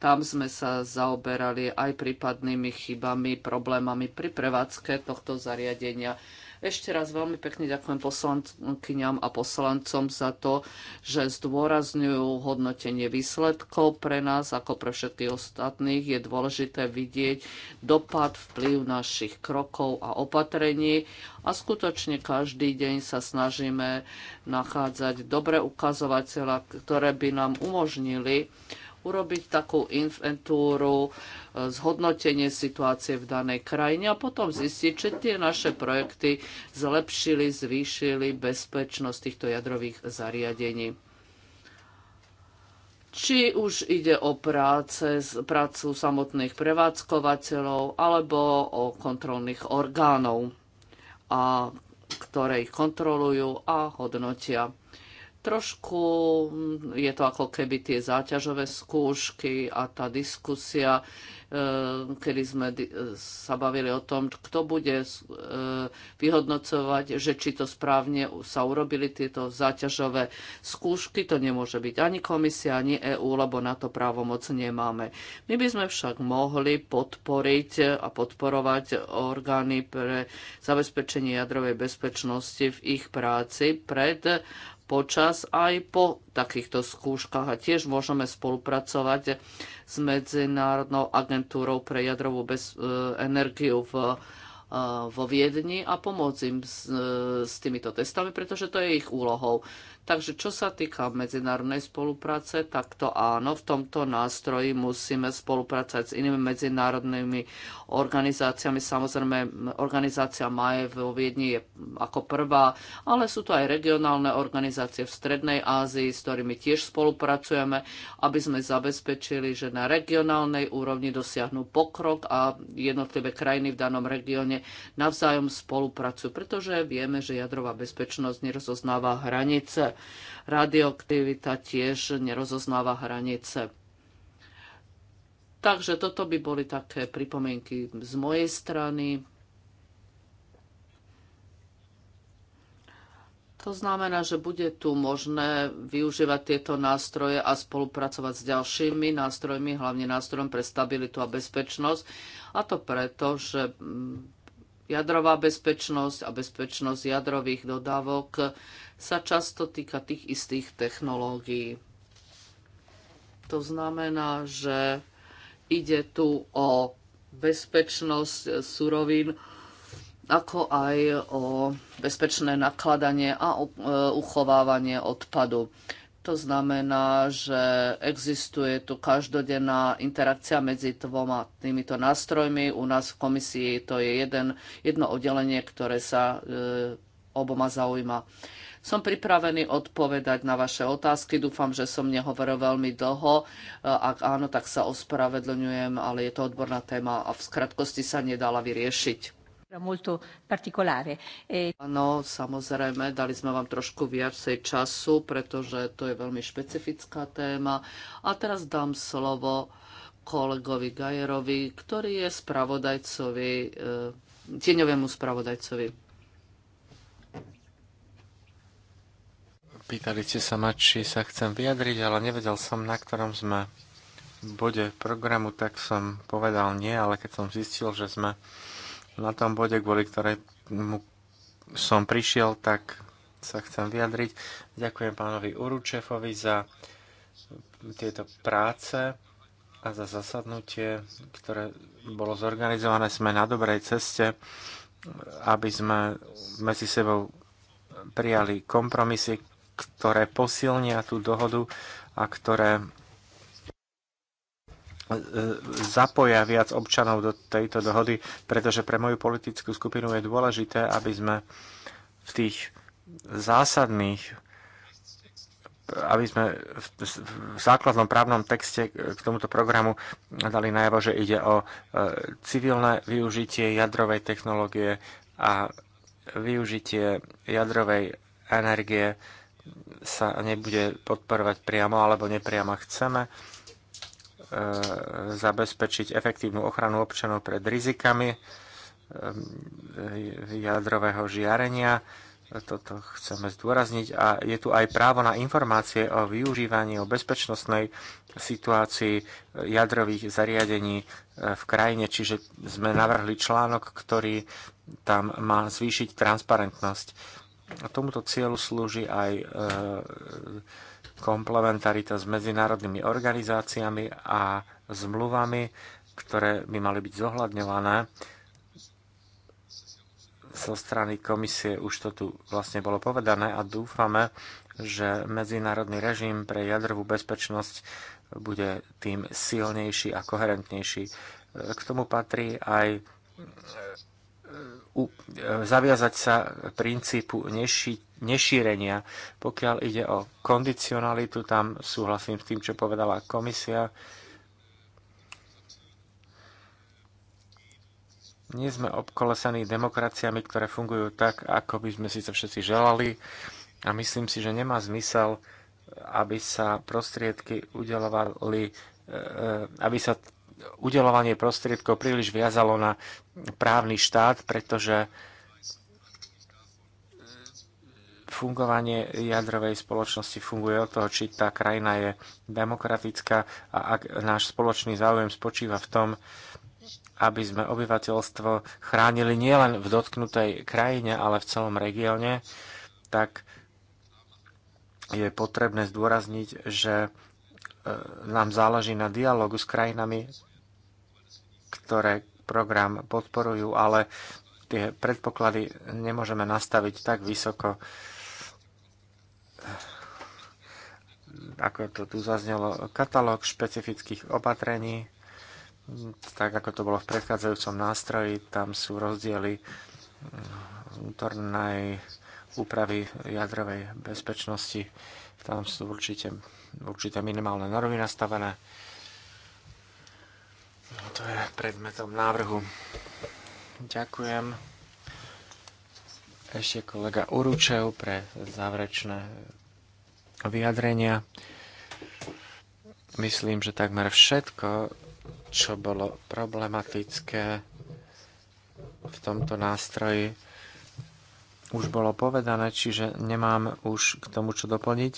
S2: Tam sme sa zaoberali aj prípadnými chybami, problémami pri prevádzke tohto zariadenia. Ešte raz veľmi pekne ďakujem poslankyňam a poslancom za to, že zdôrazňujú hodnotenie výsledkov pre nás, ako pre všetkých ostatných. Je dôležité vidieť dopad, vplyv našich krokov a opatrení a skutočne každý deň sa snažíme nachádzať dobré ukazovatele, ktoré by nám umožnili urobiť takú inventúru, e, zhodnotenie situácie v danej krajine a potom zistiť, či tie naše projekty zlepšili, zvýšili bezpečnosť týchto jadrových zariadení. Či už ide o práce, prácu samotných prevádzkovateľov alebo o kontrolných orgánov, a ktoré ich kontrolujú a hodnotia trošku mm, je to ako keby tie záťažové skúšky a tá diskusia, e, kedy sme e, sa bavili o tom, kto bude e, vyhodnocovať, že či to správne sa urobili tieto záťažové skúšky. To nemôže byť ani komisia, ani EÚ, lebo na to právomoc nemáme. My by sme však mohli podporiť a podporovať orgány pre zabezpečenie jadrovej bezpečnosti v ich práci pred počas aj po takýchto skúškach a tiež môžeme spolupracovať s Medzinárodnou agentúrou pre jadrovú bez, e, energiu v, e, vo Viedni a pomôcť im s, e, s týmito testami, pretože to je ich úlohou. Takže čo sa týka medzinárodnej spolupráce, tak to áno, v tomto nástroji musíme spolupracovať s inými medzinárodnými organizáciami. Samozrejme, organizácia MAE vo Viedni je ako prvá, ale sú to aj regionálne organizácie v Strednej Ázii, s ktorými tiež spolupracujeme, aby sme zabezpečili, že na regionálnej úrovni dosiahnu pokrok a jednotlivé krajiny v danom regióne navzájom spolupracujú, pretože vieme, že jadrová bezpečnosť nerozoznáva hranice radioaktivita tiež nerozoznáva hranice. Takže toto by boli také pripomienky z mojej strany. To znamená, že bude tu možné využívať tieto nástroje a spolupracovať s ďalšími nástrojmi, hlavne nástrojom pre stabilitu a bezpečnosť. A to preto, že mm, jadrová bezpečnosť a bezpečnosť jadrových dodávok sa často týka tých istých technológií. To znamená, že ide tu o bezpečnosť surovín, ako aj o bezpečné nakladanie a e, uchovávanie odpadu. To znamená, že existuje tu každodenná interakcia medzi dvoma týmito nástrojmi. U nás v komisii to je jeden, jedno oddelenie, ktoré sa e, oboma zaujíma. Som pripravený odpovedať na vaše otázky. Dúfam, že som nehovoril veľmi dlho. Ak áno, tak sa ospravedlňujem, ale je to odborná téma a v skratkosti sa nedala vyriešiť.
S3: E,
S2: áno, samozrejme, dali sme vám trošku viacej času, pretože to je veľmi špecifická téma. A teraz dám slovo kolegovi Gajerovi, ktorý je spravodajcovi, e, tieňovému spravodajcovi.
S1: Pýtali ste sa ma, či sa chcem vyjadriť, ale nevedel som, na ktorom sme bode programu, tak som povedal nie, ale keď som zistil, že sme na tom bode, kvôli ktorému som prišiel, tak sa chcem vyjadriť. Ďakujem pánovi Uručefovi za tieto práce a za zasadnutie, ktoré bolo zorganizované. Sme na dobrej ceste, aby sme medzi sebou prijali kompromisy, ktoré posilnia tú dohodu a ktoré e, e, zapoja viac občanov do tejto dohody, pretože pre moju politickú skupinu je dôležité, aby sme v tých zásadných aby sme v základnom právnom texte k tomuto programu dali najavo, že ide o e, civilné využitie jadrovej technológie a využitie jadrovej energie sa nebude podporovať priamo alebo nepriamo. Chceme e, zabezpečiť efektívnu ochranu občanov pred rizikami e, jadrového žiarenia. Toto chceme zdôrazniť. A je tu aj právo na informácie o využívaní, o bezpečnostnej situácii jadrových zariadení e, v krajine. Čiže sme navrhli článok, ktorý tam má zvýšiť transparentnosť a tomuto cieľu slúži aj e, komplementarita s medzinárodnými organizáciami a zmluvami, ktoré by mali byť zohľadňované zo strany komisie už to tu vlastne bolo povedané a dúfame, že medzinárodný režim pre jadrovú bezpečnosť bude tým silnejší a koherentnejší. E, k tomu patrí aj E, zaviazať sa princípu neši, nešírenia. Pokiaľ ide o kondicionalitu, tam súhlasím s tým, čo povedala komisia. Nie sme obkolesaní demokraciami, ktoré fungujú tak, ako by sme si to všetci želali. A myslím si, že nemá zmysel, aby sa prostriedky udelovali, e, e, aby sa udelovanie prostriedkov príliš viazalo na právny štát, pretože fungovanie jadrovej spoločnosti funguje od toho, či tá krajina je demokratická a ak náš spoločný záujem spočíva v tom, aby sme obyvateľstvo chránili nielen v dotknutej krajine, ale v celom regióne, tak je potrebné zdôrazniť, že e, nám záleží na dialogu s krajinami ktoré program podporujú, ale tie predpoklady nemôžeme nastaviť tak vysoko, ako to tu zaznelo, katalóg špecifických opatrení, tak ako to bolo v predchádzajúcom nástroji, tam sú rozdiely vnútornej úpravy jadrovej bezpečnosti. Tam sú určite, určite minimálne normy nastavené. No, to je predmetom návrhu. Ďakujem. Ešte kolega Uručev pre záverečné vyjadrenia. Myslím, že takmer všetko, čo bolo problematické v tomto nástroji, už bolo povedané, čiže nemám už k tomu čo doplniť.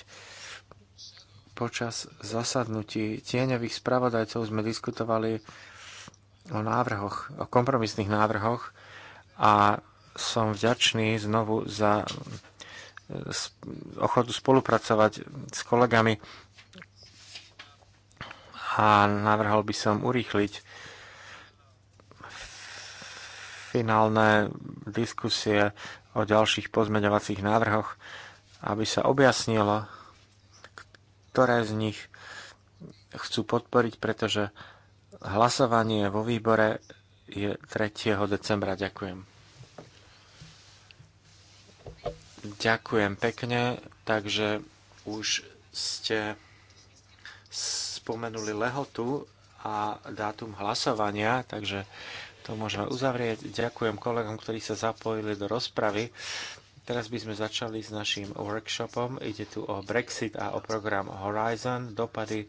S1: Počas zasadnutí tieňových spravodajcov sme diskutovali o návrhoch, o kompromisných návrhoch a som vďačný znovu za e, ochotu spolupracovať s kolegami a navrhol by som urýchliť finálne diskusie o ďalších pozmeňovacích návrhoch, aby sa objasnilo, ktoré z nich chcú podporiť, pretože hlasovanie vo výbore je 3. decembra. Ďakujem. Ďakujem pekne, takže už ste spomenuli lehotu a dátum hlasovania, takže to môžeme uzavrieť. Ďakujem kolegom, ktorí sa zapojili do rozpravy. Teraz by sme začali s našim workshopom. Ide tu o Brexit a o program Horizon, dopady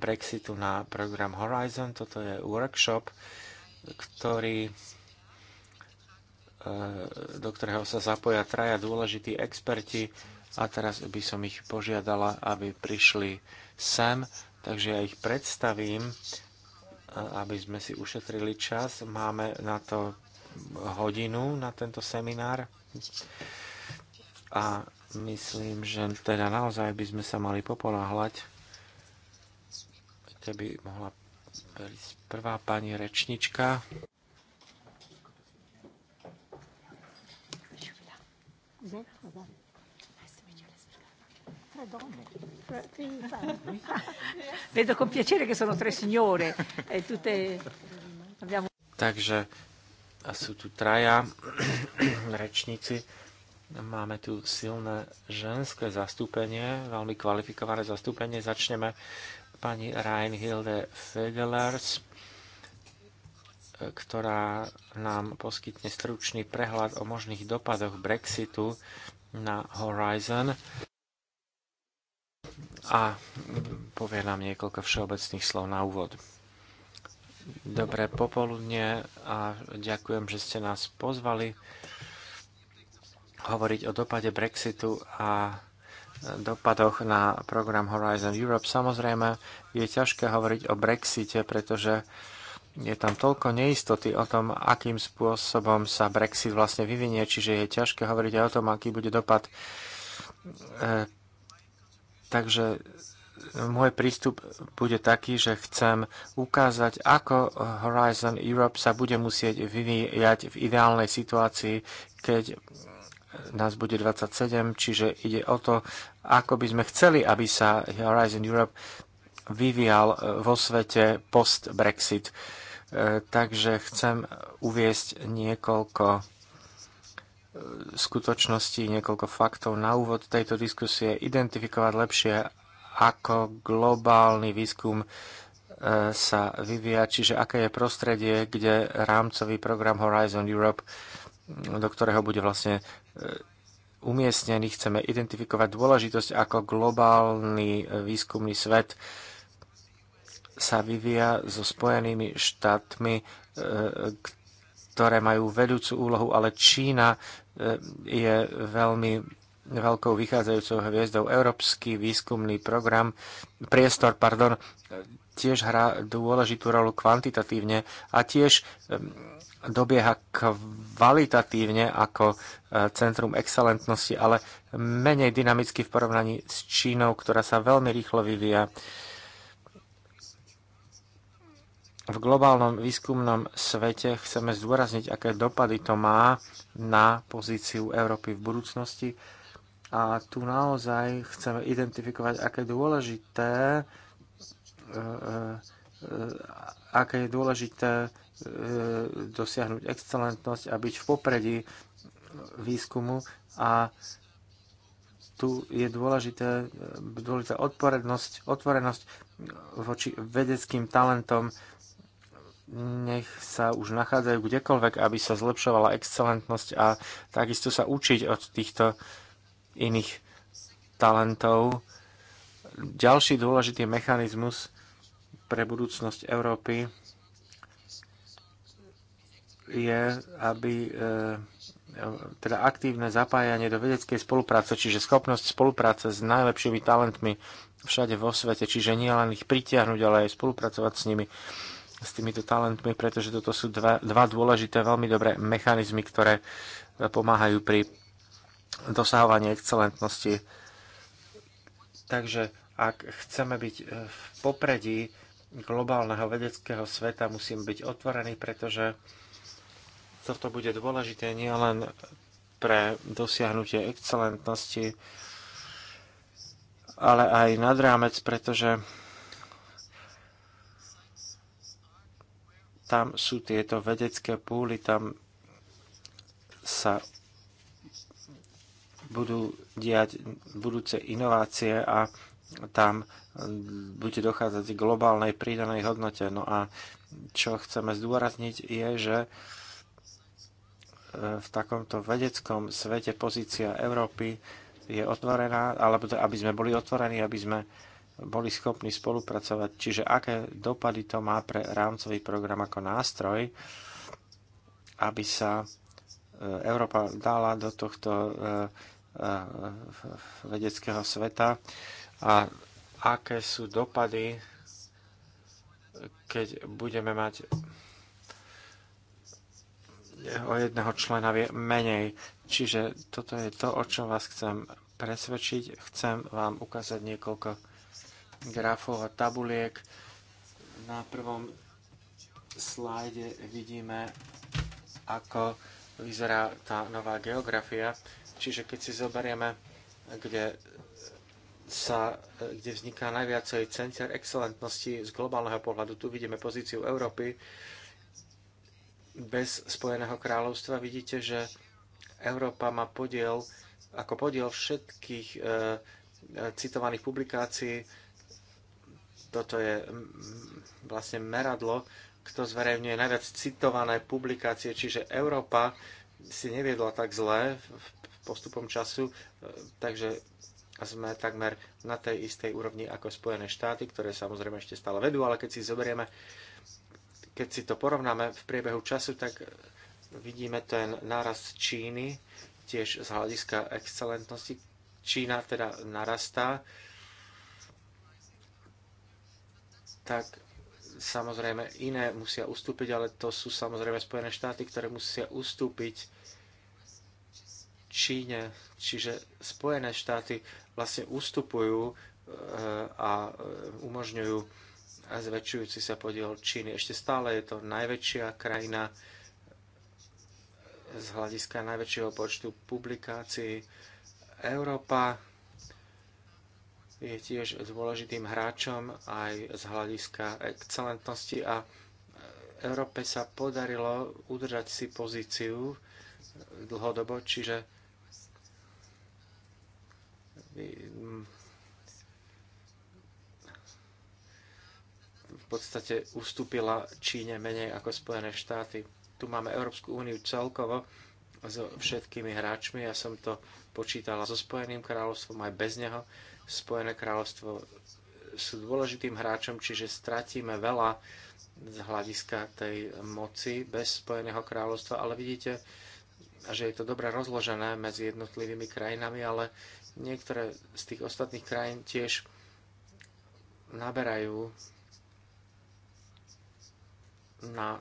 S1: Brexitu na program Horizon. Toto je workshop, ktorý, e, do ktorého sa zapoja traja dôležití experti a teraz by som ich požiadala, aby prišli sem, takže ja ich predstavím, e, aby sme si ušetrili čas. Máme na to hodinu, na tento seminár. A myslím, že teda naozaj by sme sa mali poponáhľať, keby mohla prísť prvá pani rečnička.
S3: Vedo con piacere che sono tre signore e tutte
S1: Takže a sú tu traja rečníci. Máme tu silné ženské zastúpenie, veľmi kvalifikované zastúpenie. Začneme pani Reinhilde Fegelers, ktorá nám poskytne stručný prehľad o možných dopadoch Brexitu na Horizon a povie nám niekoľko všeobecných slov na úvod. Dobré popoludne a ďakujem, že ste nás pozvali hovoriť o dopade Brexitu a dopadoch na program Horizon Europe. Samozrejme, je ťažké hovoriť o Brexite, pretože je tam toľko neistoty o tom, akým spôsobom sa Brexit vlastne vyvinie, čiže je ťažké hovoriť aj o tom, aký bude dopad. E, takže môj prístup bude taký, že chcem ukázať, ako Horizon Europe sa bude musieť vyvíjať v ideálnej situácii, keď nás bude 27, čiže ide o to, ako by sme chceli, aby sa Horizon Europe vyvíjal e, vo svete post-Brexit. E, takže chcem uviesť niekoľko e, skutočností, niekoľko faktov na úvod tejto diskusie, identifikovať lepšie, ako globálny výskum e, sa vyvíja, čiže aké je prostredie, kde rámcový program Horizon Europe, do ktorého bude vlastne e, umiestnený, chceme identifikovať dôležitosť, ako globálny e, výskumný svet sa vyvíja so Spojenými štátmi, ktoré majú vedúcu úlohu, ale Čína je veľmi veľkou vychádzajúcou hviezdou. Európsky výskumný program, priestor, pardon, tiež hrá dôležitú rolu kvantitatívne a tiež dobieha kvalitatívne ako e, centrum excelentnosti, ale menej dynamicky v porovnaní s Čínou, ktorá sa veľmi rýchlo vyvíja. V globálnom výskumnom svete chceme zdôrazniť, aké dopady to má na pozíciu Európy v budúcnosti a tu naozaj chceme identifikovať, aké dôležité e, e, e, aké je dôležité dosiahnuť excelentnosť a byť v popredí výskumu a tu je dôležité, dôležitá odporednosť, otvorenosť voči vedeckým talentom. Nech sa už nachádzajú kdekoľvek, aby sa zlepšovala excelentnosť a takisto sa učiť od týchto iných talentov. Ďalší dôležitý mechanizmus pre budúcnosť Európy je, aby e, teda aktívne zapájanie do vedeckej spolupráce, čiže schopnosť spolupráce s najlepšími talentmi všade vo svete, čiže nie len ich pritiahnuť, ale aj spolupracovať s nimi, s týmito talentmi, pretože toto sú dva, dva dôležité, veľmi dobré mechanizmy, ktoré pomáhajú pri dosahovanie excelentnosti. Takže ak chceme byť e, v popredí globálneho vedeckého sveta, musíme byť otvorení, pretože toto bude dôležité nielen pre dosiahnutie excelentnosti, ale aj nad rámec, pretože tam sú tieto vedecké púly, tam sa budú diať budúce inovácie a tam bude dochádzať k globálnej prídanej hodnote. No a čo chceme zdôrazniť je, že e, v takomto vedeckom svete pozícia Európy je otvorená, alebo teda, aby sme boli otvorení, aby sme boli schopní spolupracovať. Čiže aké dopady to má pre rámcový program ako nástroj, aby sa e, Európa dala do tohto e, vedeckého sveta a aké sú dopady, keď budeme mať o jedného člena menej. Čiže toto je to, o čom vás chcem presvedčiť. Chcem vám ukázať niekoľko grafov a tabuliek. Na prvom slajde vidíme, ako vyzerá tá nová geografia Čiže keď si zoberieme, kde sa, kde vzniká najviacej center excelentnosti z globálneho pohľadu. Tu vidíme pozíciu Európy bez Spojeného kráľovstva. Vidíte, že Európa má podiel, ako podiel všetkých e, e citovaných publikácií. Toto je vlastne meradlo, kto zverejňuje najviac citované publikácie, čiže Európa si neviedla tak zle v postupom času, e, takže sme takmer na tej istej úrovni ako Spojené štáty, ktoré samozrejme ešte stále vedú, ale keď si zoberieme, keď si to porovnáme v priebehu času, tak vidíme ten nárast Číny tiež z hľadiska excelentnosti. Čína teda narastá, tak samozrejme iné musia ustúpiť, ale to sú samozrejme Spojené štáty, ktoré musia ustúpiť Číne, čiže Spojené štáty vlastne ustupujú e, a e, umožňujú zväčšujúci sa podiel Číny. Ešte stále je to najväčšia krajina e, z hľadiska najväčšieho počtu publikácií. Európa je tiež dôležitým hráčom aj z hľadiska excelentnosti a Európe sa podarilo udržať si pozíciu dlhodobo, čiže Mm, v podstate ustúpila Číne menej ako Spojené štáty. Tu máme Európsku úniu celkovo so všetkými hráčmi. Ja som to počítala so Spojeným kráľovstvom aj bez neho. Spojené kráľovstvo sú dôležitým hráčom, čiže stratíme veľa z hľadiska tej moci bez Spojeného kráľovstva, ale vidíte, že je to dobre rozložené medzi jednotlivými krajinami, ale Niektoré z tých ostatných krajín tiež naberajú na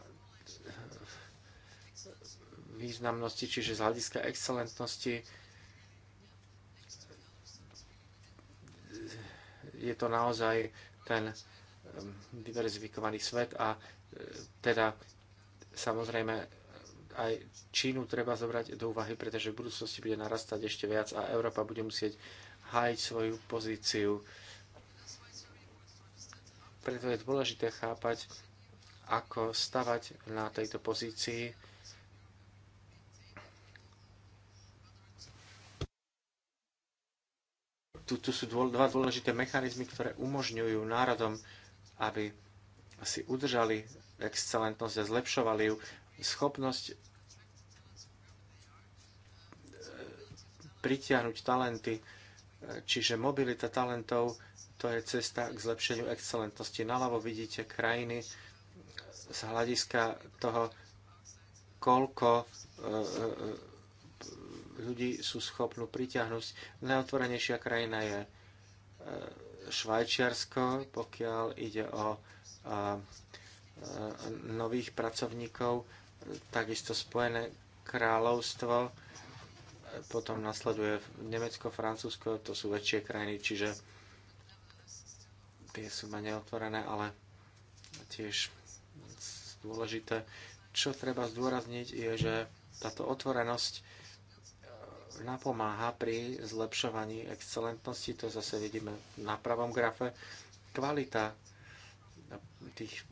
S1: významnosti, čiže z hľadiska excelentnosti je to naozaj ten um, diverzifikovaný svet a e, teda samozrejme aj Čínu treba zobrať do úvahy, pretože v budúcnosti bude narastať ešte viac a Európa bude musieť hájiť svoju pozíciu. Preto je dôležité chápať, ako stavať na tejto pozícii. Tu, tu sú dva dôležité mechanizmy, ktoré umožňujú národom, aby si udržali excelentnosť a zlepšovali ju. Schopnosť pritiahnuť talenty. E, Čiže mobilita talentov to je cesta k zlepšeniu excelentnosti. Naľavo vidíte krajiny z hľadiska toho, koľko e, e, ľudí sú schopnú priťahnuť. Najotvorenejšia krajina je Švajčiarsko, pokiaľ ide o nových pracovníkov, takisto Spojené kráľovstvo, potom nasleduje Nemecko, Francúzsko, to sú väčšie krajiny, čiže tie sú menej otvorené, ale tiež dôležité. Čo treba zdôrazniť je, že táto otvorenosť e, napomáha pri zlepšovaní excelentnosti, to zase vidíme na pravom grafe. Kvalita tých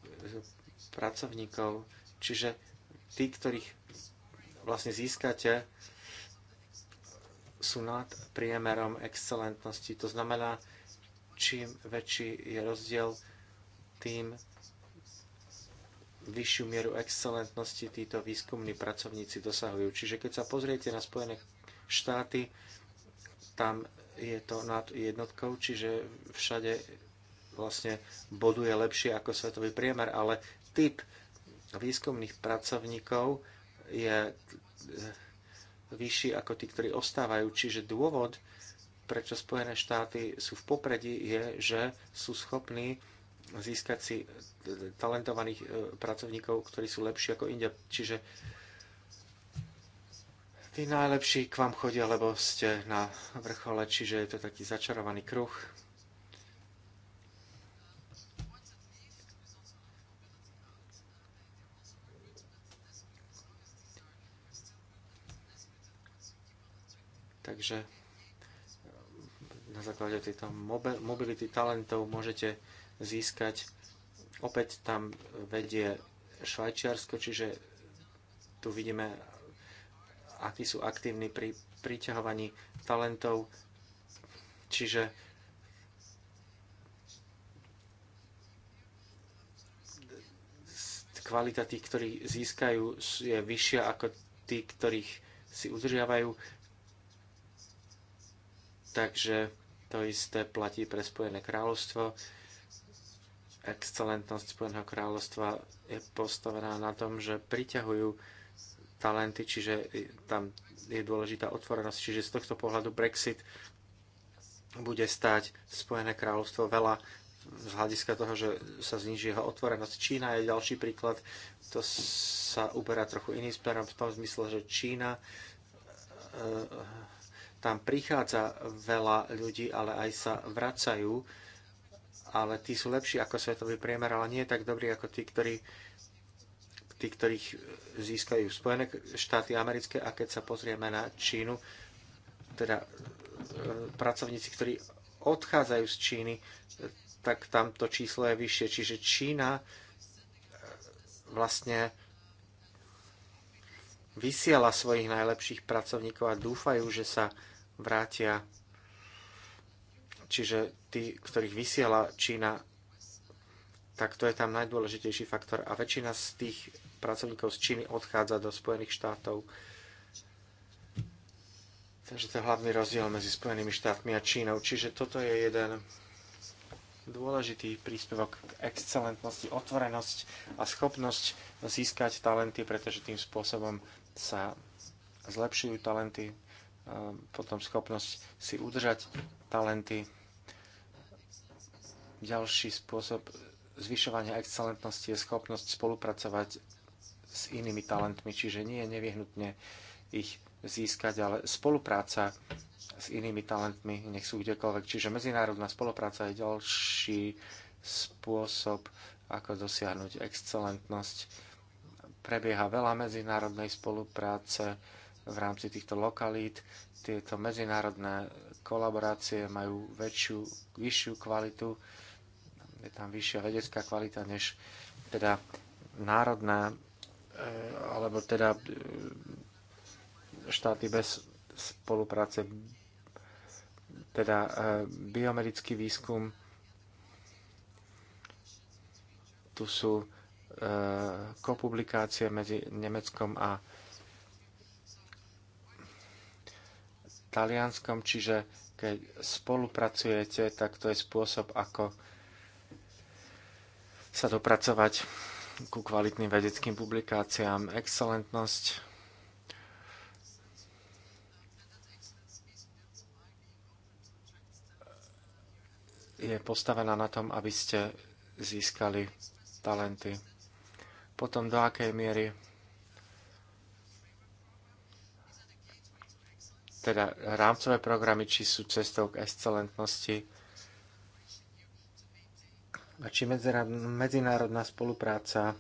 S1: pracovníkov, čiže tí, ktorých vlastne získate, sú nad priemerom excelentnosti. To znamená, čím väčší je rozdiel, tým vyššiu mieru excelentnosti títo výskumní pracovníci dosahujú. Čiže keď sa pozriete na Spojené štáty, tam je to nad jednotkou, čiže všade vlastne boduje lepšie ako svetový priemer, ale typ výskumných pracovníkov je vyšší ako tí, ktorí ostávajú. Čiže dôvod, prečo Spojené štáty sú v popredí, je, že sú schopní získať si e, talentovaných e, pracovníkov, ktorí sú lepší ako india. Čiže tí najlepší k vám chodia, lebo ste na vrchole, čiže je to taký začarovaný kruh. Takže eh, na základe tejto mobility talentov môžete získať. Opäť tam vedie Švajčiarsko, čiže tu vidíme, akí sú aktívni pri priťahovaní talentov. Čiže kvalita tých, ktorí získajú, je vyššia ako tí, ktorých si udržiavajú. Takže to isté platí pre Spojené kráľovstvo. Excelentnosť Spojeného kráľovstva je postavená na tom, že priťahujú talenty, čiže tam je dôležitá otvorenosť. Čiže z tohto pohľadu Brexit bude stať Spojené kráľovstvo veľa z hľadiska toho, že sa zniží jeho otvorenosť. Čína je ďalší príklad, to sa uberá trochu iným smerom v tom zmysle, že Čína eh, tam prichádza veľa ľudí, ale aj sa vracajú. Ale tí sú lepší ako svetový priemer, ale nie tak dobrí ako tí, ktorí, tí ktorých získajú Spojené štáty americké. A keď sa pozrieme na Čínu, teda e, pracovníci, ktorí odchádzajú z Číny, tak tam to číslo je vyššie. Čiže Čína e, vlastne vysiela svojich najlepších pracovníkov a dúfajú, že sa vrátia. Čiže tí, ktorých vysiela Čína, tak to je tam najdôležitejší faktor. A väčšina z tých pracovníkov z Číny odchádza do Spojených štátov. Takže to je hlavný rozdiel medzi Spojenými štátmi a Čínou. Čiže toto je jeden dôležitý príspevok k excelentnosti, otvorenosť a schopnosť získať talenty, pretože tým spôsobom sa zlepšujú talenty, e, potom schopnosť si udržať talenty. Ďalší spôsob zvyšovania excelentnosti je schopnosť spolupracovať s inými talentmi, čiže nie je nevyhnutne ich získať, ale spolupráca s inými talentmi, nech sú kdekoľvek. Čiže medzinárodná spolupráca je ďalší spôsob, ako dosiahnuť excelentnosť Prebieha veľa medzinárodnej spolupráce v rámci týchto lokalít. Tieto medzinárodné kolaborácie majú väčšiu, vyššiu kvalitu, je tam vyššia vedecká kvalita než teda národná e, alebo teda e, štáty bez spolupráce teda e, biomedický výskum tu sú Eh, kopublikácie medzi Nemeckom a Talianskom, čiže keď spolupracujete, tak to je spôsob, ako sa dopracovať ku kvalitným vedeckým publikáciám. Excelentnosť je postavená na tom, aby ste získali talenty potom do akej miery teda rámcové programy, či sú cestou k excelentnosti a či medzinárodná spolupráca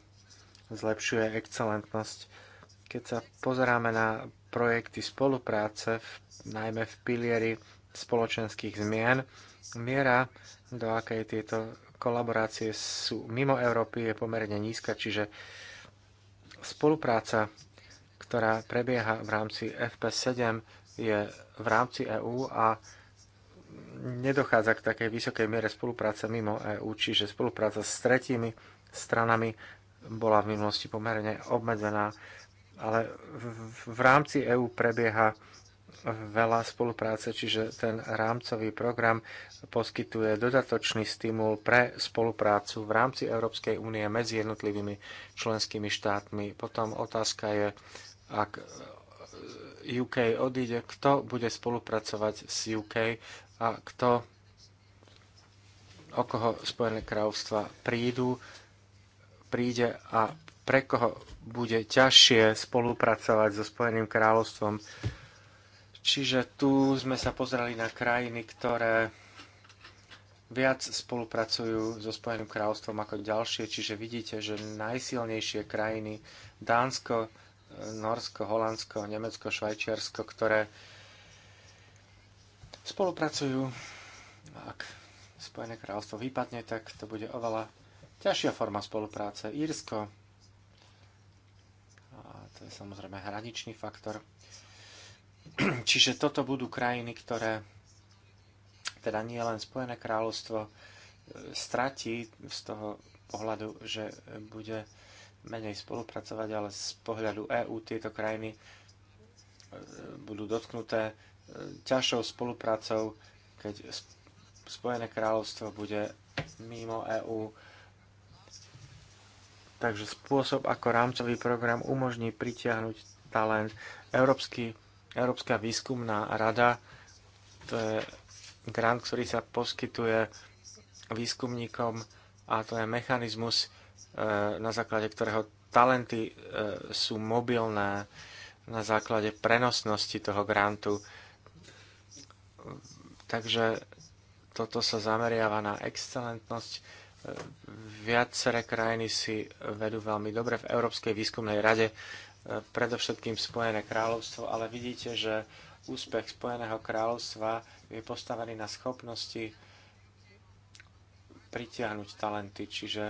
S1: zlepšuje excelentnosť. Keď sa pozeráme na projekty spolupráce, v, najmä v pilieri spoločenských zmien, miera, do akej tieto kolaborácie sú mimo Európy je pomerne nízka, čiže spolupráca, ktorá prebieha v rámci FP7, je v rámci EÚ a nedochádza k takej vysokej miere spolupráce mimo EÚ, čiže spolupráca s tretími stranami bola v minulosti pomerne obmedzená, ale v, v rámci EÚ prebieha veľa spolupráce, čiže ten rámcový program poskytuje dodatočný stimul pre spoluprácu v rámci Európskej únie medzi jednotlivými členskými štátmi. Potom otázka je, ak UK odíde, kto bude spolupracovať s UK a kto, o koho Spojené kráľovstva prídu, príde a pre koho bude ťažšie spolupracovať so Spojeným kráľovstvom Čiže tu sme sa pozreli na krajiny, ktoré viac spolupracujú so Spojeným kráľovstvom ako ďalšie, čiže vidíte, že najsilnejšie krajiny Dánsko, Norsko, Holandsko, Nemecko, Švajčiarsko, ktoré spolupracujú. Ak Spojené kráľovstvo vypadne, tak to bude oveľa ťažšia forma spolupráce. Írsko, a to je samozrejme hraničný faktor, Čiže toto budú krajiny, ktoré teda nie len Spojené kráľovstvo e, stratí z toho pohľadu, že bude menej spolupracovať, ale z pohľadu EÚ tieto krajiny e, budú dotknuté e, ťažšou spoluprácou, keď Spojené kráľovstvo bude mimo EÚ. Takže spôsob, ako rámcový program umožní pritiahnuť talent, európsky Európska výskumná rada, to je grant, ktorý sa poskytuje výskumníkom a to je mechanizmus, e, na základe ktorého talenty e, sú mobilné na základe prenosnosti toho grantu. Takže toto sa zameriava na excelentnosť. E, Viaceré krajiny si vedú veľmi dobre v Európskej výskumnej rade predovšetkým Spojené kráľovstvo, ale vidíte, že úspech Spojeného kráľovstva je postavený na schopnosti pritiahnuť talenty, čiže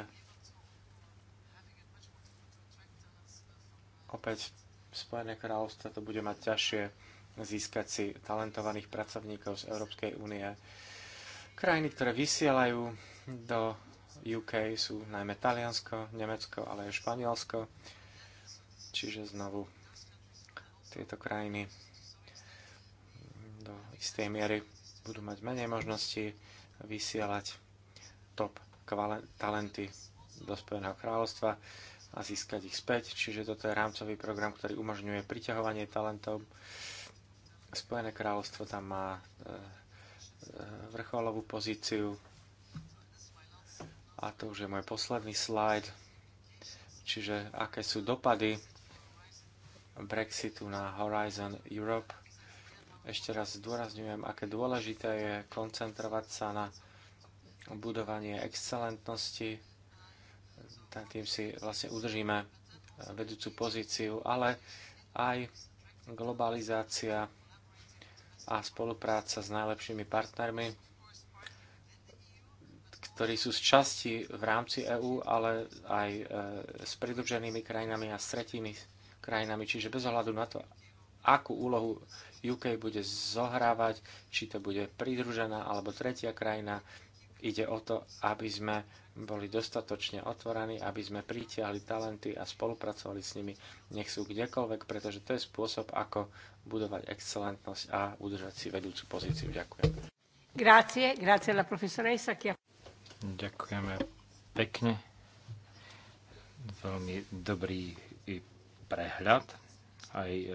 S1: opäť Spojené kráľovstvo to bude mať ťažšie získať si talentovaných pracovníkov z Európskej únie. Krajiny, ktoré vysielajú do UK sú najmä Taliansko, Nemecko, ale aj Španielsko. Čiže znovu tieto krajiny do istej miery budú mať menej možnosti vysielať top talenty do Spojeného kráľovstva a získať ich späť. Čiže toto je rámcový program, ktorý umožňuje priťahovanie talentov. Spojené kráľovstvo tam má e, e, vrcholovú pozíciu. A to už je môj posledný slajd. Čiže aké sú dopady Brexitu na Horizon Europe. Ešte raz zdôrazňujem, aké dôležité je koncentrovať sa na budovanie excelentnosti. Tým si vlastne udržíme vedúcu pozíciu, ale aj globalizácia a spolupráca s najlepšími partnermi, ktorí sú z časti v rámci EÚ, ale aj e, s pridruženými krajinami a s tretími krajinami, čiže bez ohľadu na to, akú úlohu UK bude zohrávať, či to bude pridružená alebo tretia krajina, ide o to, aby sme boli dostatočne otvorení, aby sme pritiahli talenty a spolupracovali s nimi, nech sú kdekoľvek, pretože to je spôsob, ako budovať excelentnosť a udržať si vedúcu pozíciu. Ďakujem.
S3: Grazie, grazie la profesoressa.
S4: Ďakujeme pekne. Veľmi dobrý prehľad, aj e,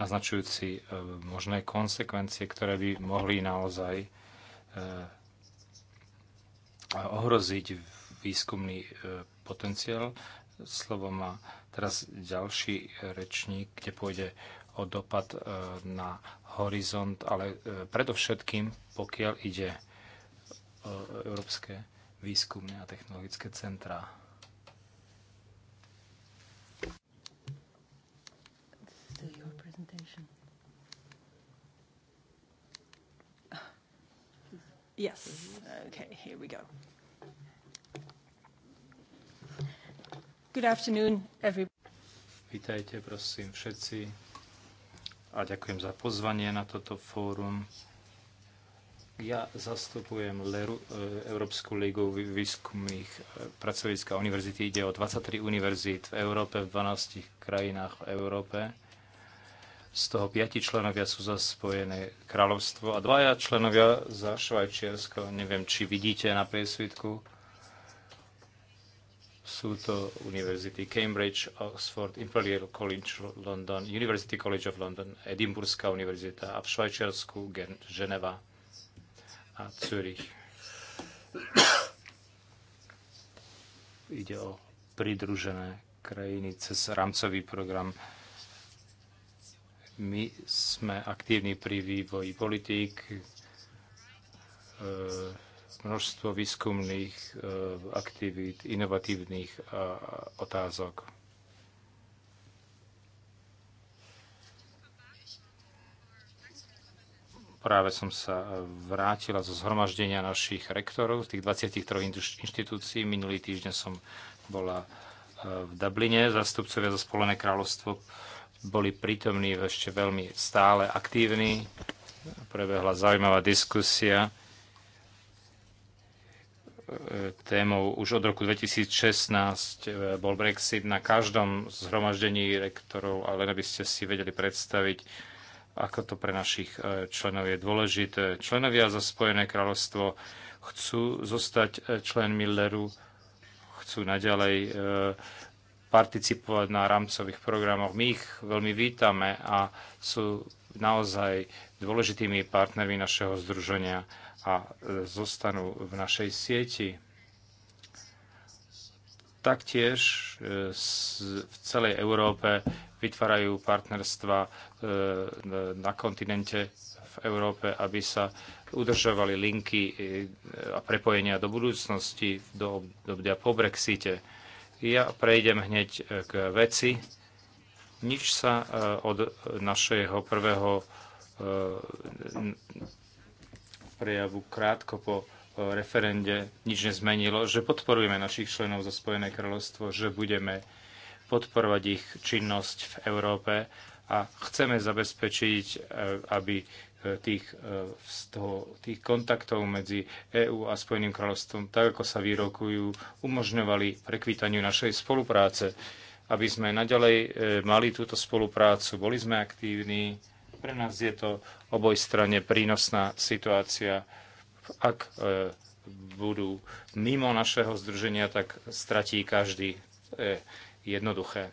S4: naznačujúci e, možné konsekvencie, ktoré by mohli naozaj e, ohroziť výskumný potenciál. Slovo má teraz ďalší rečník, kde pôjde o dopad na horizont, ale predovšetkým, pokiaľ ide o Európske výskumné a technologické centrá.
S3: Yes. Mm-hmm. Okay, here we go. Good afternoon, everybody.
S4: Vítajte, prosím, všetci. A ďakujem za pozvanie na toto fórum. Ja zastupujem Leru, e, Európsku ligu výskumných e, pracovisk a univerzity. Ide o 23 univerzít v Európe, v 12 krajinách v Európe z toho piati členovia sú za Spojené kráľovstvo a dvaja členovia za Švajčiarsko. Neviem, či vidíte na priesvitku. Sú to univerzity Cambridge, Oxford, Imperial College London, University College of London, Edimburská univerzita a v Švajčiarsku Gen- Ženeva a Zürich. Ide o pridružené krajiny cez rámcový program my sme aktívni pri vývoji politík, e, množstvo výskumných e, aktivít, inovatívnych otázok. práve som sa vrátila zo zhromaždenia našich rektorov z tých 23 inštitúcií. Minulý týždeň som bola e, v Dubline, zastupcovia za Spolené kráľovstvo boli prítomní ešte veľmi stále aktívni. Prebehla zaujímavá diskusia e, témou už od roku 2016 e, bol Brexit na každom zhromaždení rektorov, ale aby ste si vedeli predstaviť, ako to pre našich e, členov je dôležité. Členovia za Spojené kráľovstvo chcú zostať členmi Leru, chcú naďalej participovať na rámcových programoch. My ich veľmi vítame a sú naozaj dôležitými partnermi našeho združenia a e, zostanú v našej sieti. Taktiež e, v celej Európe vytvárajú partnerstva e, na kontinente v Európe, aby sa udržovali linky a prepojenia do budúcnosti, do obdobia po Brexite ja prejdem hneď e, k veci. Nič sa e, od našeho prvého e, prejavu krátko po referende nič nezmenilo, že podporujeme našich členov za Spojené kráľovstvo, že budeme podporovať ich činnosť v Európe a chceme zabezpečiť, aby tých, e, toho, tých kontaktov medzi EÚ a Spojeným kráľovstvom, tak ako sa vyrokujú, umožňovali prekvítaniu našej spolupráce, aby sme naďalej e, mali túto spoluprácu, boli sme aktívni. Pre nás je to oboj strane prínosná situácia. Ak e, budú mimo našeho združenia, tak stratí každý. To je jednoduché.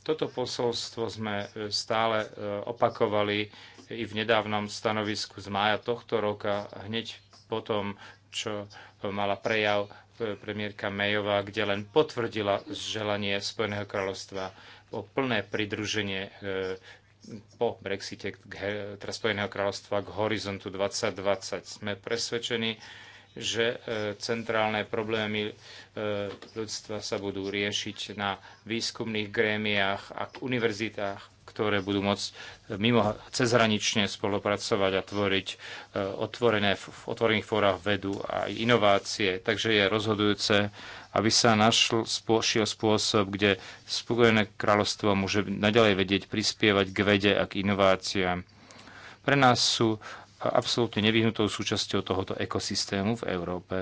S4: Toto posolstvo sme e, stále e, opakovali i v nedávnom stanovisku z mája tohto roka, hneď po tom, čo mala prejav e, premiérka Mejová, kde len potvrdila želanie Spojeného kráľovstva o plné pridruženie po Brexite teda Spojeného kráľovstva k horizontu 2020. Sme presvedčení, že e, centrálne problémy e, ľudstva sa budú riešiť na výskumných grémiách a univerzitách, ktoré budú môcť e, mimo cezhranične spolupracovať a tvoriť otvorené, v otvorených fórach vedu a inovácie. Takže je rozhodujúce, aby sa našiel šiel spôsob, kde Spojené kráľovstvo môže naďalej vedieť prispievať k vede a k inováciám. Pre nás sú absolútne nevyhnutou súčasťou tohoto ekosystému v Európe.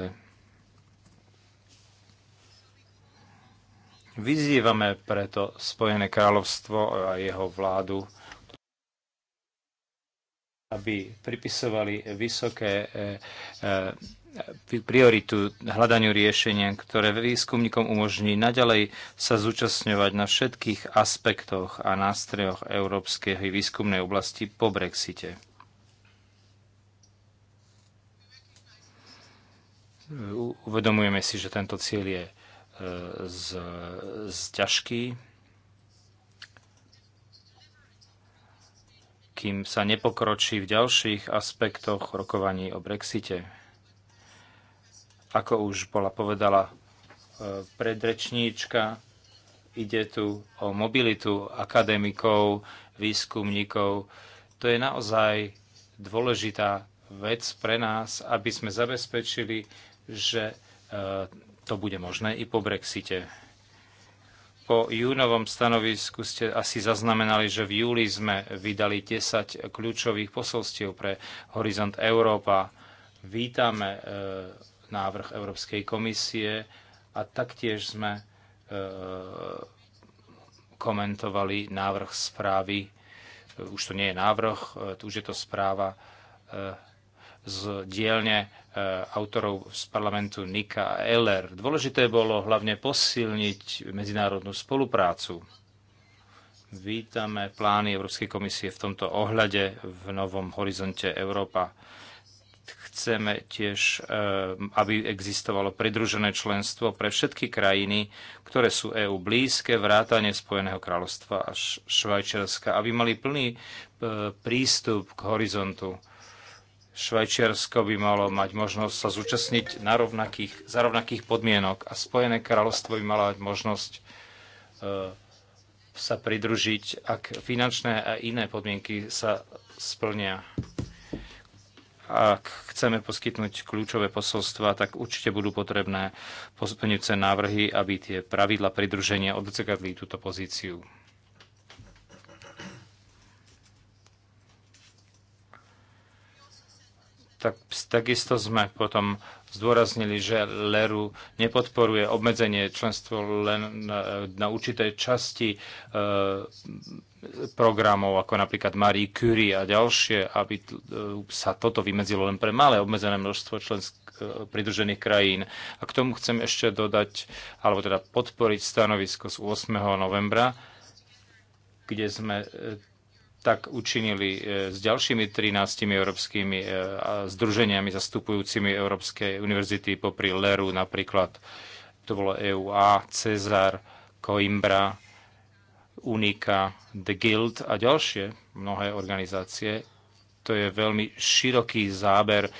S4: Vyzývame preto Spojené kráľovstvo a jeho vládu, aby pripisovali vysoké eh, eh, prioritu hľadaniu riešenia, ktoré výskumníkom umožní naďalej sa zúčastňovať na všetkých aspektoch a nástrojoch európskej výskumnej oblasti po Brexite. Uvedomujeme si, že tento cieľ je e, z, z ťažký. kým sa nepokročí v ďalších aspektoch rokovaní o Brexite. Ako už bola povedala e, predrečníčka, ide tu o mobilitu akademikov, výskumníkov. To je naozaj dôležitá vec pre nás, aby sme zabezpečili že e, to bude možné i po Brexite. Po júnovom stanovisku ste asi zaznamenali, že v júli sme vydali 10 kľúčových posolstiev pre Horizont Európa. Vítame e, návrh Európskej komisie a taktiež sme e, komentovali návrh správy. Už to nie je návrh, už je to správa z dielne e, autorov z parlamentu Nika a Eller. Dôležité bolo hlavne posilniť medzinárodnú spoluprácu. Vítame plány Európskej komisie v tomto ohľade v novom horizonte Európa. Chceme tiež, e, aby existovalo pridružené členstvo pre všetky krajiny, ktoré sú EÚ blízke, vrátane Spojeného kráľovstva a Švajčiarska, aby mali plný e, prístup k horizontu Švajčiarsko by malo mať možnosť sa zúčastniť na rovnakých, za rovnakých podmienok a Spojené kráľovstvo by malo mať možnosť uh, sa pridružiť, ak finančné a iné podmienky sa splnia. Ak chceme poskytnúť kľúčové posolstva, tak určite budú potrebné posplňujúce návrhy, aby tie pravidla pridruženia odzrkadlili túto pozíciu. tak takisto sme potom zdôraznili, že Leru nepodporuje obmedzenie členstvo len na, na určité časti e, programov, ako napríklad Marie Curie a ďalšie, aby e, sa toto vymedzilo len pre malé obmedzené množstvo člensk- e, pridružených krajín. A k tomu chcem ešte dodať, alebo teda podporiť stanovisko z 8. novembra, kde sme e, tak učinili e, s ďalšími 13 európskymi e, združeniami zastupujúcimi európske univerzity popri Leru napríklad. To bolo EUA, Cezar, Coimbra, Unica, The Guild a ďalšie mnohé organizácie to je veľmi široký záber e,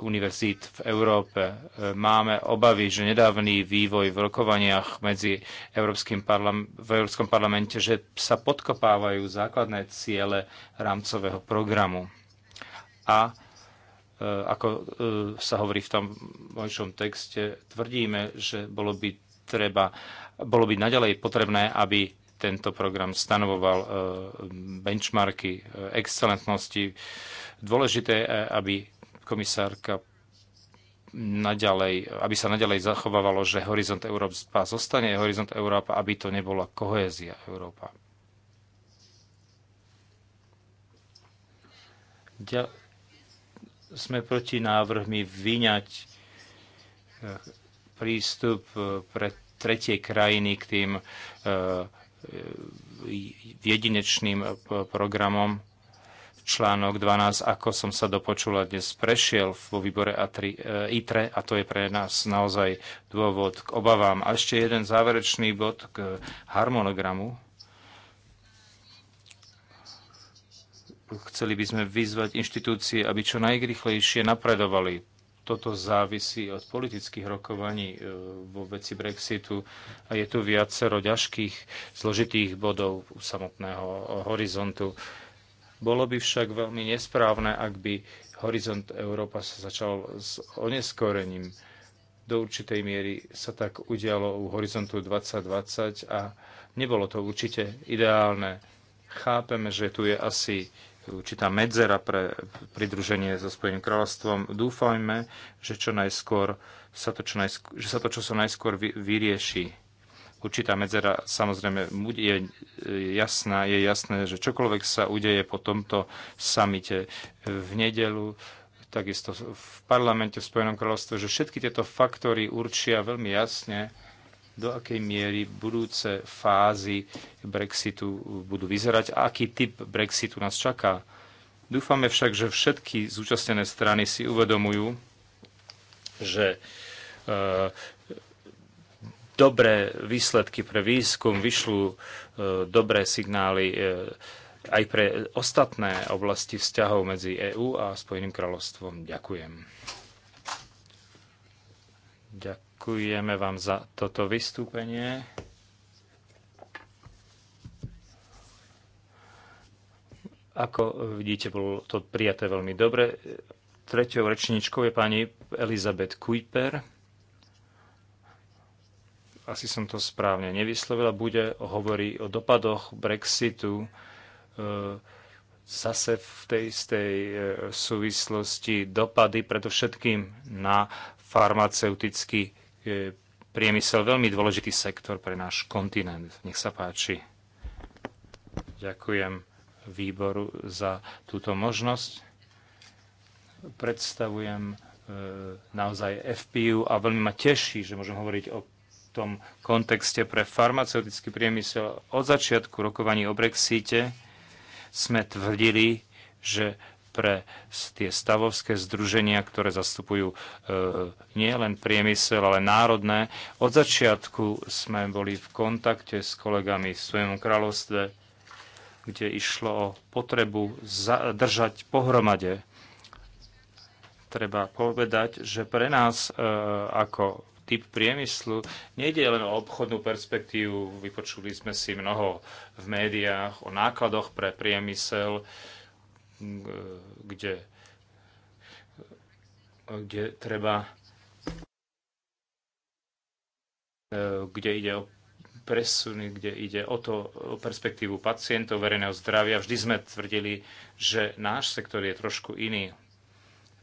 S4: univerzít v Európe. E, máme obavy, že nedávny vývoj v rokovaniach medzi Európskym parlam- v Európskom parlamente, že sa podkopávajú základné ciele rámcového programu. A e, ako sa hovorí v tom mojšom texte, tvrdíme, že bolo by treba, bolo by naďalej potrebné, aby tento program stanovoval e, benchmarky e, excelentnosti. Dôležité, aby komisárka naďalej, aby sa naďalej zachovávalo, že Horizont Európa zostane Horizont Európa, aby to nebola kohézia Európa. Ďa- sme proti návrhmi vyňať e, prístup pre tretie krajiny k tým E, jedinečným e, programom článok 12, ako som sa dopočula dnes prešiel vo výbore A3, e, ITRE a to je pre nás naozaj dôvod k obavám. A ešte jeden záverečný bod k harmonogramu. Chceli by sme vyzvať inštitúcie, aby čo najrychlejšie napredovali toto závisí od politických rokovaní e, vo veci Brexitu a je tu viacero ťažkých, zložitých bodov samotného horizontu. Bolo by však veľmi nesprávne, ak by horizont Európa sa začal s oneskorením. Do určitej miery sa tak udialo u horizontu 2020 a nebolo to určite ideálne. Chápeme, že tu je asi určitá medzera pre pridruženie so Spojeným kráľovstvom. Dúfajme, že, čo najskôr sa to, čo najskôr, že sa to čo sa najskôr vy, vyrieši. Určitá medzera samozrejme je jasná, je jasné, že čokoľvek sa udeje po tomto samite v nedelu, takisto v parlamente v Spojenom kráľovstve, že všetky tieto faktory určia veľmi jasne, do akej miery budúce fázy Brexitu budú vyzerať a aký typ Brexitu nás čaká. Dúfame však, že všetky zúčastnené strany si uvedomujú, že e, dobré výsledky pre výskum vyšľú e, dobré signály e, aj pre ostatné oblasti vzťahov medzi EÚ a Spojeným kráľovstvom. Ďakujem. Ďakujem Ďakujeme vám za toto vystúpenie. Ako vidíte, bolo to prijaté veľmi dobre. Tretou rečníčkou je pani Elizabeth Kuiper. Asi som to správne nevyslovila. Bude hovorí o dopadoch Brexitu e, zase v tej istej e, súvislosti dopady predovšetkým na farmaceutický je priemysel veľmi dôležitý sektor pre náš kontinent. Nech sa páči. Ďakujem výboru za túto možnosť. Predstavujem e, naozaj FPU a veľmi ma teší, že môžem hovoriť o tom kontexte pre farmaceutický priemysel. Od začiatku rokovaní o Brexite sme tvrdili, že pre tie stavovské združenia, ktoré zastupujú e, nie len priemysel, ale národné. Od začiatku sme boli v kontakte s kolegami v svojom kráľovstve, kde išlo o potrebu držať pohromade. Treba povedať, že pre nás e, ako typ priemyslu. Nejde len o obchodnú perspektívu, vypočuli sme si mnoho v médiách o nákladoch pre priemysel, E, kde, kde treba e, kde ide o presuny, kde ide o to o perspektívu pacientov verejného zdravia. Vždy sme tvrdili, že náš sektor je trošku iný.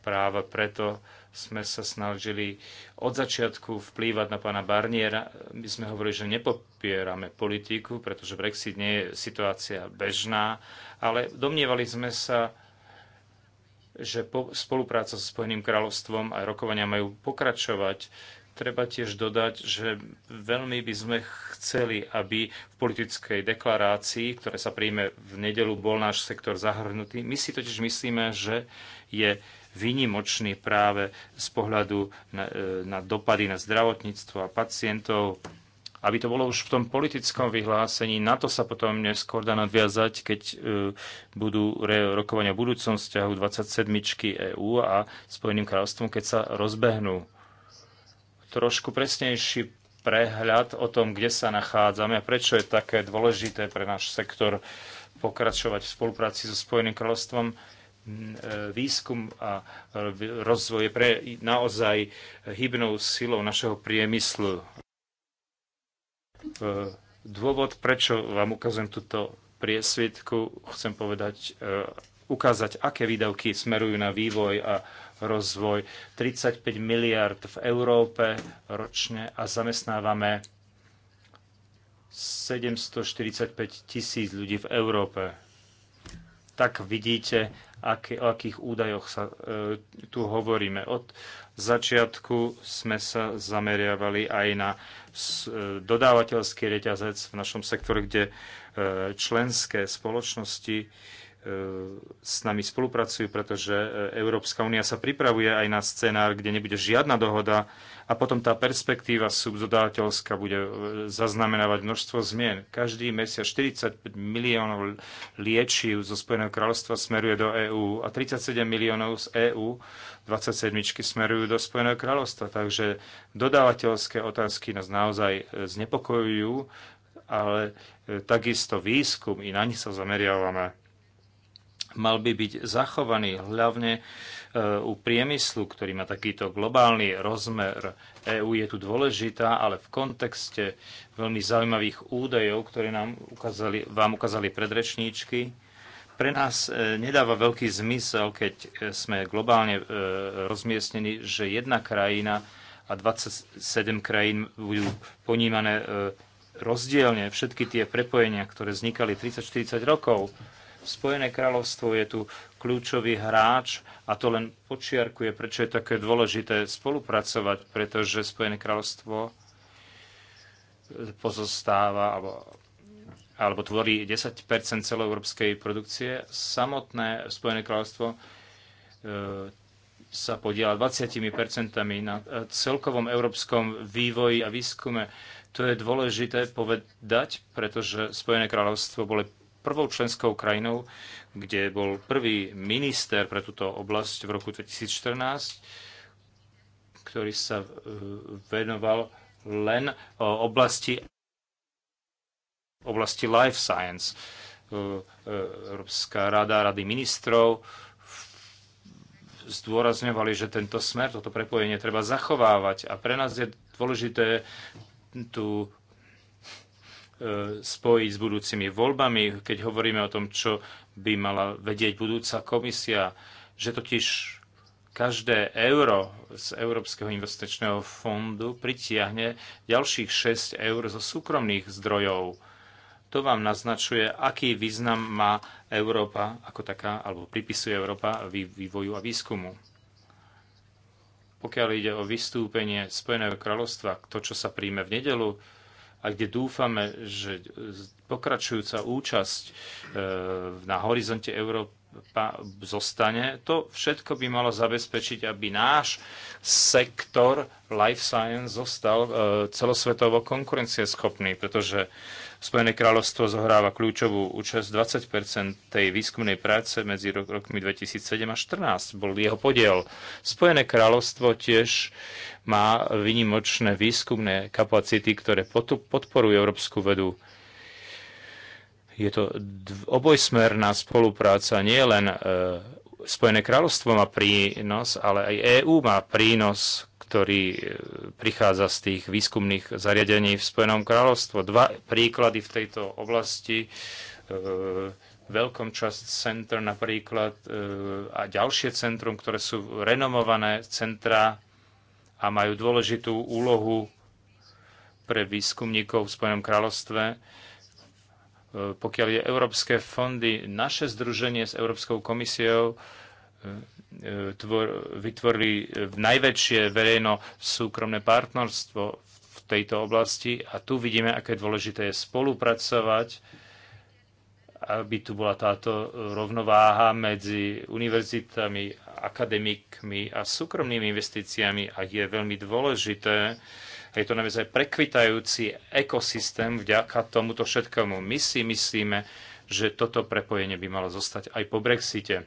S4: Práve preto sme sa snažili od začiatku vplývať na pána Barniera. My sme hovorili, že nepopierame politiku, pretože Brexit nie je situácia bežná, ale domnievali sme sa, že spolupráca so Spojeným kráľovstvom a rokovania majú pokračovať. Treba tiež dodať, že veľmi by sme chceli, aby v politickej deklarácii, ktoré sa príjme v nedelu, bol náš sektor zahrnutý. My si totiž myslíme, že je vynimočný práve z pohľadu na, e, na dopady na zdravotníctvo a pacientov, aby to bolo už v tom politickom vyhlásení. Na to sa potom neskôr dá nadviazať, keď e, budú rokovania budúcom vzťahu 27 EÚ a Spojeným kráľovstvom, keď sa rozbehnú. Trošku presnejší prehľad o tom, kde sa nachádzame a prečo je také dôležité pre náš sektor pokračovať v spolupráci so Spojeným kráľovstvom Mm, e, výskum a e, rozvoj pre naozaj hybnou silou našeho priemyslu. E, dôvod, prečo vám ukazujem túto priesvitku, chcem povedať, ukázať, aké výdavky smerujú na vývoj a rozvoj. 35 miliard v Európe ročne a zamestnávame 745 tisíc ľudí v Európe. Tak vidíte, aké, o akých údajoch sa e, tu hovoríme. Od začiatku sme sa zameriavali aj na s, e, dodávateľský reťazec v našom sektore, kde e, členské spoločnosti e, E, s nami spolupracujú, pretože e, Európska únia sa pripravuje aj na scenár, kde nebude žiadna dohoda a potom tá perspektíva subdodávateľská bude e, zaznamenávať množstvo zmien. Každý mesiac 45 miliónov liečiv zo Spojeného kráľovstva smeruje do EÚ a 37 miliónov z EÚ 27 smerujú do Spojeného kráľovstva. Takže dodávateľské otázky nás naozaj znepokojujú, ale takisto výskum, i na nich sa zameriavame mal by byť zachovaný hlavne e, u priemyslu, ktorý má takýto globálny rozmer. EÚ je tu dôležitá, ale v kontexte veľmi zaujímavých údajov, ktoré nám ukázali, vám ukázali predrečníčky, pre nás e, nedáva veľký zmysel, keď e, sme globálne rozmiestnení, že jedna krajina a 27 krajín budú ponímané rozdielne všetky tie prepojenia, ktoré vznikali 30-40 rokov Spojené kráľovstvo je tu kľúčový hráč a to len počiarkuje, prečo je také dôležité spolupracovať, pretože Spojené kráľovstvo pozostáva alebo, alebo tvorí 10 európskej produkcie. Samotné Spojené kráľovstvo e, sa podiela 20 na e, celkovom európskom vývoji a výskume. To je dôležité povedať, pretože Spojené kráľovstvo bolo prvou členskou krajinou, kde bol prvý minister pre túto oblasť v roku 2014, ktorý sa e, venoval len e, oblasti, oblasti life science. E, Európska rada, rady ministrov zdôrazňovali, že tento smer, toto prepojenie treba zachovávať. A pre nás je dôležité tú E, spojiť s budúcimi voľbami, keď hovoríme o tom, čo by mala vedieť budúca komisia, že totiž každé euro z Európskeho investičného fondu pritiahne ďalších 6 eur zo súkromných zdrojov. To vám naznačuje, aký význam má Európa ako taká, alebo pripisuje Európa vývoju a výskumu. Pokiaľ ide o vystúpenie Spojeného kráľovstva, to, čo sa príjme v nedelu, a kde dúfame, že pokračujúca účasť e, na horizonte Európa zostane, to všetko by malo zabezpečiť, aby náš sektor life science zostal e, celosvetovo konkurencieschopný, pretože Spojené kráľovstvo zohráva kľúčovú účasť 20 tej výskumnej práce medzi rok, rokmi 2007 a 2014 bol jeho podiel. Spojené kráľovstvo tiež má vynimočné výskumné kapacity, ktoré podporujú európsku vedu. Je to obojsmerná spolupráca, nie len e, Spojené kráľovstvo má prínos, ale aj EÚ má prínos ktorý e, prichádza z tých výskumných zariadení v Spojenom kráľovstve. Dva príklady v tejto oblasti. Welcome Trust Center napríklad e, a ďalšie centrum, ktoré sú renomované centra a majú dôležitú úlohu pre výskumníkov v Spojenom kráľovstve. E, pokiaľ je európske fondy, naše združenie s Európskou komisiou vytvorili e, najväčšie verejno-súkromné partnerstvo v tejto oblasti a tu vidíme, aké dôležité je spolupracovať, aby tu bola táto rovnováha medzi univerzitami, akademikmi a súkromnými investíciami a je veľmi dôležité, a je to naozaj prekvitajúci ekosystém vďaka tomuto všetkému. My si myslíme, že toto prepojenie by malo zostať aj po Brexite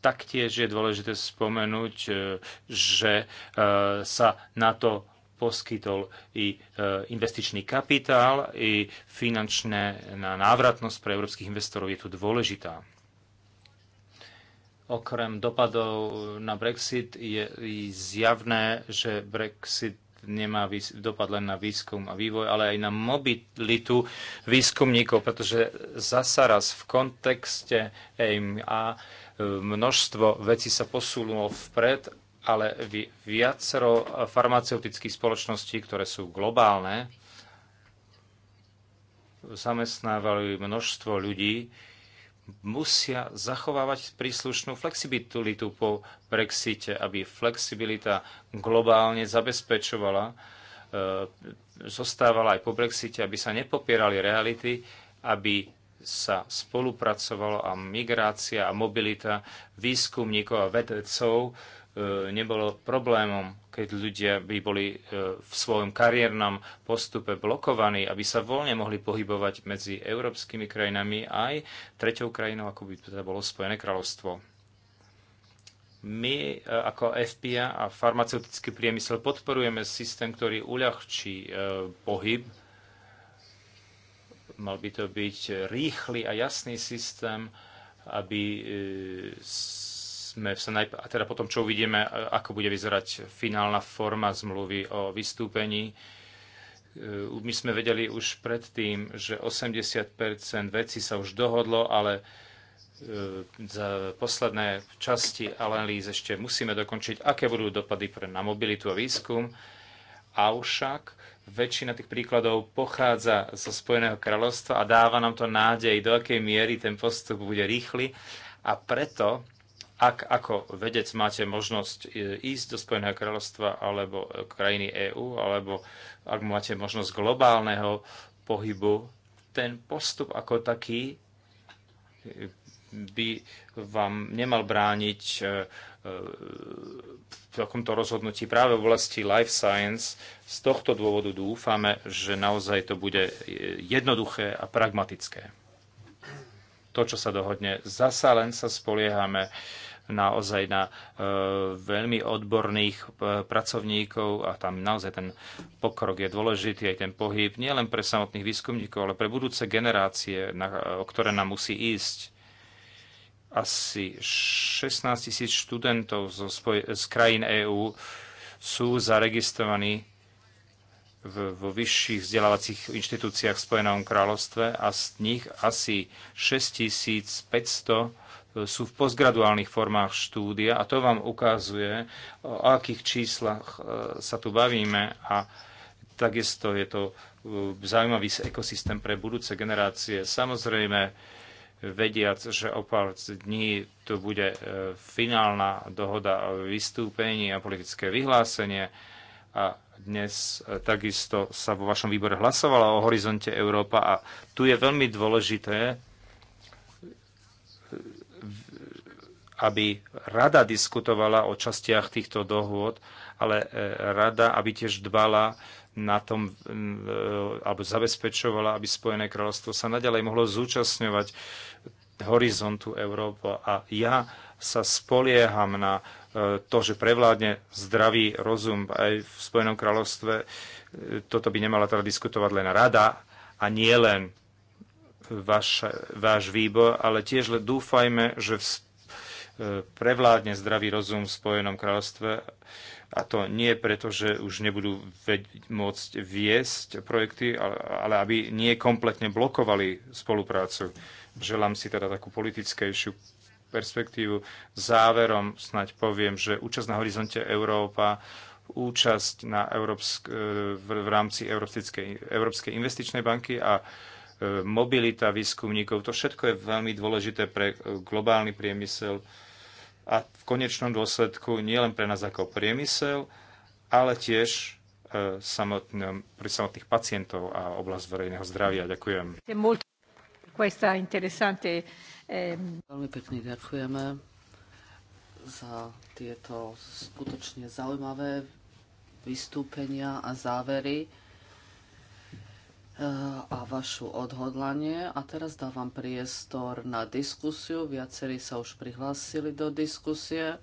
S4: Taktiež je dôležité spomenúť, e, že e, sa na to poskytol i e, investičný kapitál, i finančná návratnosť pre európskych investorov je tu dôležitá. Okrem dopadov na Brexit je zjavné, že Brexit nemá dopad len na výskum a vývoj, ale aj na mobilitu výskumníkov, pretože zasa raz v kontexte EMA množstvo vecí sa posunulo vpred, ale viacero farmaceutických spoločností, ktoré sú globálne, zamestnávali množstvo ľudí, musia zachovávať príslušnú flexibilitu po Brexite, aby flexibilita globálne zabezpečovala, e, zostávala aj po Brexite, aby sa nepopierali reality, aby sa spolupracovalo a migrácia a mobilita výskumníkov a vedcov e, nebolo problémom, keď ľudia by boli e, v svojom kariérnom postupe blokovaní, aby sa voľne mohli pohybovať medzi európskymi krajinami aj treťou krajinou, ako by to teda bolo Spojené kráľovstvo. My e, ako FPA a farmaceutický priemysel podporujeme systém, ktorý uľahčí pohyb Mal by to byť rýchly a jasný systém, aby e, sme sa najp- a teda potom, čo uvidíme, ako bude vyzerať finálna forma zmluvy o vystúpení. E, my sme vedeli už predtým, že 80% vecí sa už dohodlo, ale e, za posledné časti analýz ešte musíme dokončiť, aké budú dopady pre, na mobilitu a výskum. Avšak väčšina tých príkladov pochádza zo Spojeného kráľovstva a dáva nám to nádej, do akej miery ten postup bude rýchly. A preto, ak ako vedec máte možnosť e, ísť do Spojeného kráľovstva alebo e, krajiny EÚ, alebo ak máte možnosť globálneho pohybu, ten postup ako taký e, by vám nemal brániť E, v takomto rozhodnutí práve v oblasti life science. Z tohto dôvodu dúfame, že naozaj to bude jednoduché a pragmatické. To, čo sa dohodne, zasa len sa spoliehame naozaj na e, veľmi odborných e, pracovníkov a tam naozaj ten pokrok je dôležitý, aj ten pohyb, nielen pre samotných výskumníkov, ale pre budúce generácie, na, o ktoré nám musí ísť asi 16 tisíc študentov zo spoj- z krajín EÚ sú zaregistrovaní v, vo vyšších vzdelávacích inštitúciách v Spojenom kráľovstve a z nich asi 6500 e, sú v postgraduálnych formách štúdia a to vám ukazuje, o akých číslach e, sa tu bavíme a takisto je to e, zaujímavý ekosystém pre budúce generácie. Samozrejme, vediac, že o pár dní tu bude e, finálna dohoda o vystúpení a politické vyhlásenie. A dnes e, takisto sa vo vašom výbore hlasovalo o horizonte Európa a tu je veľmi dôležité, e, aby rada diskutovala o častiach týchto dohôd, ale rada, aby tiež dbala na tom, alebo zabezpečovala, aby Spojené kráľovstvo sa nadalej mohlo zúčastňovať horizontu Európa. A ja sa spolieham na e, to, že prevládne zdravý rozum aj v Spojenom kráľovstve. E, toto by nemala teda diskutovať len rada a nie len váš, váš výbor, ale tiež dúfajme, že v, e, prevládne zdravý rozum v Spojenom kráľovstve a to nie preto, že už nebudú môcť viesť projekty, ale, ale aby nie kompletne blokovali spoluprácu. Želám si teda takú politickejšiu perspektívu. Záverom snaď poviem, že účasť na horizonte Európa účasť na Európsk, e, v rámci Európskej, Európskej investičnej banky a e, mobilita výskumníkov. To všetko je veľmi dôležité pre e, globálny priemysel, a v konečnom dôsledku nielen pre nás ako priemysel, ale tiež e, samotným, pre samotných pacientov a oblasť verejného zdravia. Ďakujem. Ehm,
S3: Veľmi pekne
S2: ďakujeme za tieto skutočne zaujímavé vystúpenia a závery a vašu odhodlanie. A teraz dávam priestor na diskusiu. Viacerí sa už prihlásili do diskusie.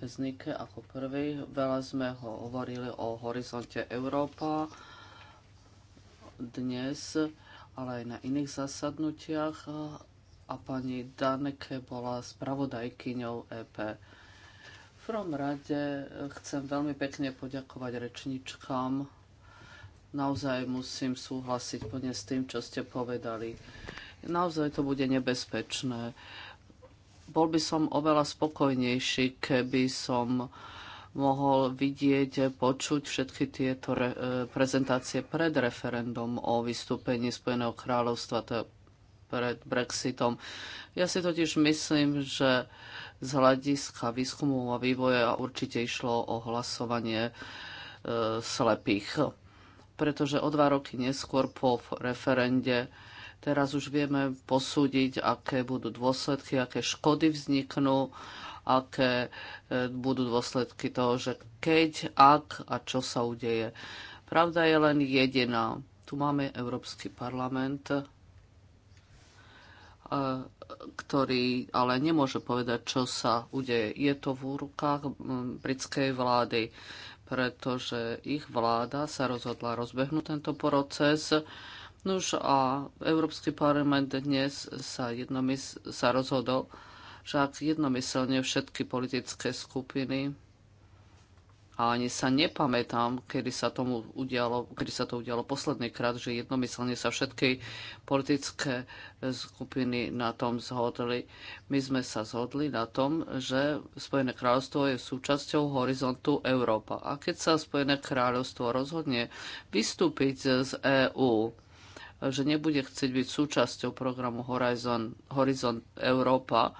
S2: Nike ako prvý. Veľa sme ho hovorili o horizonte Európa dnes, ale aj na iných zasadnutiach. A pani Daneke bola spravodajkyňou EP. V prvom rade chcem veľmi pekne poďakovať rečničkám naozaj musím súhlasiť plne s tým, čo ste povedali. Naozaj to bude nebezpečné. Bol by som oveľa spokojnejší, keby som mohol vidieť, počuť všetky tieto re, e, prezentácie pred referendum o vystúpení Spojeného kráľovstva, to pred Brexitom. Ja si totiž myslím, že z hľadiska výskumu a vývoja určite išlo o hlasovanie e, slepých pretože o dva roky neskôr po referende teraz už vieme posúdiť, aké budú dôsledky, aké škody vzniknú, aké e, budú dôsledky toho, že keď, ak a čo sa udeje. Pravda je len jediná. Tu máme Európsky parlament, e, ktorý ale nemôže povedať, čo sa udeje. Je to v rukách britskej vlády pretože ich vláda sa rozhodla rozbehnúť tento proces. Nuž a Európsky parlament dnes sa, jednomysl sa rozhodol, že ak jednomyselne všetky politické skupiny a ani sa nepamätám, kedy sa, tomu udialo, kedy sa to udialo posledný krát, že jednomyselne sa všetky politické e, skupiny na tom zhodli. My sme sa zhodli na tom, že Spojené kráľovstvo je súčasťou horizontu Európa. A keď sa Spojené kráľovstvo rozhodne vystúpiť z EÚ, že nebude chcieť byť súčasťou programu Horizon, Horizon Európa,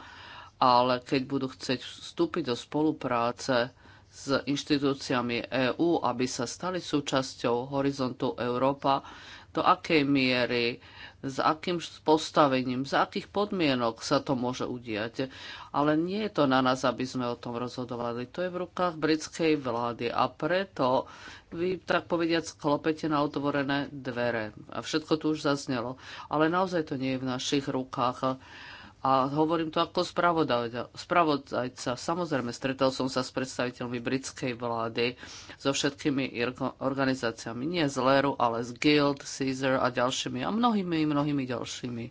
S2: ale keď budú chcieť vstúpiť do spolupráce s inštitúciami EÚ, aby sa stali súčasťou Horizontu Európa, do akej miery, s akým postavením, za akých podmienok sa to môže udiať. Ale nie je to na nás, aby sme o tom rozhodovali. To je v rukách britskej vlády a preto vy, tak povediac, klopete na otvorené dvere. A všetko tu už zaznelo. Ale naozaj to nie je v našich rukách. A hovorím to ako spravodajca. Samozrejme, stretol som sa s predstaviteľmi britskej vlády, so všetkými organizáciami, nie z Leru, ale z Guild, Caesar a ďalšími a mnohými, mnohými ďalšími.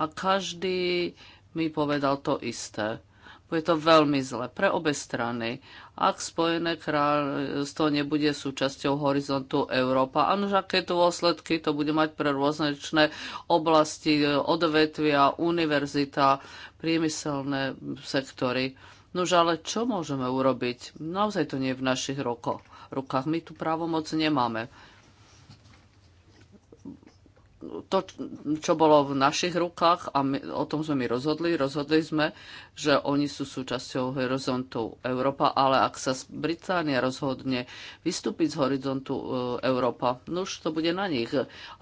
S2: A každý mi povedal to isté. Bude to veľmi zle pre obe strany. Ak Spojené kráľstvo nebude súčasťou horizontu Európa, áno, aké dôsledky to bude mať pre rôznečné oblasti, e, odvetvia, univerzita, priemyselné sektory. No ale čo môžeme urobiť? Naozaj to nie je v našich rokoch. rukách. My tu právomoc nemáme to, čo bolo v našich rukách a my, o tom sme my rozhodli. Rozhodli sme, že oni sú súčasťou horizontu Európa, ale ak sa Británia rozhodne vystúpiť z horizontu e, Európa, no už to bude na nich.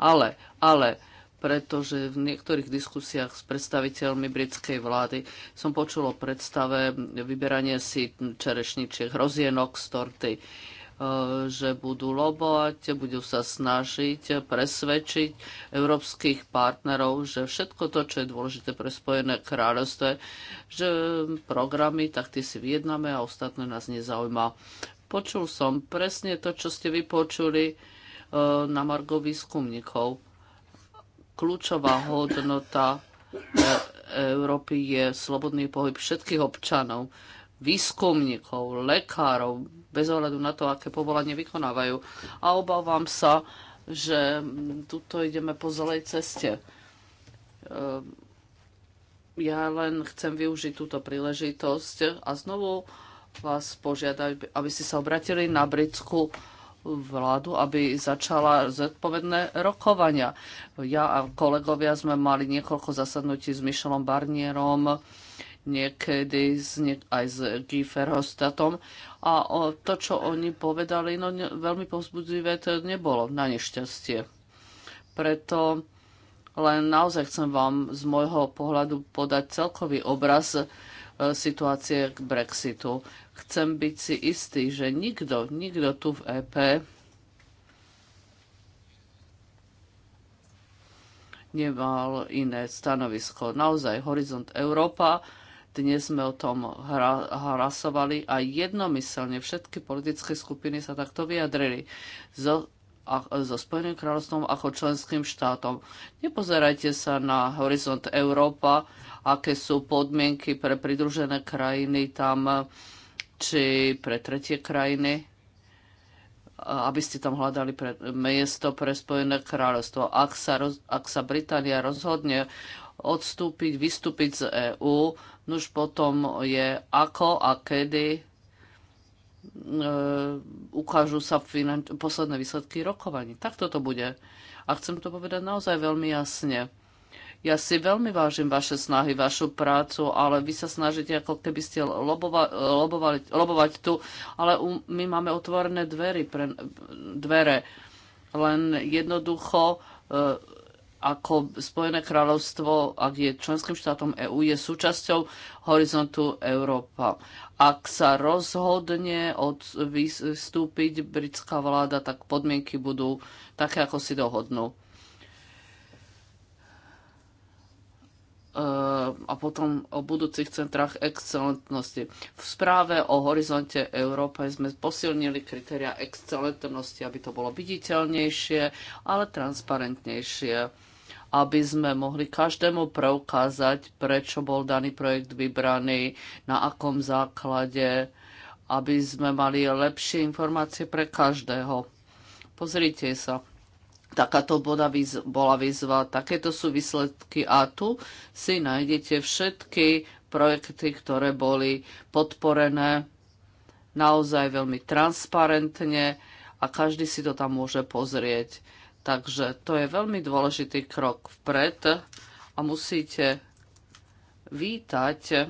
S2: Ale, ale pretože v niektorých diskusiách s predstaviteľmi britskej vlády som počulo predstave vyberanie si čerešničiek hrozienok z torty. Uh, Eh, že budú lobovať, budú sa snažiť presvedčiť európskych partnerov, že všetko to, čo je dôležité pre Spojené kráľovstvo, že programy, tak tie si vyjednáme a ostatné nás nezaujíma. Počul som presne to, čo ste vypočuli eh, na Margo výskumníkov. Kľúčová hodnota eh, Európy je slobodný pohyb všetkých občanov, výskumníkov, lekárov, bez ohľadu na to, aké povolanie vykonávajú. A obávam sa, že tuto ideme po zlej ceste. Ehm, ja len chcem využiť túto príležitosť a znovu vás požiadať, aby ste sa obratili na britskú vládu, aby začala zodpovedné rokovania. Ja a kolegovia sme mali niekoľko zasadnutí s Michelom Barnierom, niekedy nie, aj s Giferostatom. A o, to, čo oni povedali, no ne, veľmi povzbudzivé to nebolo, na nešťastie. Preto len naozaj chcem vám z môjho pohľadu podať celkový obraz e, situácie k Brexitu. Chcem byť si istý, že nikto, nikto tu v EP nemal iné stanovisko. Naozaj Horizont Európa dnes sme o tom hlasovali a jednomyselne všetky politické skupiny sa takto vyjadrili. So, a, so Spojeným kráľovstvom ako členským štátom. Nepozerajte sa na horizont Európa, aké sú podmienky pre pridružené krajiny tam, či pre tretie krajiny aby ste tam hľadali pre, miesto pre Spojené kráľovstvo. Ak sa, roz, ak sa Británia rozhodne odstúpiť, vystúpiť z EÚ, Nuž potom je ako a kedy e, ukážu sa finan- posledné výsledky rokovaní. Tak toto bude. A chcem to povedať naozaj veľmi jasne. Ja si veľmi vážim vaše snahy, vašu prácu, ale vy sa snažíte, ako keby ste lobova, lobovali, lobovať tu, ale u- my máme otvorené dvere. pre, dvere. Len jednoducho e, ako Spojené kráľovstvo, ak je členským štátom EÚ, je súčasťou horizontu Európa. Ak sa rozhodne od, vystúpiť britská vláda, tak podmienky budú také, ako si dohodnú. Eh, a potom o budúcich centrách excelentnosti. V správe o horizonte Európe sme posilnili kritéria excelentnosti, aby to bolo viditeľnejšie, ale transparentnejšie aby sme mohli každému preukázať, prečo bol daný projekt vybraný, na akom základe, aby sme mali lepšie informácie pre každého. Pozrite sa. Takáto bola výzva, bola výzva, takéto sú výsledky a tu si nájdete všetky projekty, ktoré boli podporené naozaj veľmi transparentne a každý si to tam môže pozrieť. Takže to je veľmi dôležitý krok vpred a musíte vítať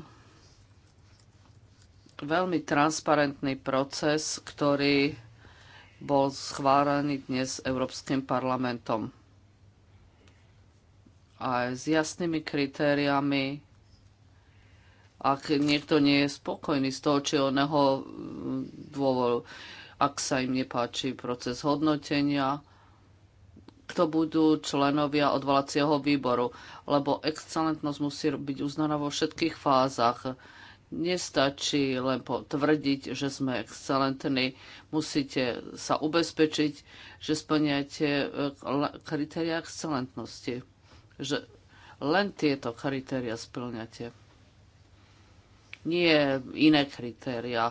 S2: veľmi transparentný proces, ktorý bol schválený dnes Európskym parlamentom. A s jasnými kritériami, ak niekto nie je spokojný z toho či oného dôvodu, ak sa im nepáči proces hodnotenia, kto budú členovia odvolacieho výboru, lebo excelentnosť musí byť uznaná vo všetkých fázach. Nestačí len tvrdiť, že sme excelentní. Musíte sa ubezpečiť, že splňate eh, kritéria excelentnosti. Že len tieto kritéria splňate. Nie iné kritéria.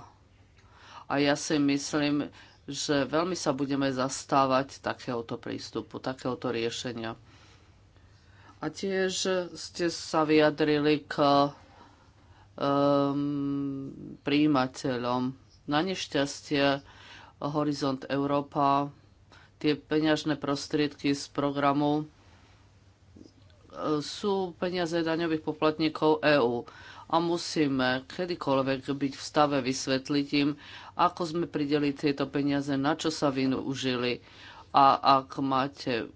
S2: A ja si myslím, že veľmi sa budeme zastávať takéhoto prístupu, takéhoto riešenia. A tiež ste sa vyjadrili k um, príjimateľom. Na nešťastie Horizont Európa tie peňažné prostriedky z programu e, sú peniaze daňových poplatníkov EÚ a musíme kedykoľvek byť v stave vysvetliť im, ako sme prideli tieto peniaze, na čo sa využili. A ak máte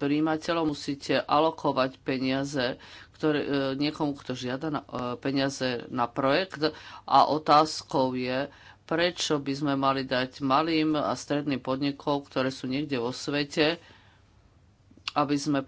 S2: príjimateľov, musíte alokovať peniaze ktoré, e, niekomu, kto žiada na, e, peniaze na projekt. A otázkou je, prečo by sme mali dať malým a stredným podnikom, ktoré sú niekde vo svete, aby sme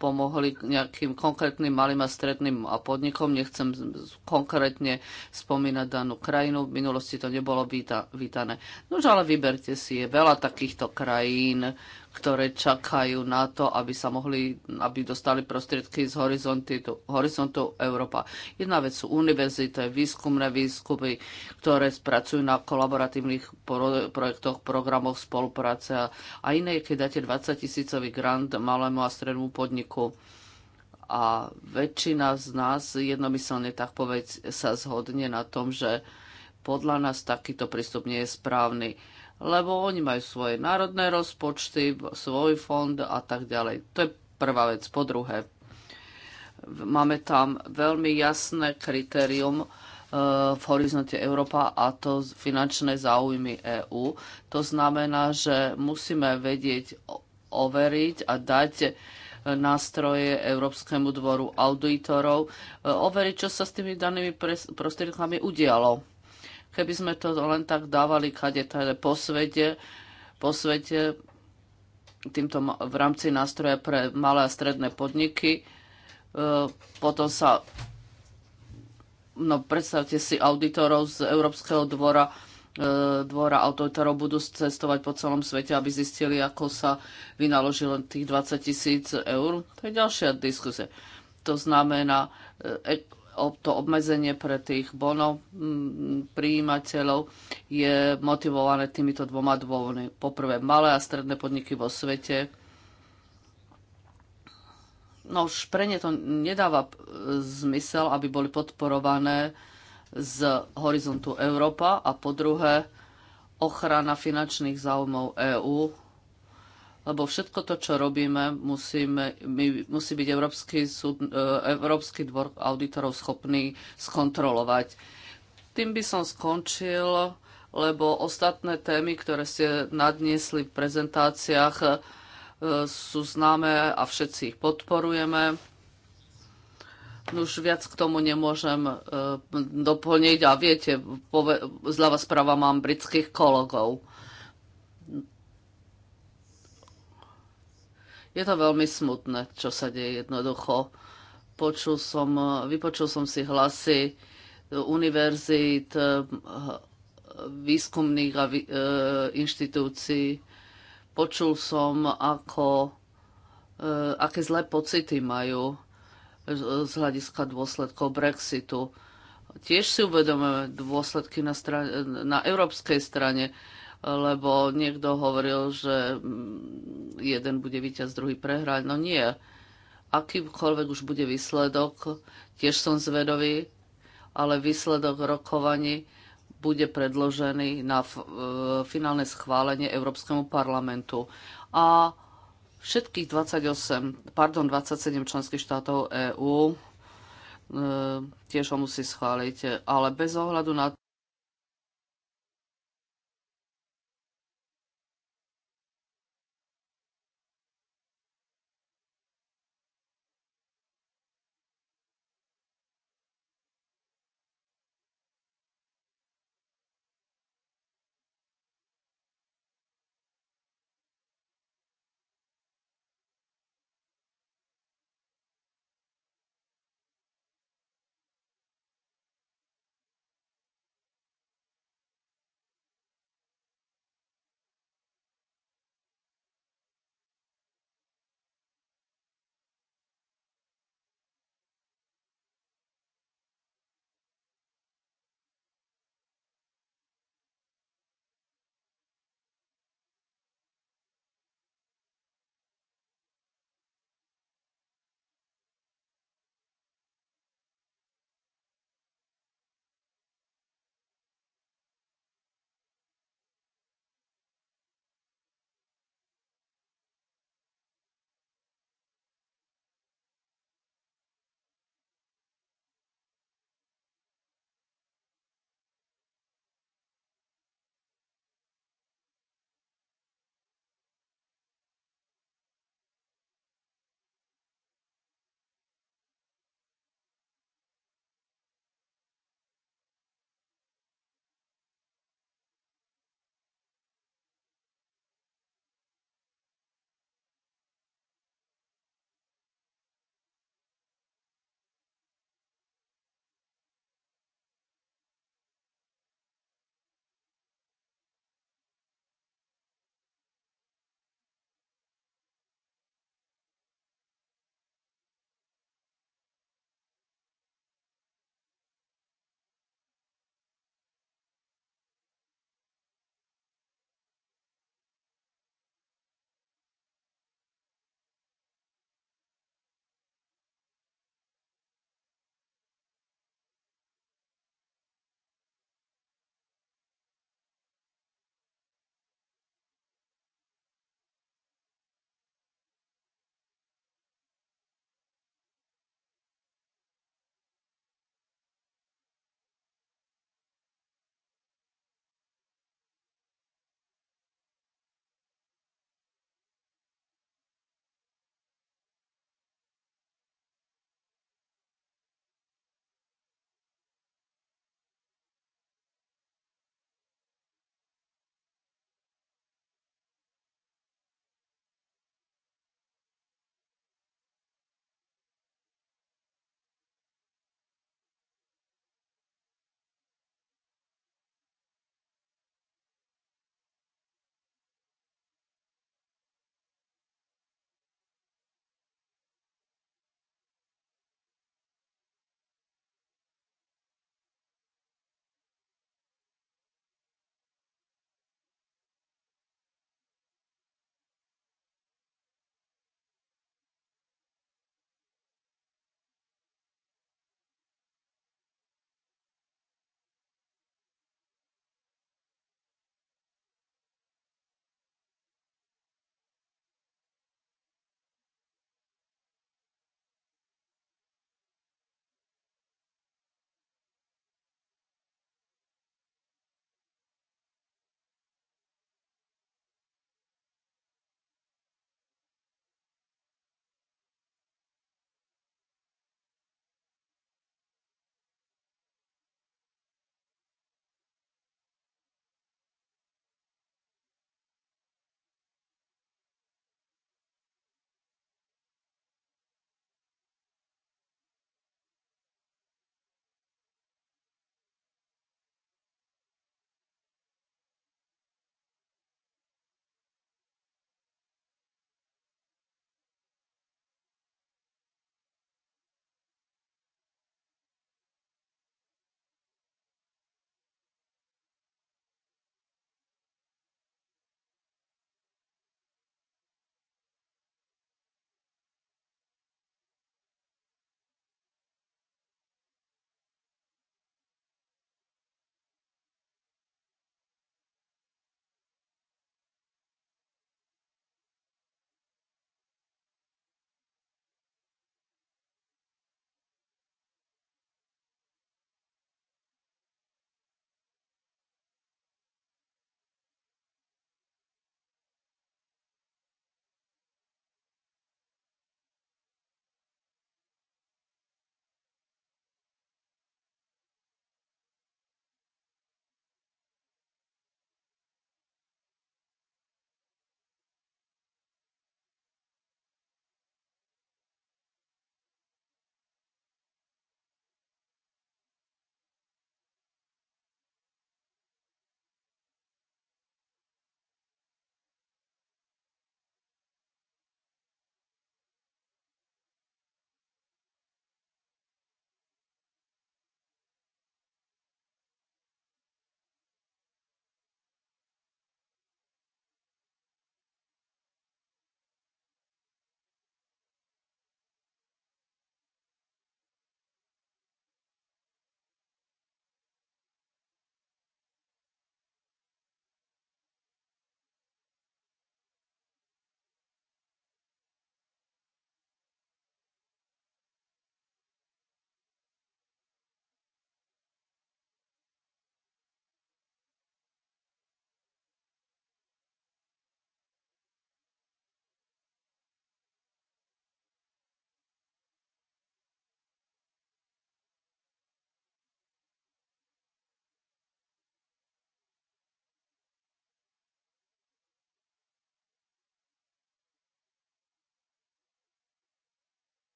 S2: pomohli nejakým konkrétnym malým a stredným podnikom. Nechcem konkrétne spomínať danú krajinu. V minulosti to nebolo víta, vítané. No ale vyberte si, je veľa takýchto krajín, ktoré čakajú na to, aby sa mohli, aby dostali prostriedky z horizontu, horizontu Európa. Jedna vec sú univerzity, výskumné výskumy, ktoré spracujú na kolaboratívnych pro, projektoch, programoch spolupráce a iné, keď dáte 20 tisícový grant malému a strednému podniku a väčšina z nás jednomyselne tak povedz sa zhodne na tom, že podľa nás takýto prístup nie je správny lebo oni majú svoje národné rozpočty, svoj fond a tak ďalej. To je prvá vec. Po druhé, máme tam veľmi jasné kritérium e, v horizonte Európa a to finančné záujmy EÚ. To znamená, že musíme vedieť overiť a dať nástroje Európskemu dvoru auditorov, e, overiť, čo sa s tými danými prostriedkami udialo Keby sme to len tak dávali kade teda po svete, po svete týmto v rámci nástroja pre malé a stredné podniky, e, potom sa no predstavte si auditorov z Európskeho dvora, e, dvora autoritárov budú cestovať po celom svete, aby zistili, ako sa vynaložilo tých 20 tisíc eur. To je ďalšia diskusia. To znamená, e, to obmedzenie pre tých bonov mm, prijímateľov je motivované týmito dvoma dôvodmi. Poprvé, malé a stredné podniky vo svete no už pre ne to nedáva zmysel, aby boli podporované z horizontu Európa a po druhé ochrana finančných záujmov EÚ lebo všetko to, čo robíme, musíme, my, musí byť Európsky, súd, e, Európsky dvor auditorov schopný skontrolovať. Tým by som skončil, lebo ostatné témy, ktoré ste nadniesli v prezentáciách, e, sú známe a všetci ich podporujeme. Už viac k tomu nemôžem e, doplniť a viete, zľava správa mám britských kolegov. Je to veľmi smutné, čo sa deje jednoducho. Počul som, vypočul som si hlasy univerzít, výskumných a vý, e, inštitúcií. Počul som, ako, e, aké zlé pocity majú z hľadiska dôsledkov Brexitu. Tiež si uvedomujeme dôsledky na, strane, na európskej strane lebo niekto hovoril, že mm, jeden bude víťaz, druhý prehrať. No nie. Akýkoľvek už bude výsledok, tiež som zvedový, ale výsledok rokovaní bude predložený na e, finálne schválenie Európskemu parlamentu. A všetkých 28, pardon, 27 členských štátov EÚ e, tiež ho musí schváliť, ale bez ohľadu na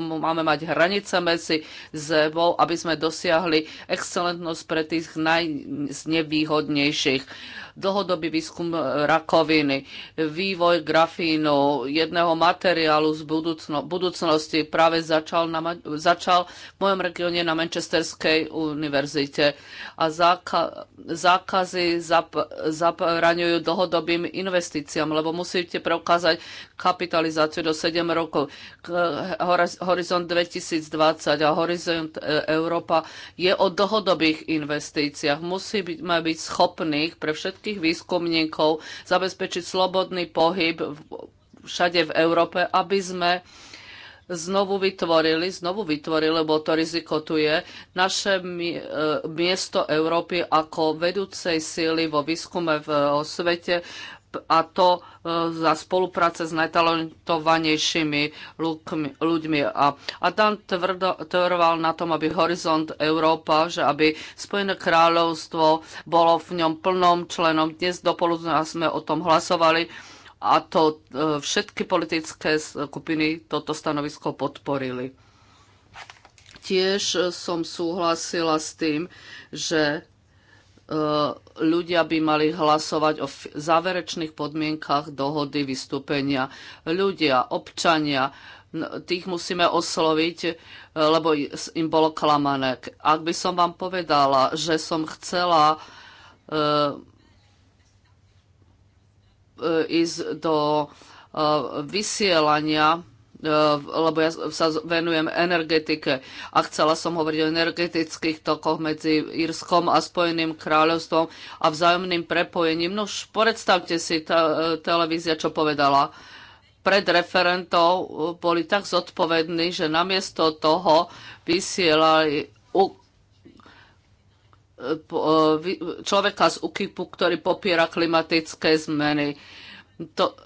S2: máme mať hranice medzi sebou, aby sme dosiahli excelentnosť pre tých najznevýhodnejších. Dlhodobý výskum rakoviny, vývoj grafínu, jedného materiálu z budúcno, budúcnosti práve začal, na, začal v mojom regióne na Manchesterskej univerzite a záka, zákazy zap, zapraňujú dlhodobým investíciám, lebo musíte preukázať kapitalizáciu do 7 rokov. K, Horizont 2020 a Horizont e, Európa je o dlhodobých investíciách. Musí byť, má byť schopných pre všetkých výskumníkov zabezpečiť slobodný pohyb všade v Európe, aby sme znovu vytvorili, znovu vytvorili, lebo to riziko tu je, naše e, miesto Európy ako vedúcej síly vo výskume v svete a to e, za spolupráce s najtalentovanejšími ľuďmi. A, a tam tvrdoval na tom, aby Horizont Európa, že aby Spojené kráľovstvo bolo v ňom plnom členom. Dnes dopoludne sme o tom hlasovali a to e, všetky politické skupiny toto stanovisko podporili. Tiež e, som súhlasila s tým, že E, ľudia by mali hlasovať o záverečných podmienkach dohody vystúpenia. Ľudia, občania, tých musíme osloviť, e, lebo im bolo klamané. Ak by som vám povedala, že som chcela e, ísť do vysielania E, lebo ja sa venujem energetike a chcela som hovoriť o energetických tokoch medzi Írskom a Spojeným kráľovstvom a vzájomným prepojením. No už predstavte si, tá e, televízia čo povedala. Pred referentov e, boli tak zodpovední, že namiesto toho vysielali človeka z UKIPu, ktorý popiera klimatické zmeny. To,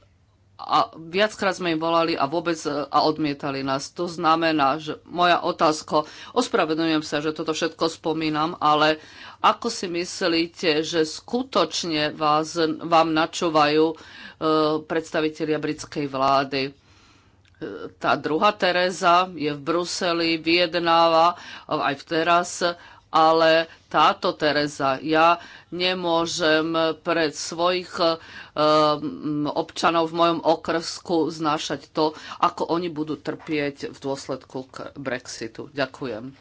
S2: a viackrát sme im volali a vôbec e, a odmietali nás. To znamená, že moja otázka, ospravedlňujem sa, že toto všetko spomínam, ale ako si myslíte, že skutočne vás, vám načúvajú e, predstavitelia britskej vlády? E, tá druhá Tereza je v Bruseli, vyjednáva aj v teraz ale táto Tereza, ja nemôžem pred svojich eh, občanov v mojom okrsku znášať to, ako oni budú trpieť v dôsledku k Brexitu. Ďakujem.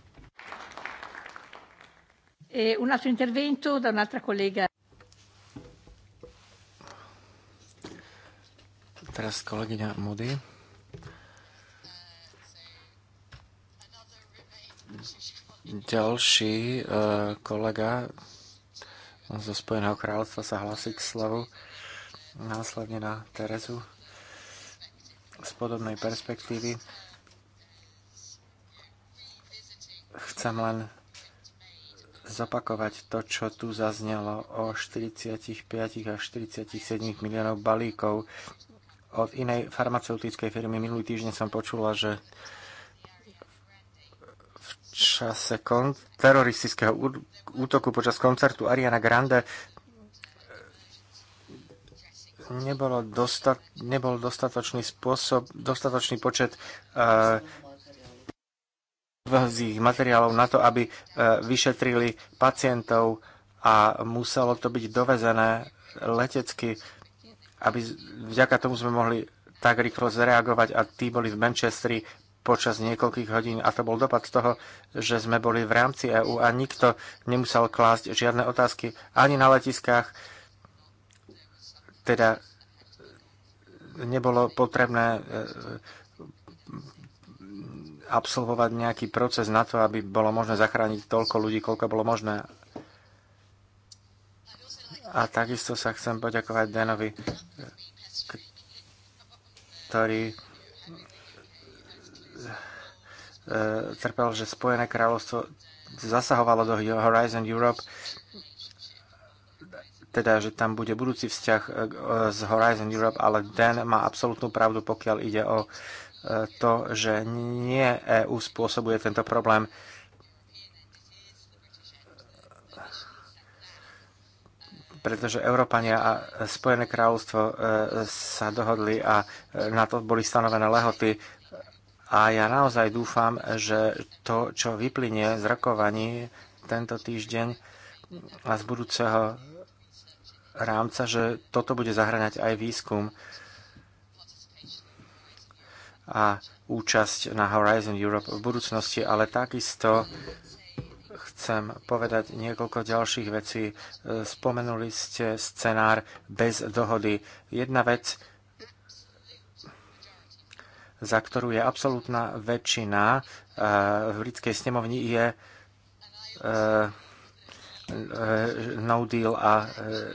S3: E un altro intervento da un'altra collega.
S1: Teraz kolegyňa Mody. Ďalší uh, kolega zo Spojeného kráľovstva sa hlasí k slavu následne na Terezu z podobnej perspektívy. Chcem len zopakovať to, čo tu zaznelo o 45 až 47 miliónov balíkov. Od inej farmaceutickej firmy minulý týždeň som počula, že čase kon- teroristického útoku počas koncertu Ariana Grande eh, nebolo dosta- nebol dostatočný spôsob, dostatočný počet uh, materiálov na to, aby uh, vyšetrili pacientov a muselo to byť dovezené letecky, aby vďaka tomu sme mohli tak rýchlo zreagovať a tí boli v Manchestri počas niekoľkých hodín a to bol dopad z toho, že sme boli v rámci EÚ a nikto nemusel klásť žiadne otázky ani na letiskách. Teda nebolo potrebné e, absolvovať nejaký proces na to, aby bolo možné zachrániť toľko ľudí, koľko bolo možné. A takisto sa chcem poďakovať Denovi, ktorý E, trpel, že Spojené kráľovstvo zasahovalo do Horizon Europe, teda, že tam bude budúci vzťah e, z Horizon Europe, ale Dan má absolútnu pravdu, pokiaľ ide o e, to, že nie EU spôsobuje tento problém. pretože Európania a Spojené kráľovstvo sa dohodli a na to boli stanovené lehoty a ja naozaj dúfam, že to, čo vyplynie z rokovaní tento týždeň a z budúceho rámca, že toto bude zahraňať aj výskum a účasť na Horizon Europe v budúcnosti, ale takisto chcem povedať niekoľko ďalších vecí. Spomenuli ste scenár bez dohody. Jedna vec za ktorú je absolútna väčšina eh, v britskej snemovni, je eh, eh, no deal a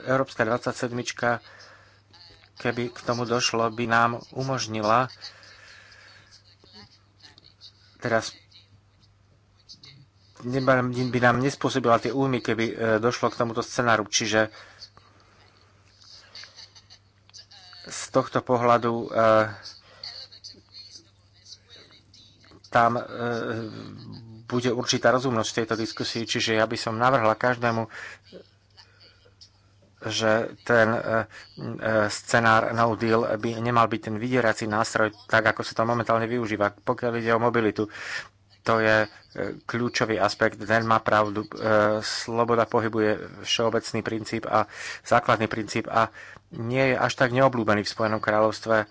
S1: Európska 27, keby k tomu došlo, by nám umožnila teraz by nám nespôsobila tie újmy, keby došlo k tomuto scenáru. Čiže z tohto pohľadu tam e, bude určitá rozumnosť v tejto diskusii, čiže ja by som navrhla každému, že ten e, e, scenár no deal by nemal byť ten vydierací nástroj, tak ako sa to momentálne využíva. Pokiaľ ide o mobilitu, to je kľúčový aspekt, ten má pravdu. Sloboda pohybuje všeobecný princíp a základný princíp a nie je až tak neobľúbený v Spojenom kráľovstve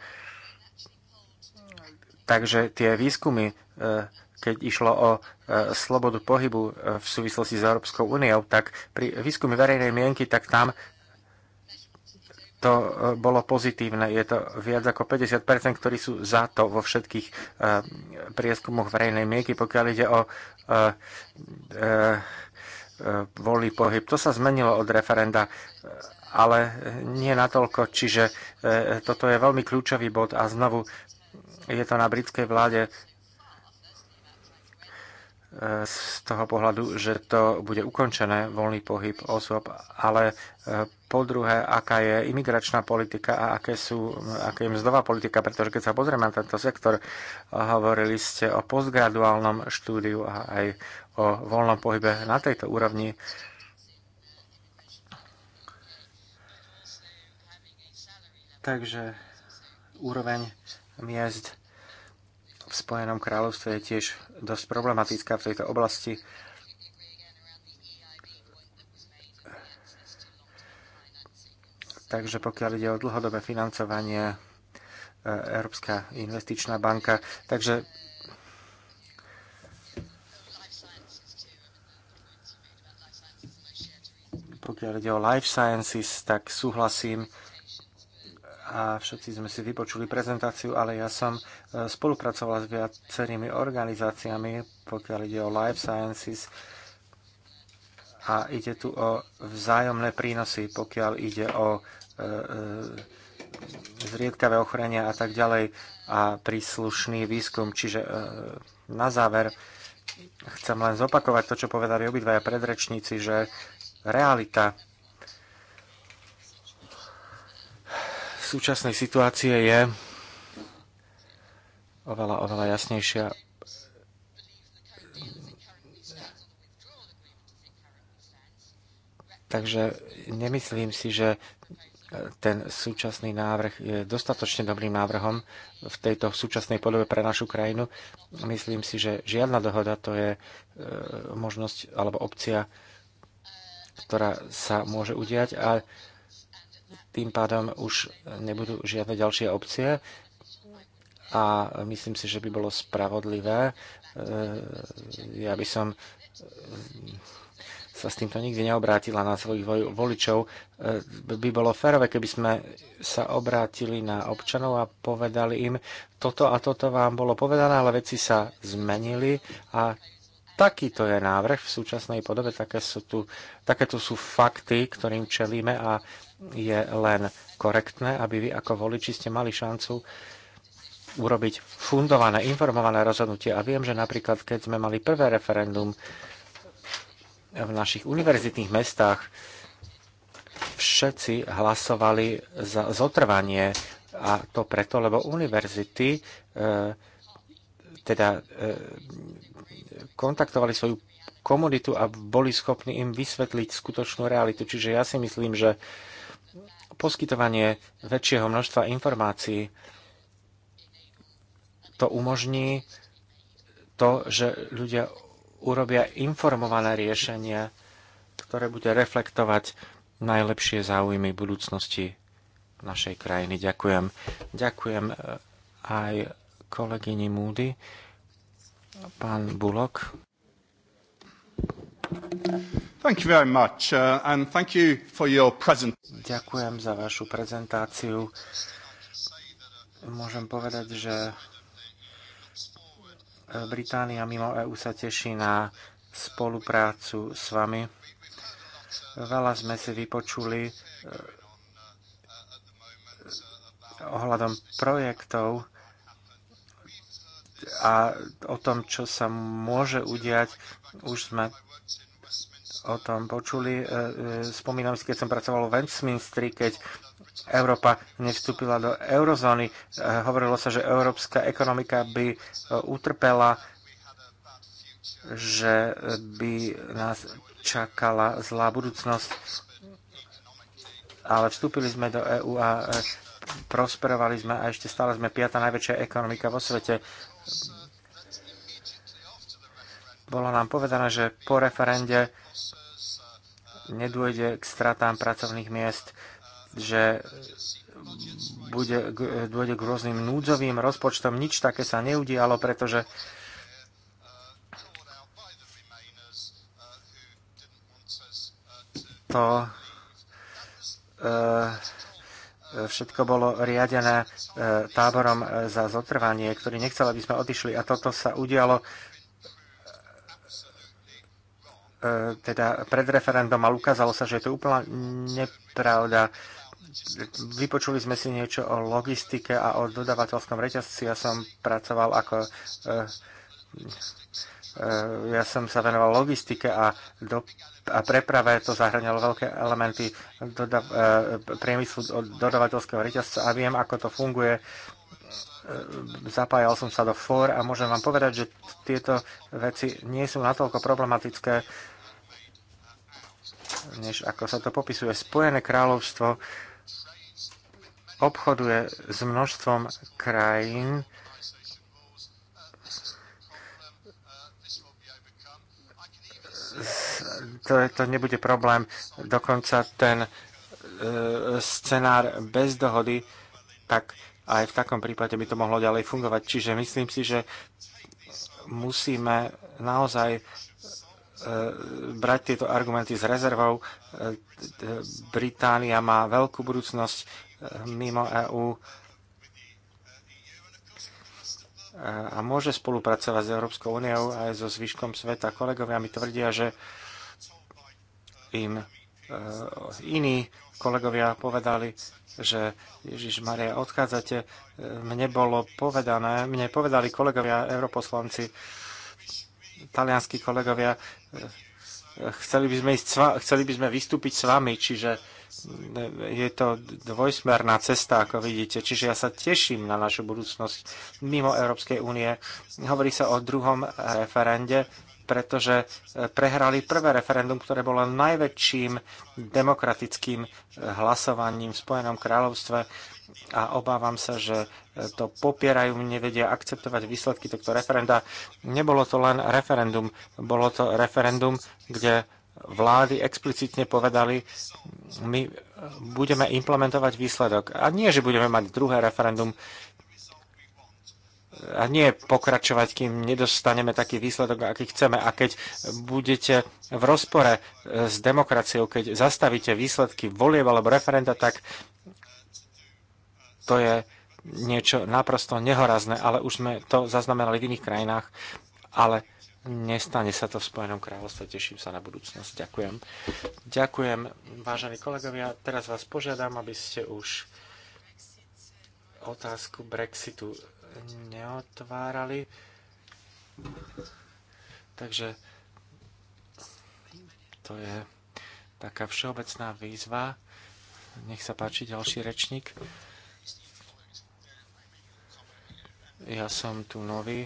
S1: Takže tie výskumy, e, keď išlo o e, slobodu pohybu e, v súvislosti s Európskou úniou, tak pri výskume verejnej mienky, tak tam to bolo pozitívne. Je to viac ako 50%, ktorí sú za to vo všetkých prieskumoch verejnej mienky, pokiaľ ide o voľný pohyb. To sa zmenilo od referenda, ale nie natoľko, čiže toto je veľmi kľúčový bod a znovu je to na britskej vláde e, z toho pohľadu, že to bude ukončené, voľný pohyb osôb, ale e, po druhé, aká je imigračná politika a aké sú, aké je mzdová politika, pretože keď sa pozrieme na tento sektor, hovorili ste o postgraduálnom štúdiu a aj o voľnom pohybe na tejto úrovni. Takže úroveň miest v Spojenom kráľovstve je tiež dosť problematická v tejto oblasti. Takže pokiaľ ide o dlhodobé financovanie, e, Európska investičná banka. Takže pokiaľ ide o life sciences, tak súhlasím a všetci sme si vypočuli prezentáciu, ale ja som e, spolupracovala s viacerými organizáciami, pokiaľ ide o Life Sciences a ide tu o vzájomné prínosy, pokiaľ ide o e, e, zriedkavé ochorenia a tak ďalej a príslušný výskum. Čiže na záver chcem len zopakovať to, čo povedali obidvaja predrečníci, že realita súčasnej situácie je oveľa, oveľa jasnejšia. Takže nemyslím si, že ten súčasný návrh je dostatočne dobrým návrhom v tejto súčasnej podobe pre našu krajinu. Myslím si, že žiadna dohoda to je e, možnosť alebo opcia, ktorá sa môže udiať a tým pádom už nebudú žiadne ďalšie opcie a myslím si, že by bolo spravodlivé. E, ja by som e, sa s týmto nikdy neobrátila na svojich voličov. E, by bolo férové, keby sme sa obrátili na občanov a povedali im, toto a toto vám bolo povedané, ale veci sa zmenili a takýto je návrh v súčasnej podobe, také sú tu, takéto sú fakty, ktorým čelíme a je len korektné, aby vy ako voliči ste mali šancu urobiť fundované, informované rozhodnutie. A viem, že napríklad, keď sme mali prvé referendum v našich univerzitných mestách, všetci hlasovali za zotrvanie a to preto, lebo univerzity e, teda e, kontaktovali svoju komunitu a boli schopní im vysvetliť skutočnú realitu. Čiže ja si myslím, že poskytovanie väčšieho množstva informácií. To umožní to, že ľudia urobia informované riešenia, ktoré bude reflektovať najlepšie záujmy budúcnosti našej krajiny. Ďakujem. Ďakujem eh, aj kolegyni Múdy, pán Bulok. Thank you very much, uh, and thank you for your Ďakujem za vašu prezentáciu. Môžem povedať, že e, Británia mimo EU sa teší na spoluprácu s vami. Veľa sme si vypočuli e, ohľadom projektov a o tom, čo sa môže udiať. Už sme o tom počuli. E, e, spomínam si, keď som pracoval v Westminsteri, keď Európa nevstúpila do eurozóny. E, hovorilo sa, že európska ekonomika by utrpela, že by nás čakala zlá budúcnosť. Ale vstúpili sme do EÚ a prosperovali sme a ešte stále sme piata najväčšia ekonomika vo svete. Bolo nám povedané, že po referende nedôjde k stratám pracovných miest, že bude, dôjde k rôznym núdzovým rozpočtom. Nič také sa neudialo, pretože to e, všetko bolo riadené e, táborom e, za zotrvanie, ktorý nechcel, aby sme odišli. A toto sa udialo E, teda pred referendum, ale ukázalo sa, že je to úplná nepravda. Vypočuli sme si niečo o logistike a o dodavateľskom reťazci. Ja som pracoval ako e, e, ja som sa venoval logistike a, do, a preprave, to zahrňalo veľké elementy doda, priemyslu od dodavateľského reťazca a viem, ako to funguje. Zapájal som sa do FOR a môžem vám povedať, že tieto veci nie sú natoľko problematické, než ako sa to popisuje. Spojené kráľovstvo obchoduje s množstvom krajín, to, to nebude problém. Dokonca ten e, scenár bez dohody, tak aj v takom prípade by to mohlo ďalej fungovať. Čiže myslím si, že musíme naozaj E, brať tieto argumenty s rezervou. E, Británia má veľkú budúcnosť e, mimo EÚ a môže spolupracovať s Európskou úniou aj so zvyškom sveta. Kolegovia mi tvrdia, že im iní kolegovia povedali, že Ježiš Maria, odchádzate. Mne bolo povedané, mne povedali kolegovia europoslanci, talianskí kolegovia, e, chceli by sme, ísť sva, chceli by sme vystúpiť s vami, čiže e, je to dvojsmerná cesta, ako vidíte. Čiže ja sa teším na našu budúcnosť mimo Európskej únie. Hovorí sa o druhom referende pretože e, prehrali prvé referendum, ktoré bolo najväčším demokratickým e, hlasovaním v Spojenom kráľovstve a obávam sa, že e, to popierajú, nevedia akceptovať výsledky tohto referenda. Nebolo to len referendum, bolo to referendum, kde vlády explicitne povedali, my budeme implementovať výsledok. A nie, že budeme mať druhé referendum, a nie pokračovať, kým nedostaneme taký výsledok, aký chceme. A keď budete v rozpore eh, s demokraciou, keď zastavíte výsledky volieb alebo referenda, tak to je niečo naprosto nehorazné, ale už sme to zaznamenali v iných krajinách, ale nestane sa to v Spojenom kráľovstve, teším sa na budúcnosť. Ďakujem. Ďakujem, vážení kolegovia. Teraz vás požiadam, aby ste už otázku Brexitu neotvárali. Takže to je taká všeobecná výzva. Nech sa páči ďalší rečník. Ja som tu nový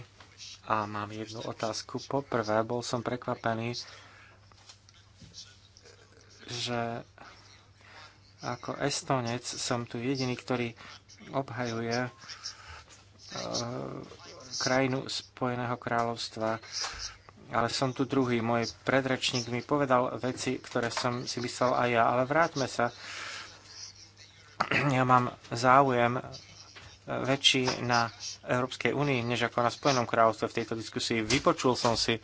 S1: a mám jednu otázku. Poprvé bol som prekvapený, že ako estonec som tu jediný, ktorý obhajuje Eh, krajinu Spojeného kráľovstva. Ale som tu druhý. Môj predrečník mi povedal veci, ktoré som si myslel aj ja. Ale vráťme sa. Ja mám záujem eh, väčší na Európskej únii, než ako na Spojenom kráľovstve v tejto diskusii. Vypočul som si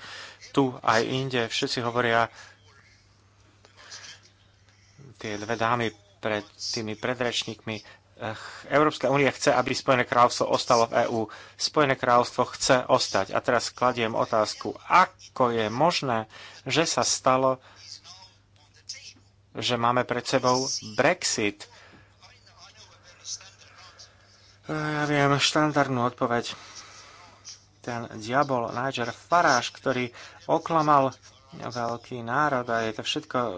S1: tu aj inde. Všetci hovoria tie dve dámy pred tými predrečníkmi Európska únia chce, aby Spojené kráľovstvo ostalo v EÚ. Spojené kráľovstvo chce ostať. A teraz kladiem otázku, ako je možné, že sa stalo, že máme pred sebou Brexit? Ja viem, štandardnú odpoveď. Ten diabol Niger Farage, ktorý oklamal veľký národ a je to všetko eh,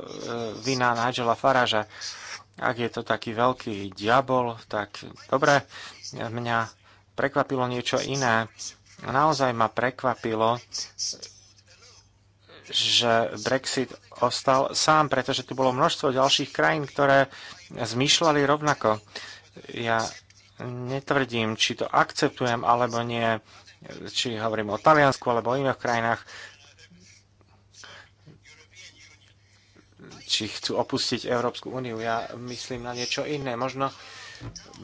S1: vina Nigela Faraža. Ak je to taký veľký diabol, tak dobre, mňa prekvapilo niečo iné. Naozaj ma prekvapilo, že Brexit ostal sám, pretože tu bolo množstvo ďalších krajín, ktoré zmýšľali rovnako. Ja netvrdím, či to akceptujem alebo nie, či hovorím o Taliansku alebo o iných krajinách. či chcú opustiť Európsku úniu. Ja myslím na niečo iné. Možno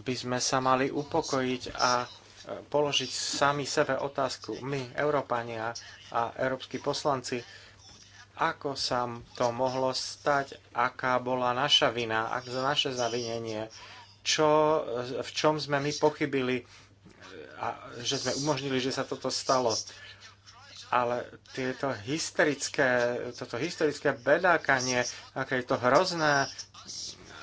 S1: by sme sa mali upokojiť a položiť sami sebe otázku, my, Európania a európsky poslanci, ako sa to mohlo stať, aká bola naša vina, ak naše zavinenie, čo, v čom sme my pochybili, a že sme umožnili, že sa toto stalo ale tieto hysterické, toto hysterické bedákanie, aké je to hrozné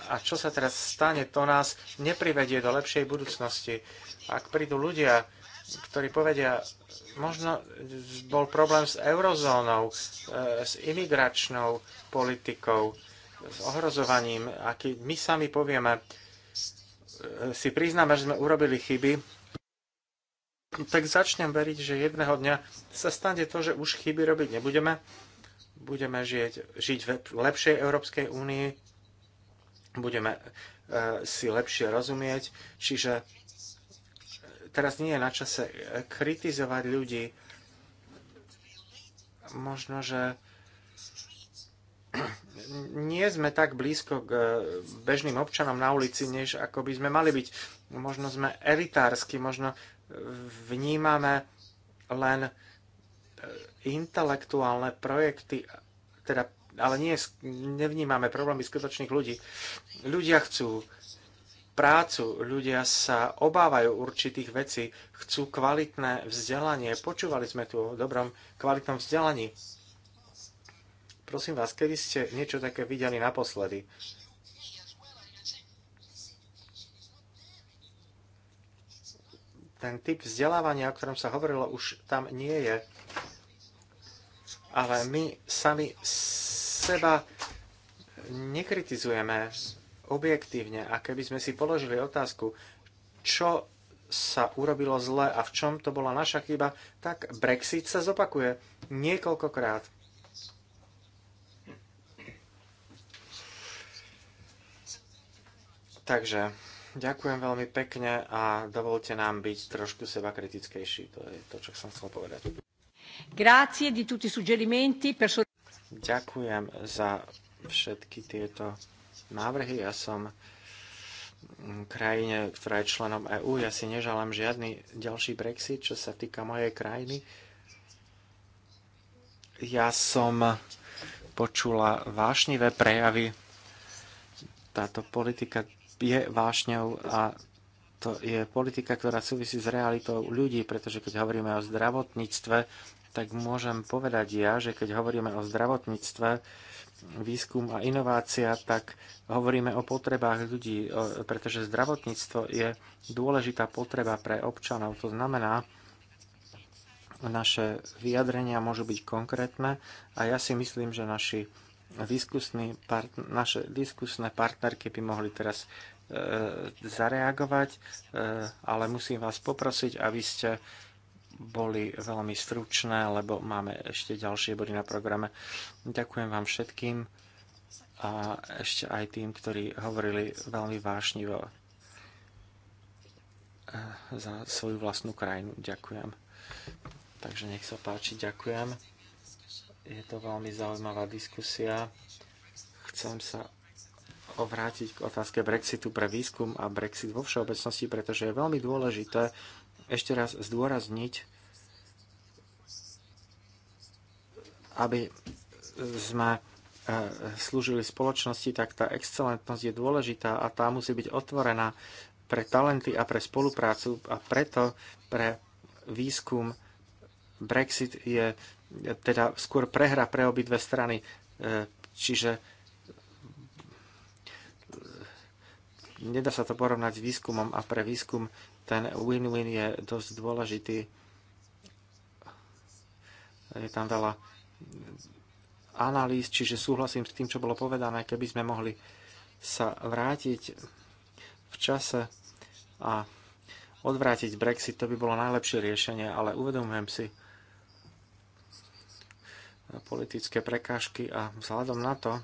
S1: a čo sa teraz stane, to nás neprivedie do lepšej budúcnosti. Ak prídu ľudia, ktorí povedia, možno bol problém s eurozónou, e, s imigračnou politikou, s ohrozovaním, aký my sami povieme, e, si priznáme, že sme urobili chyby, tak začnem veriť, že jedného dňa sa stane to, že už chyby robiť nebudeme. Budeme žieť, žiť v lepšej Európskej únii, budeme e, si lepšie rozumieť, čiže e, teraz nie je na čase e, kritizovať ľudí. Možno, že nie sme tak blízko k bežným občanom na ulici, než ako by sme mali byť. Možno sme elitársky, možno vnímame len e, intelektuálne projekty, teda, ale nie, nevnímame problémy skutočných ľudí. Ľudia chcú prácu, ľudia sa obávajú určitých vecí, chcú kvalitné vzdelanie. Počúvali sme tu o dobrom kvalitnom vzdelaní. Prosím vás, kedy ste niečo také videli naposledy? ten typ vzdelávania, o ktorom sa hovorilo, už tam nie je. Ale my sami seba nekritizujeme objektívne. A keby sme si položili otázku, čo sa urobilo zle a v čom to bola naša chyba, tak Brexit sa zopakuje niekoľkokrát. Takže Ďakujem veľmi pekne a dovolte nám byť trošku seba kritickejší. To je to, čo som chcel povedať.
S3: Grazie di tutti suggerimenti per...
S1: Ďakujem za všetky tieto návrhy. Ja som krajine, ktorá je členom EÚ. Ja si neželám žiadny ďalší Brexit, čo sa týka mojej krajiny. Ja som počula vášnivé prejavy. Táto politika je vášňou a to je politika, ktorá súvisí s realitou ľudí, pretože keď hovoríme o zdravotníctve, tak môžem povedať ja, že keď hovoríme o zdravotníctve, výskum a inovácia, tak hovoríme o potrebách ľudí, pretože zdravotníctvo je dôležitá potreba pre občanov. To znamená, naše vyjadrenia môžu byť konkrétne a ja si myslím, že naši diskusný part- naše diskusné partnerky by mohli teraz e, zareagovať, e, ale musím vás poprosiť, aby ste boli veľmi stručné, lebo máme ešte ďalšie body na programe. Ďakujem vám všetkým a ešte aj tým, ktorí hovorili veľmi vášnivo e, za svoju vlastnú krajinu. Ďakujem. Takže nech sa páči, ďakujem. Je to veľmi zaujímavá diskusia. Chcem sa vrátiť k otázke Brexitu pre výskum a Brexit vo všeobecnosti, pretože je veľmi dôležité ešte raz zdôrazniť, aby sme e, slúžili spoločnosti, tak tá excelentnosť je dôležitá a tá musí byť otvorená pre talenty a pre spoluprácu a preto pre výskum Brexit je teda skôr prehra pre obidve strany. E, čiže e, nedá sa to porovnať s výskumom a pre výskum ten win-win je dosť dôležitý. Je tam veľa analýz, čiže súhlasím s tým, čo bolo povedané, keby sme mohli sa vrátiť v čase a odvrátiť Brexit, to by bolo najlepšie riešenie, ale uvedomujem si, politické prekážky a vzhľadom na to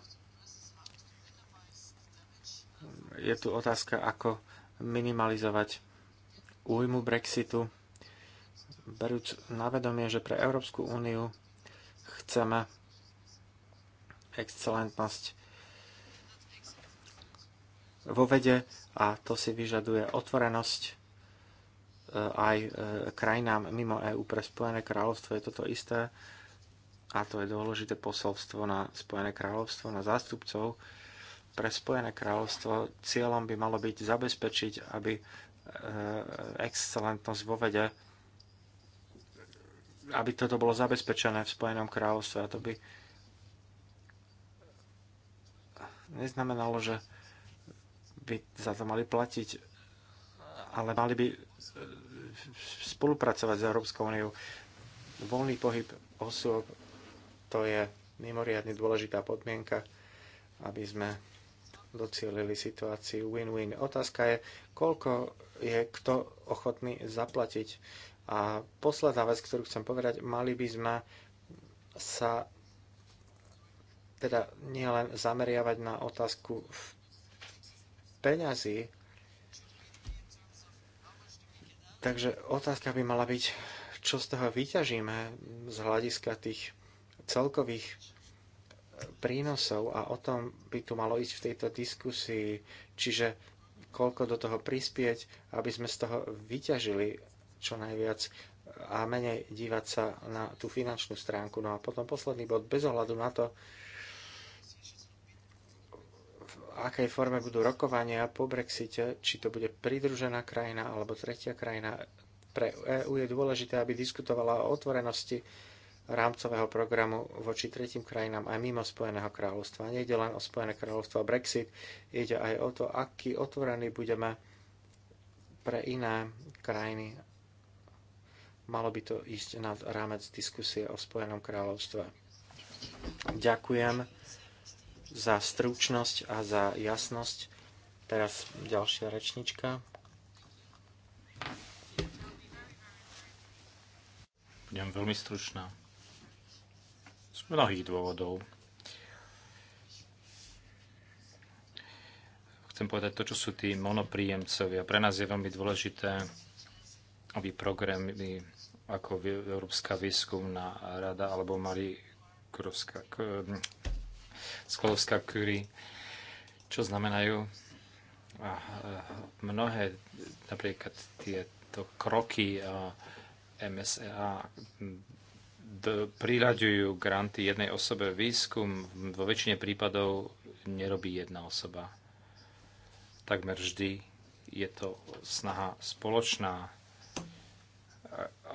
S1: je tu otázka, ako minimalizovať újmu Brexitu, berúc na vedomie, že pre Európsku úniu chceme excelentnosť vo vede a to si vyžaduje otvorenosť e, aj e, krajinám mimo EÚ pre Spojené kráľovstvo je toto isté a to je dôležité posolstvo na Spojené kráľovstvo, na zástupcov, pre Spojené kráľovstvo cieľom by malo byť zabezpečiť, aby e, excelentnosť vo vede, aby toto bolo zabezpečené v Spojenom kráľovstve. A to by neznamenalo, že by za to mali platiť, ale mali by e, spolupracovať s Európskou úniou. Voľný pohyb osôb to je mimoriadne dôležitá podmienka, aby sme docielili situáciu win-win. Otázka je, koľko je kto ochotný zaplatiť. A posledná vec, ktorú chcem povedať, mali by sme sa teda nielen zameriavať na otázku v peňazí, takže otázka by mala byť, čo z toho vyťažíme z hľadiska tých celkových eh, prínosov a o tom by tu malo ísť v tejto diskusii, čiže koľko do toho prispieť, aby sme z toho vyťažili čo najviac eh, a menej dívať sa na tú finančnú stránku. No a potom posledný bod, bez ohľadu na to, v akej forme budú rokovania po Brexite, či to bude pridružená krajina alebo tretia krajina, pre EÚ je dôležité, aby diskutovala o otvorenosti rámcového programu voči tretím krajinám aj mimo Spojeného kráľovstva. Nejde len o Spojené kráľovstvo a Brexit, ide aj o to, aký otvorení budeme pre iné krajiny. Malo by to ísť nad rámec diskusie o Spojenom kráľovstve. Ďakujem za stručnosť a za jasnosť. Teraz ďalšia rečnička.
S4: Budem veľmi stručná mnohých dôvodov. Chcem povedať to, čo sú tí monopríjemcovia. Pre nás je veľmi dôležité, aby programy ako Európska výskumná rada alebo Marie Kurovská, Skolovská Curie, čo znamenajú mnohé napríklad tieto kroky MSA priraďujú granty jednej osobe. Výskum vo väčšine prípadov nerobí jedna osoba. Takmer vždy je to snaha spoločná.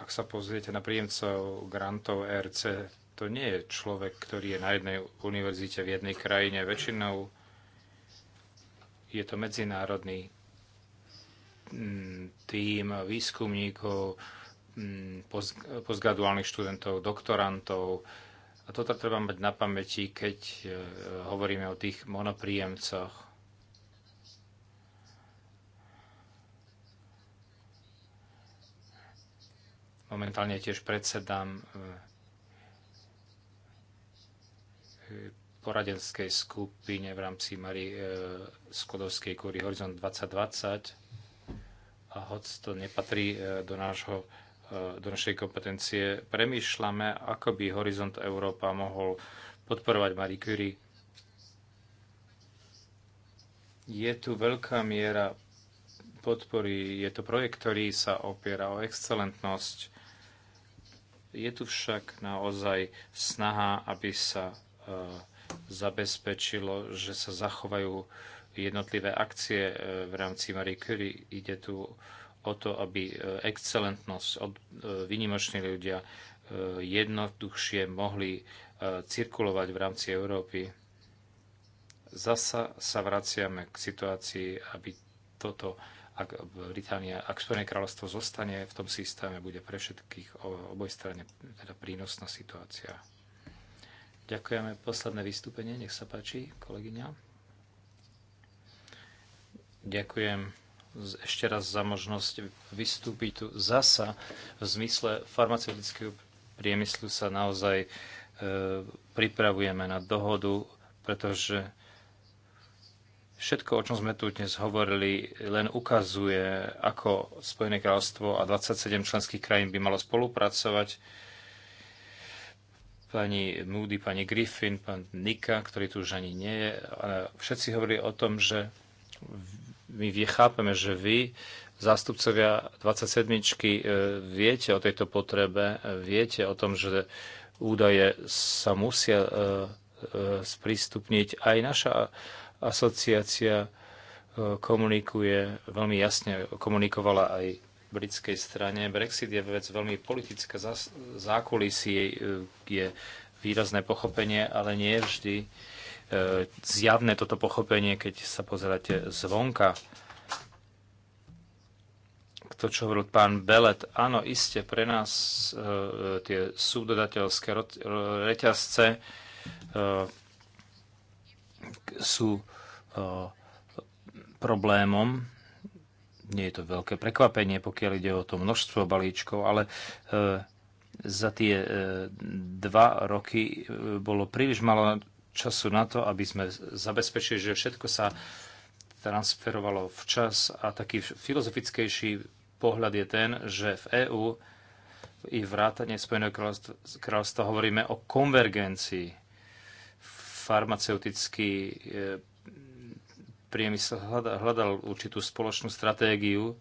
S4: Ak sa pozriete na príjemcov grantov ERC, to nie je človek, ktorý je na jednej univerzite v jednej krajine. Väčšinou je to medzinárodný tým mm, výskumníkov, Mm, postgraduálnych študentov, doktorantov. A toto teda treba mať na pamäti, keď e, hovoríme o tých monopríjemcoch. Momentálne tiež predsedám e, e, poradenskej skupine v rámci Marie Skodovskej kúry Horizont 2020. A hoď to nepatrí do nášho do našej kompetencie. Premýšľame, ako by Horizont Európa mohol podporovať Marie Curie. Je tu veľká miera podpory. Je to projekt, ktorý sa opiera o excelentnosť. Je tu však naozaj snaha, aby sa e, zabezpečilo, že sa zachovajú jednotlivé akcie e, v rámci Marie Curie. Ide tu o to, aby e, excelentnosť, e, vynimoční ľudia e, jednoduchšie mohli cirkulovať v rámci Európy. Zasa sa vraciame k situácii, aby toto, ak Británia, ak Spojené kráľovstvo zostane v tom systéme, bude pre všetkých strane teda prínosná situácia. Ďakujeme. Posledné vystúpenie, nech sa páči, kolegyňa. Ďakujem ešte raz za možnosť vystúpiť tu zasa. V zmysle farmaceutického priemyslu sa naozaj e, pripravujeme na dohodu, pretože všetko, o čom sme tu dnes hovorili, len ukazuje, ako Spojené kráľstvo a 27 členských krajín by malo spolupracovať. Pani Moody, pani Griffin, pán Nika, ktorý tu už ani nie je, všetci hovorili o tom, že my chápeme, že vy, zástupcovia 27, e, viete o tejto potrebe, e, viete o tom, že údaje sa musia e, sprístupniť. Aj naša asociácia komunikuje, veľmi jasne komunikovala aj britskej strane. Brexit je vec veľmi politická, zákulisí je výrazné pochopenie, ale nie vždy E, zjavné toto pochopenie, keď sa pozeráte zvonka. To, čo hovoril pán Belet, áno, iste pre nás e, tie subdodateľské reťazce e, sú e, problémom. Nie je to veľké prekvapenie, pokiaľ ide o to množstvo balíčkov, ale e, za tie e, dva roky e, bolo príliš malo času na to, aby sme zabezpečili, že všetko sa transferovalo včas a taký filozofickejší pohľad je ten, že v EÚ i vrátane Spojeného kráľovstva hovoríme o konvergencii. Farmaceutický e, priemysel hľadal určitú spoločnú stratégiu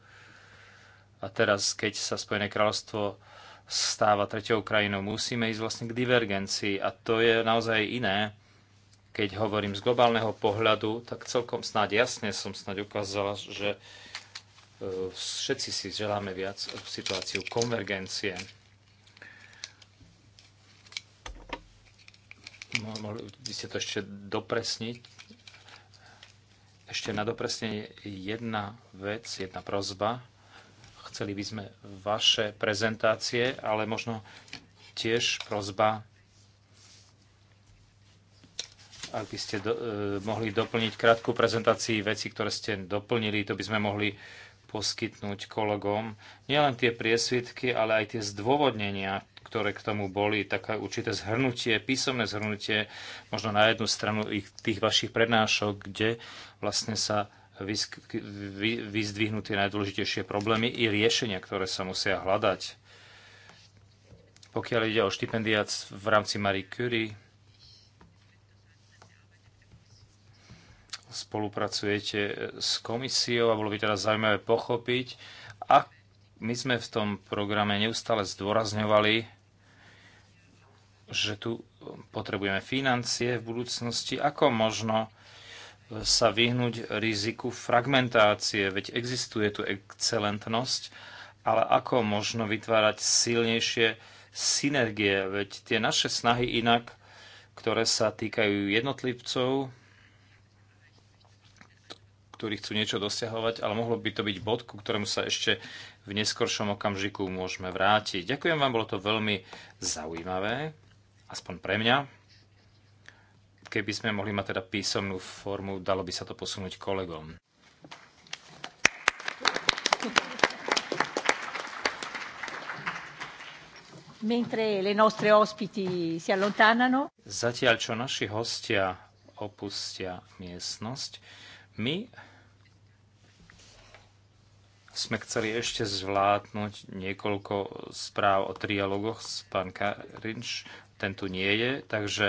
S4: a teraz, keď sa Spojené kráľovstvo stáva treťou krajinou, musíme ísť vlastne k divergencii a to je naozaj iné, keď hovorím z globálneho pohľadu, tak celkom snáď jasne som snáď ukázala, že e, všetci si želáme viac situáciu konvergencie. Mohli by ste to ešte dopresniť? Ešte na dopresnenie jedna vec, jedna prozba. Chceli by sme vaše prezentácie, ale možno tiež prozba ak by ste do, e, mohli doplniť krátku prezentácii veci, ktoré ste doplnili, to by sme mohli poskytnúť kolegom. Nielen tie priesvitky, ale aj tie zdôvodnenia, ktoré k tomu boli, také určité zhrnutie, písomné zhrnutie, možno na jednu stranu ich, tých vašich prednášok, kde vlastne sa vysk- vy, vyzdvihnú tie najdôležitejšie problémy i riešenia, ktoré sa musia hľadať. Pokiaľ ide o štipendiac v rámci Marie Curie, spolupracujete e, s komisiou a bolo by teda zaujímavé pochopiť. A my sme v tom programe neustále zdôrazňovali, že tu potrebujeme financie v budúcnosti, ako možno e, sa vyhnúť riziku fragmentácie, veď existuje tu excelentnosť, ale ako možno vytvárať silnejšie synergie, veď tie naše snahy inak, ktoré sa týkajú jednotlivcov, ktorí chcú niečo dosiahovať, ale mohlo by to byť bod, ku ktorému sa ešte v neskoršom okamžiku môžeme vrátiť. Ďakujem vám, bolo to veľmi zaujímavé, aspoň pre mňa. Keby sme mohli mať teda písomnú formu, dalo by sa to posunúť kolegom.
S3: Mentre le nostre ospiti si allontanano.
S4: Zatiaľ, čo naši hostia opustia miestnosť, my sme chceli ešte zvládnuť niekoľko správ o trialogoch s pán Karinč. Ten tu nie je, takže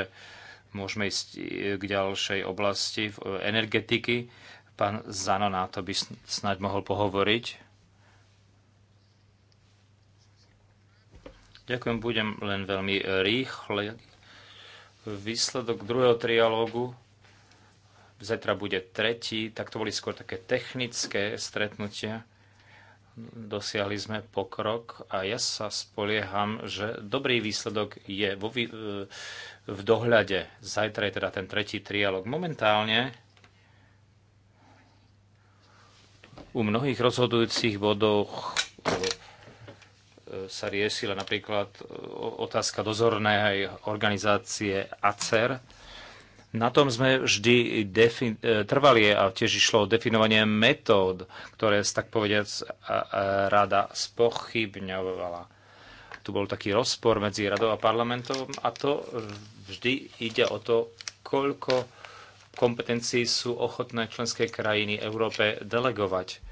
S4: môžeme ísť k ďalšej oblasti energetiky. Pán Zano na to by snáď mohol pohovoriť. Ďakujem, budem len veľmi rýchle. Výsledok druhého trialógu zajtra bude tretí, tak to boli skôr také technické stretnutia dosiahli sme pokrok a ja sa spolieham, že dobrý výsledok je vo, e, v dohľade. Zajtra je teda ten tretí trialog. Momentálne u mnohých rozhodujúcich bodov e, sa riešila napríklad e, otázka dozornej organizácie ACER, na tom sme vždy e, trvali a tiež išlo o definovanie metód, ktoré, tak povediac, e, e, rada spochybňovala. Tu bol taký rozpor medzi radou a parlamentom a to vždy ide o to, koľko kompetencií sú ochotné členské krajiny Európe delegovať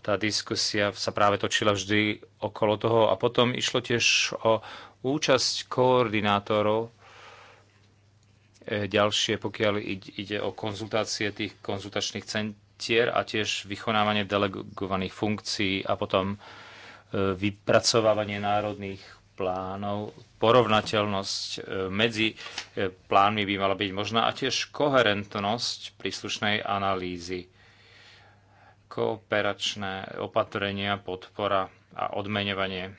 S4: tá diskusia sa práve točila vždy okolo toho. A potom išlo tiež o účasť koordinátorov E, ďalšie, pokiaľ ide o konzultácie tých konzultačných centier a tiež vychonávanie delegovaných funkcií a potom e, vypracovávanie národných plánov, porovnateľnosť e, medzi plánmi by mala byť možná a tiež koherentnosť príslušnej analýzy, kooperačné opatrenia, podpora a odmenovanie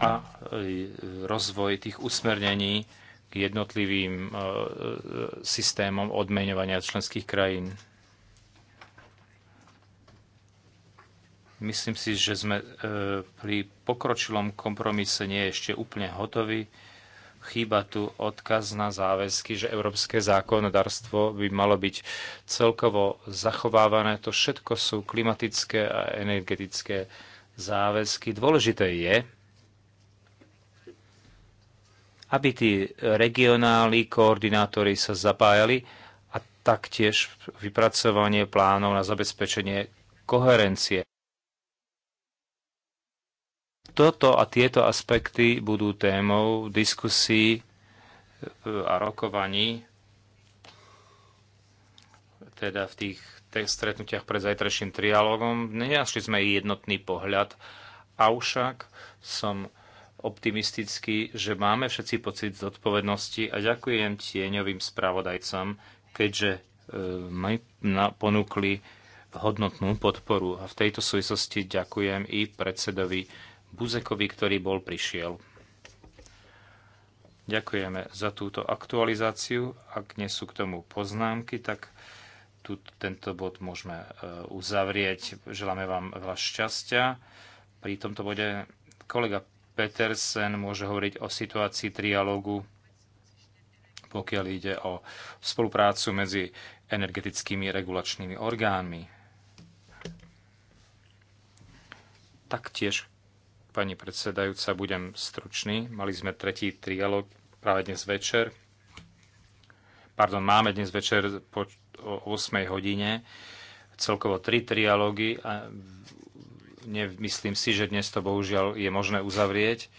S4: a e, rozvoj tých usmernení k jednotlivým e, e, systémom odmeňovania členských krajín. Myslím si, že sme pri pokročilom kompromise nie ešte úplne hotoví. Chýba tu odkaz na záväzky, že európske zákonodárstvo by malo byť celkovo zachovávané. To všetko sú klimatické a energetické záväzky. Dôležité je, aby tí regionálni koordinátori sa zapájali a taktiež vypracovanie plánov na zabezpečenie koherencie. Toto a tieto aspekty budú témou diskusí e, a rokovaní teda v tých, tých stretnutiach pred zajtrajším trialógom. Nenašli sme jednotný pohľad, avšak som optimistický, že máme všetci pocit zodpovednosti a ďakujem tieňovým spravodajcom, keďže e, mi ponúkli hodnotnú podporu. A v tejto súvislosti ďakujem i predsedovi Buzekovi, ktorý bol prišiel. Ďakujeme za túto aktualizáciu. Ak nie sú k tomu poznámky, tak tu, tento bod môžeme e, uzavrieť. Želáme vám veľa šťastia. Pri tomto bode kolega Petersen môže hovoriť o situácii trialógu, pokiaľ ide o spoluprácu medzi energetickými regulačnými orgánmi. Taktiež, pani predsedajúca, budem stručný. Mali sme tretí trialóg práve dnes večer. Pardon, máme dnes večer po 8 hodine celkovo tri trialógy a Nemyslím si, že dnes to bohužiaľ je možné uzavrieť.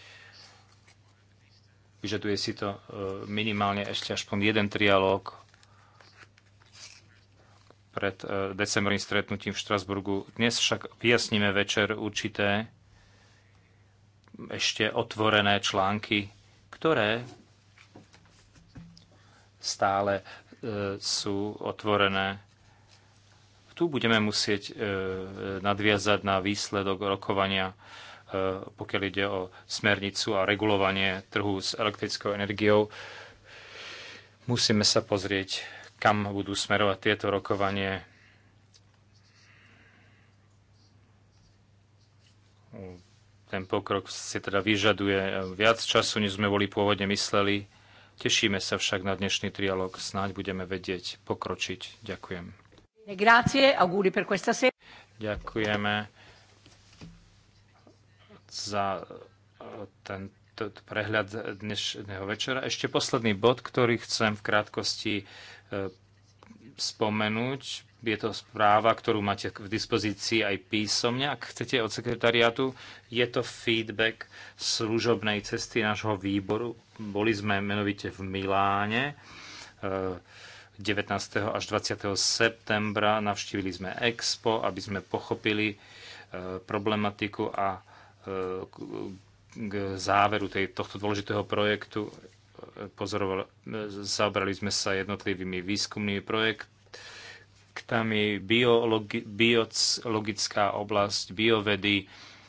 S4: Vyžaduje si to e, minimálne ešte aspoň jeden trialóg pred e, decembrým stretnutím v Štrasburgu. Dnes však vyjasníme večer určité ešte otvorené články, ktoré stále e, sú otvorené tu budeme musieť e, nadviazať na výsledok rokovania, e, pokiaľ ide o smernicu a regulovanie trhu s elektrickou energiou. Musíme sa pozrieť, kam budú smerovať tieto rokovanie. Ten pokrok si teda vyžaduje e, viac času, než sme boli pôvodne mysleli. Tešíme sa však na dnešný trialog. Snáď budeme vedieť pokročiť. Ďakujem.
S3: Grazie, auguri per questa sera.
S4: Ďakujeme za eh, tento prehľad dnešného večera. Ešte posledný bod, ktorý chcem v krátkosti eh, spomenúť. Je to správa, ktorú máte k dispozícii aj písomne, ak chcete od sekretariátu. Je to feedback služobnej cesty nášho výboru. Boli sme menovite v Miláne. E, 19. až 20. septembra navštívili sme Expo, aby sme pochopili e, problematiku a e, k záveru tej, tohto dôležitého projektu e, zaobrali sme sa jednotlivými výskumnými projektami, biologi, biologická oblasť, biovedy,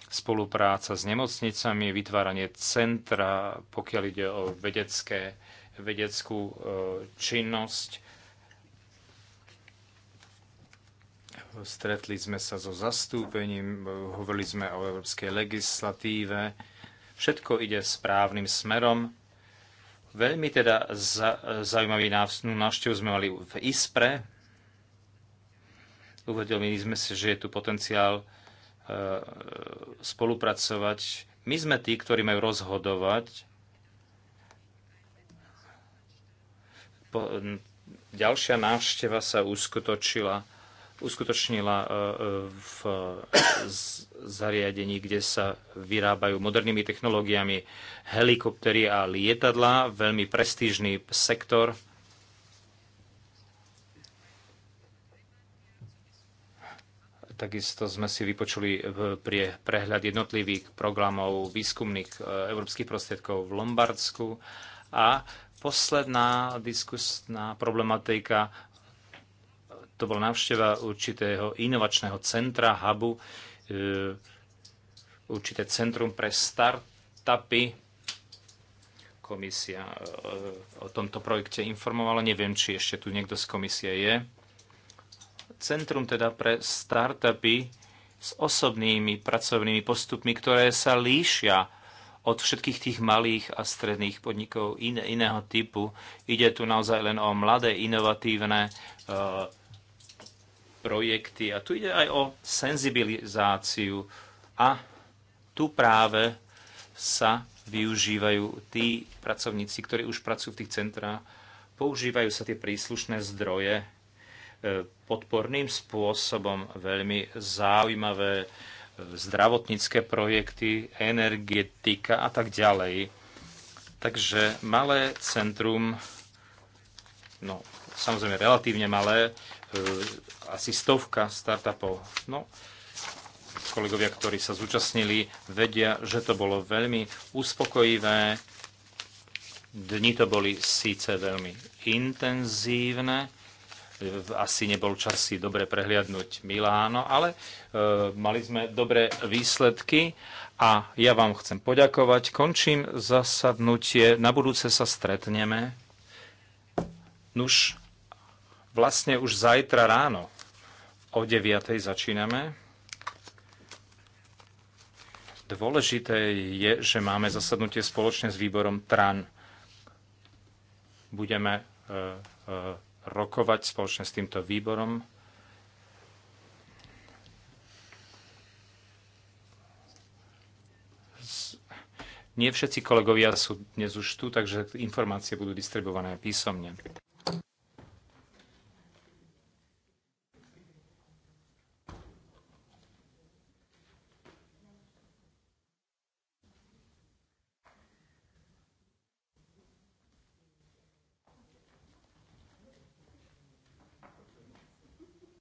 S4: spolupráca s nemocnicami, vytváranie centra, pokiaľ ide o vedecké, vedeckú činnosť, Stretli sme sa so zastúpením, hovorili sme o európskej legislatíve. Všetko ide správnym smerom. Veľmi teda zaujímavý no, návštevu sme mali v ISPRE. Uvedomili sme si, že je tu potenciál e, spolupracovať. My sme tí, ktorí majú rozhodovať. Po, ďalšia návšteva sa uskutočila uskutočnila e, v e, zariadení, kde sa vyrábajú modernými technológiami helikoptery a lietadla, veľmi prestížny sektor. Takisto sme si vypočuli e, pri prehľad jednotlivých programov výskumných európskych prostriedkov v Lombardsku a posledná diskusná problematika to bola návšteva určitého inovačného centra, hubu, e, určité centrum pre startupy. Komisia e, o tomto projekte informovala, neviem, či ešte tu niekto z komisie je. Centrum teda pre startupy s osobnými pracovnými postupmi, ktoré sa líšia od všetkých tých malých a stredných podnikov iného typu. Ide tu naozaj len o mladé, inovatívne uh, projekty. A tu ide aj o senzibilizáciu. A tu práve sa využívajú tí pracovníci, ktorí už pracujú v tých centrách, používajú sa tie príslušné zdroje e, podporným spôsobom, veľmi zaujímavé e, zdravotnícke projekty, energetika a tak ďalej. Takže malé centrum, no samozrejme relatívne malé, e, asi stovka startupov. No, kolegovia, ktorí sa zúčastnili, vedia, že to bolo veľmi uspokojivé. Dni to boli síce veľmi intenzívne, asi nebol čas si dobre prehliadnúť Miláno, ale e, mali sme dobré výsledky a ja vám chcem poďakovať. Končím zasadnutie, na budúce sa stretneme. Nuž, vlastne už zajtra ráno O 9. začíname. Dôležité je, že máme zasadnutie spoločne s výborom TRAN. Budeme e, e, rokovať spoločne s týmto výborom. Nie všetci kolegovia sú dnes už tu, takže informácie budú distribuované písomne.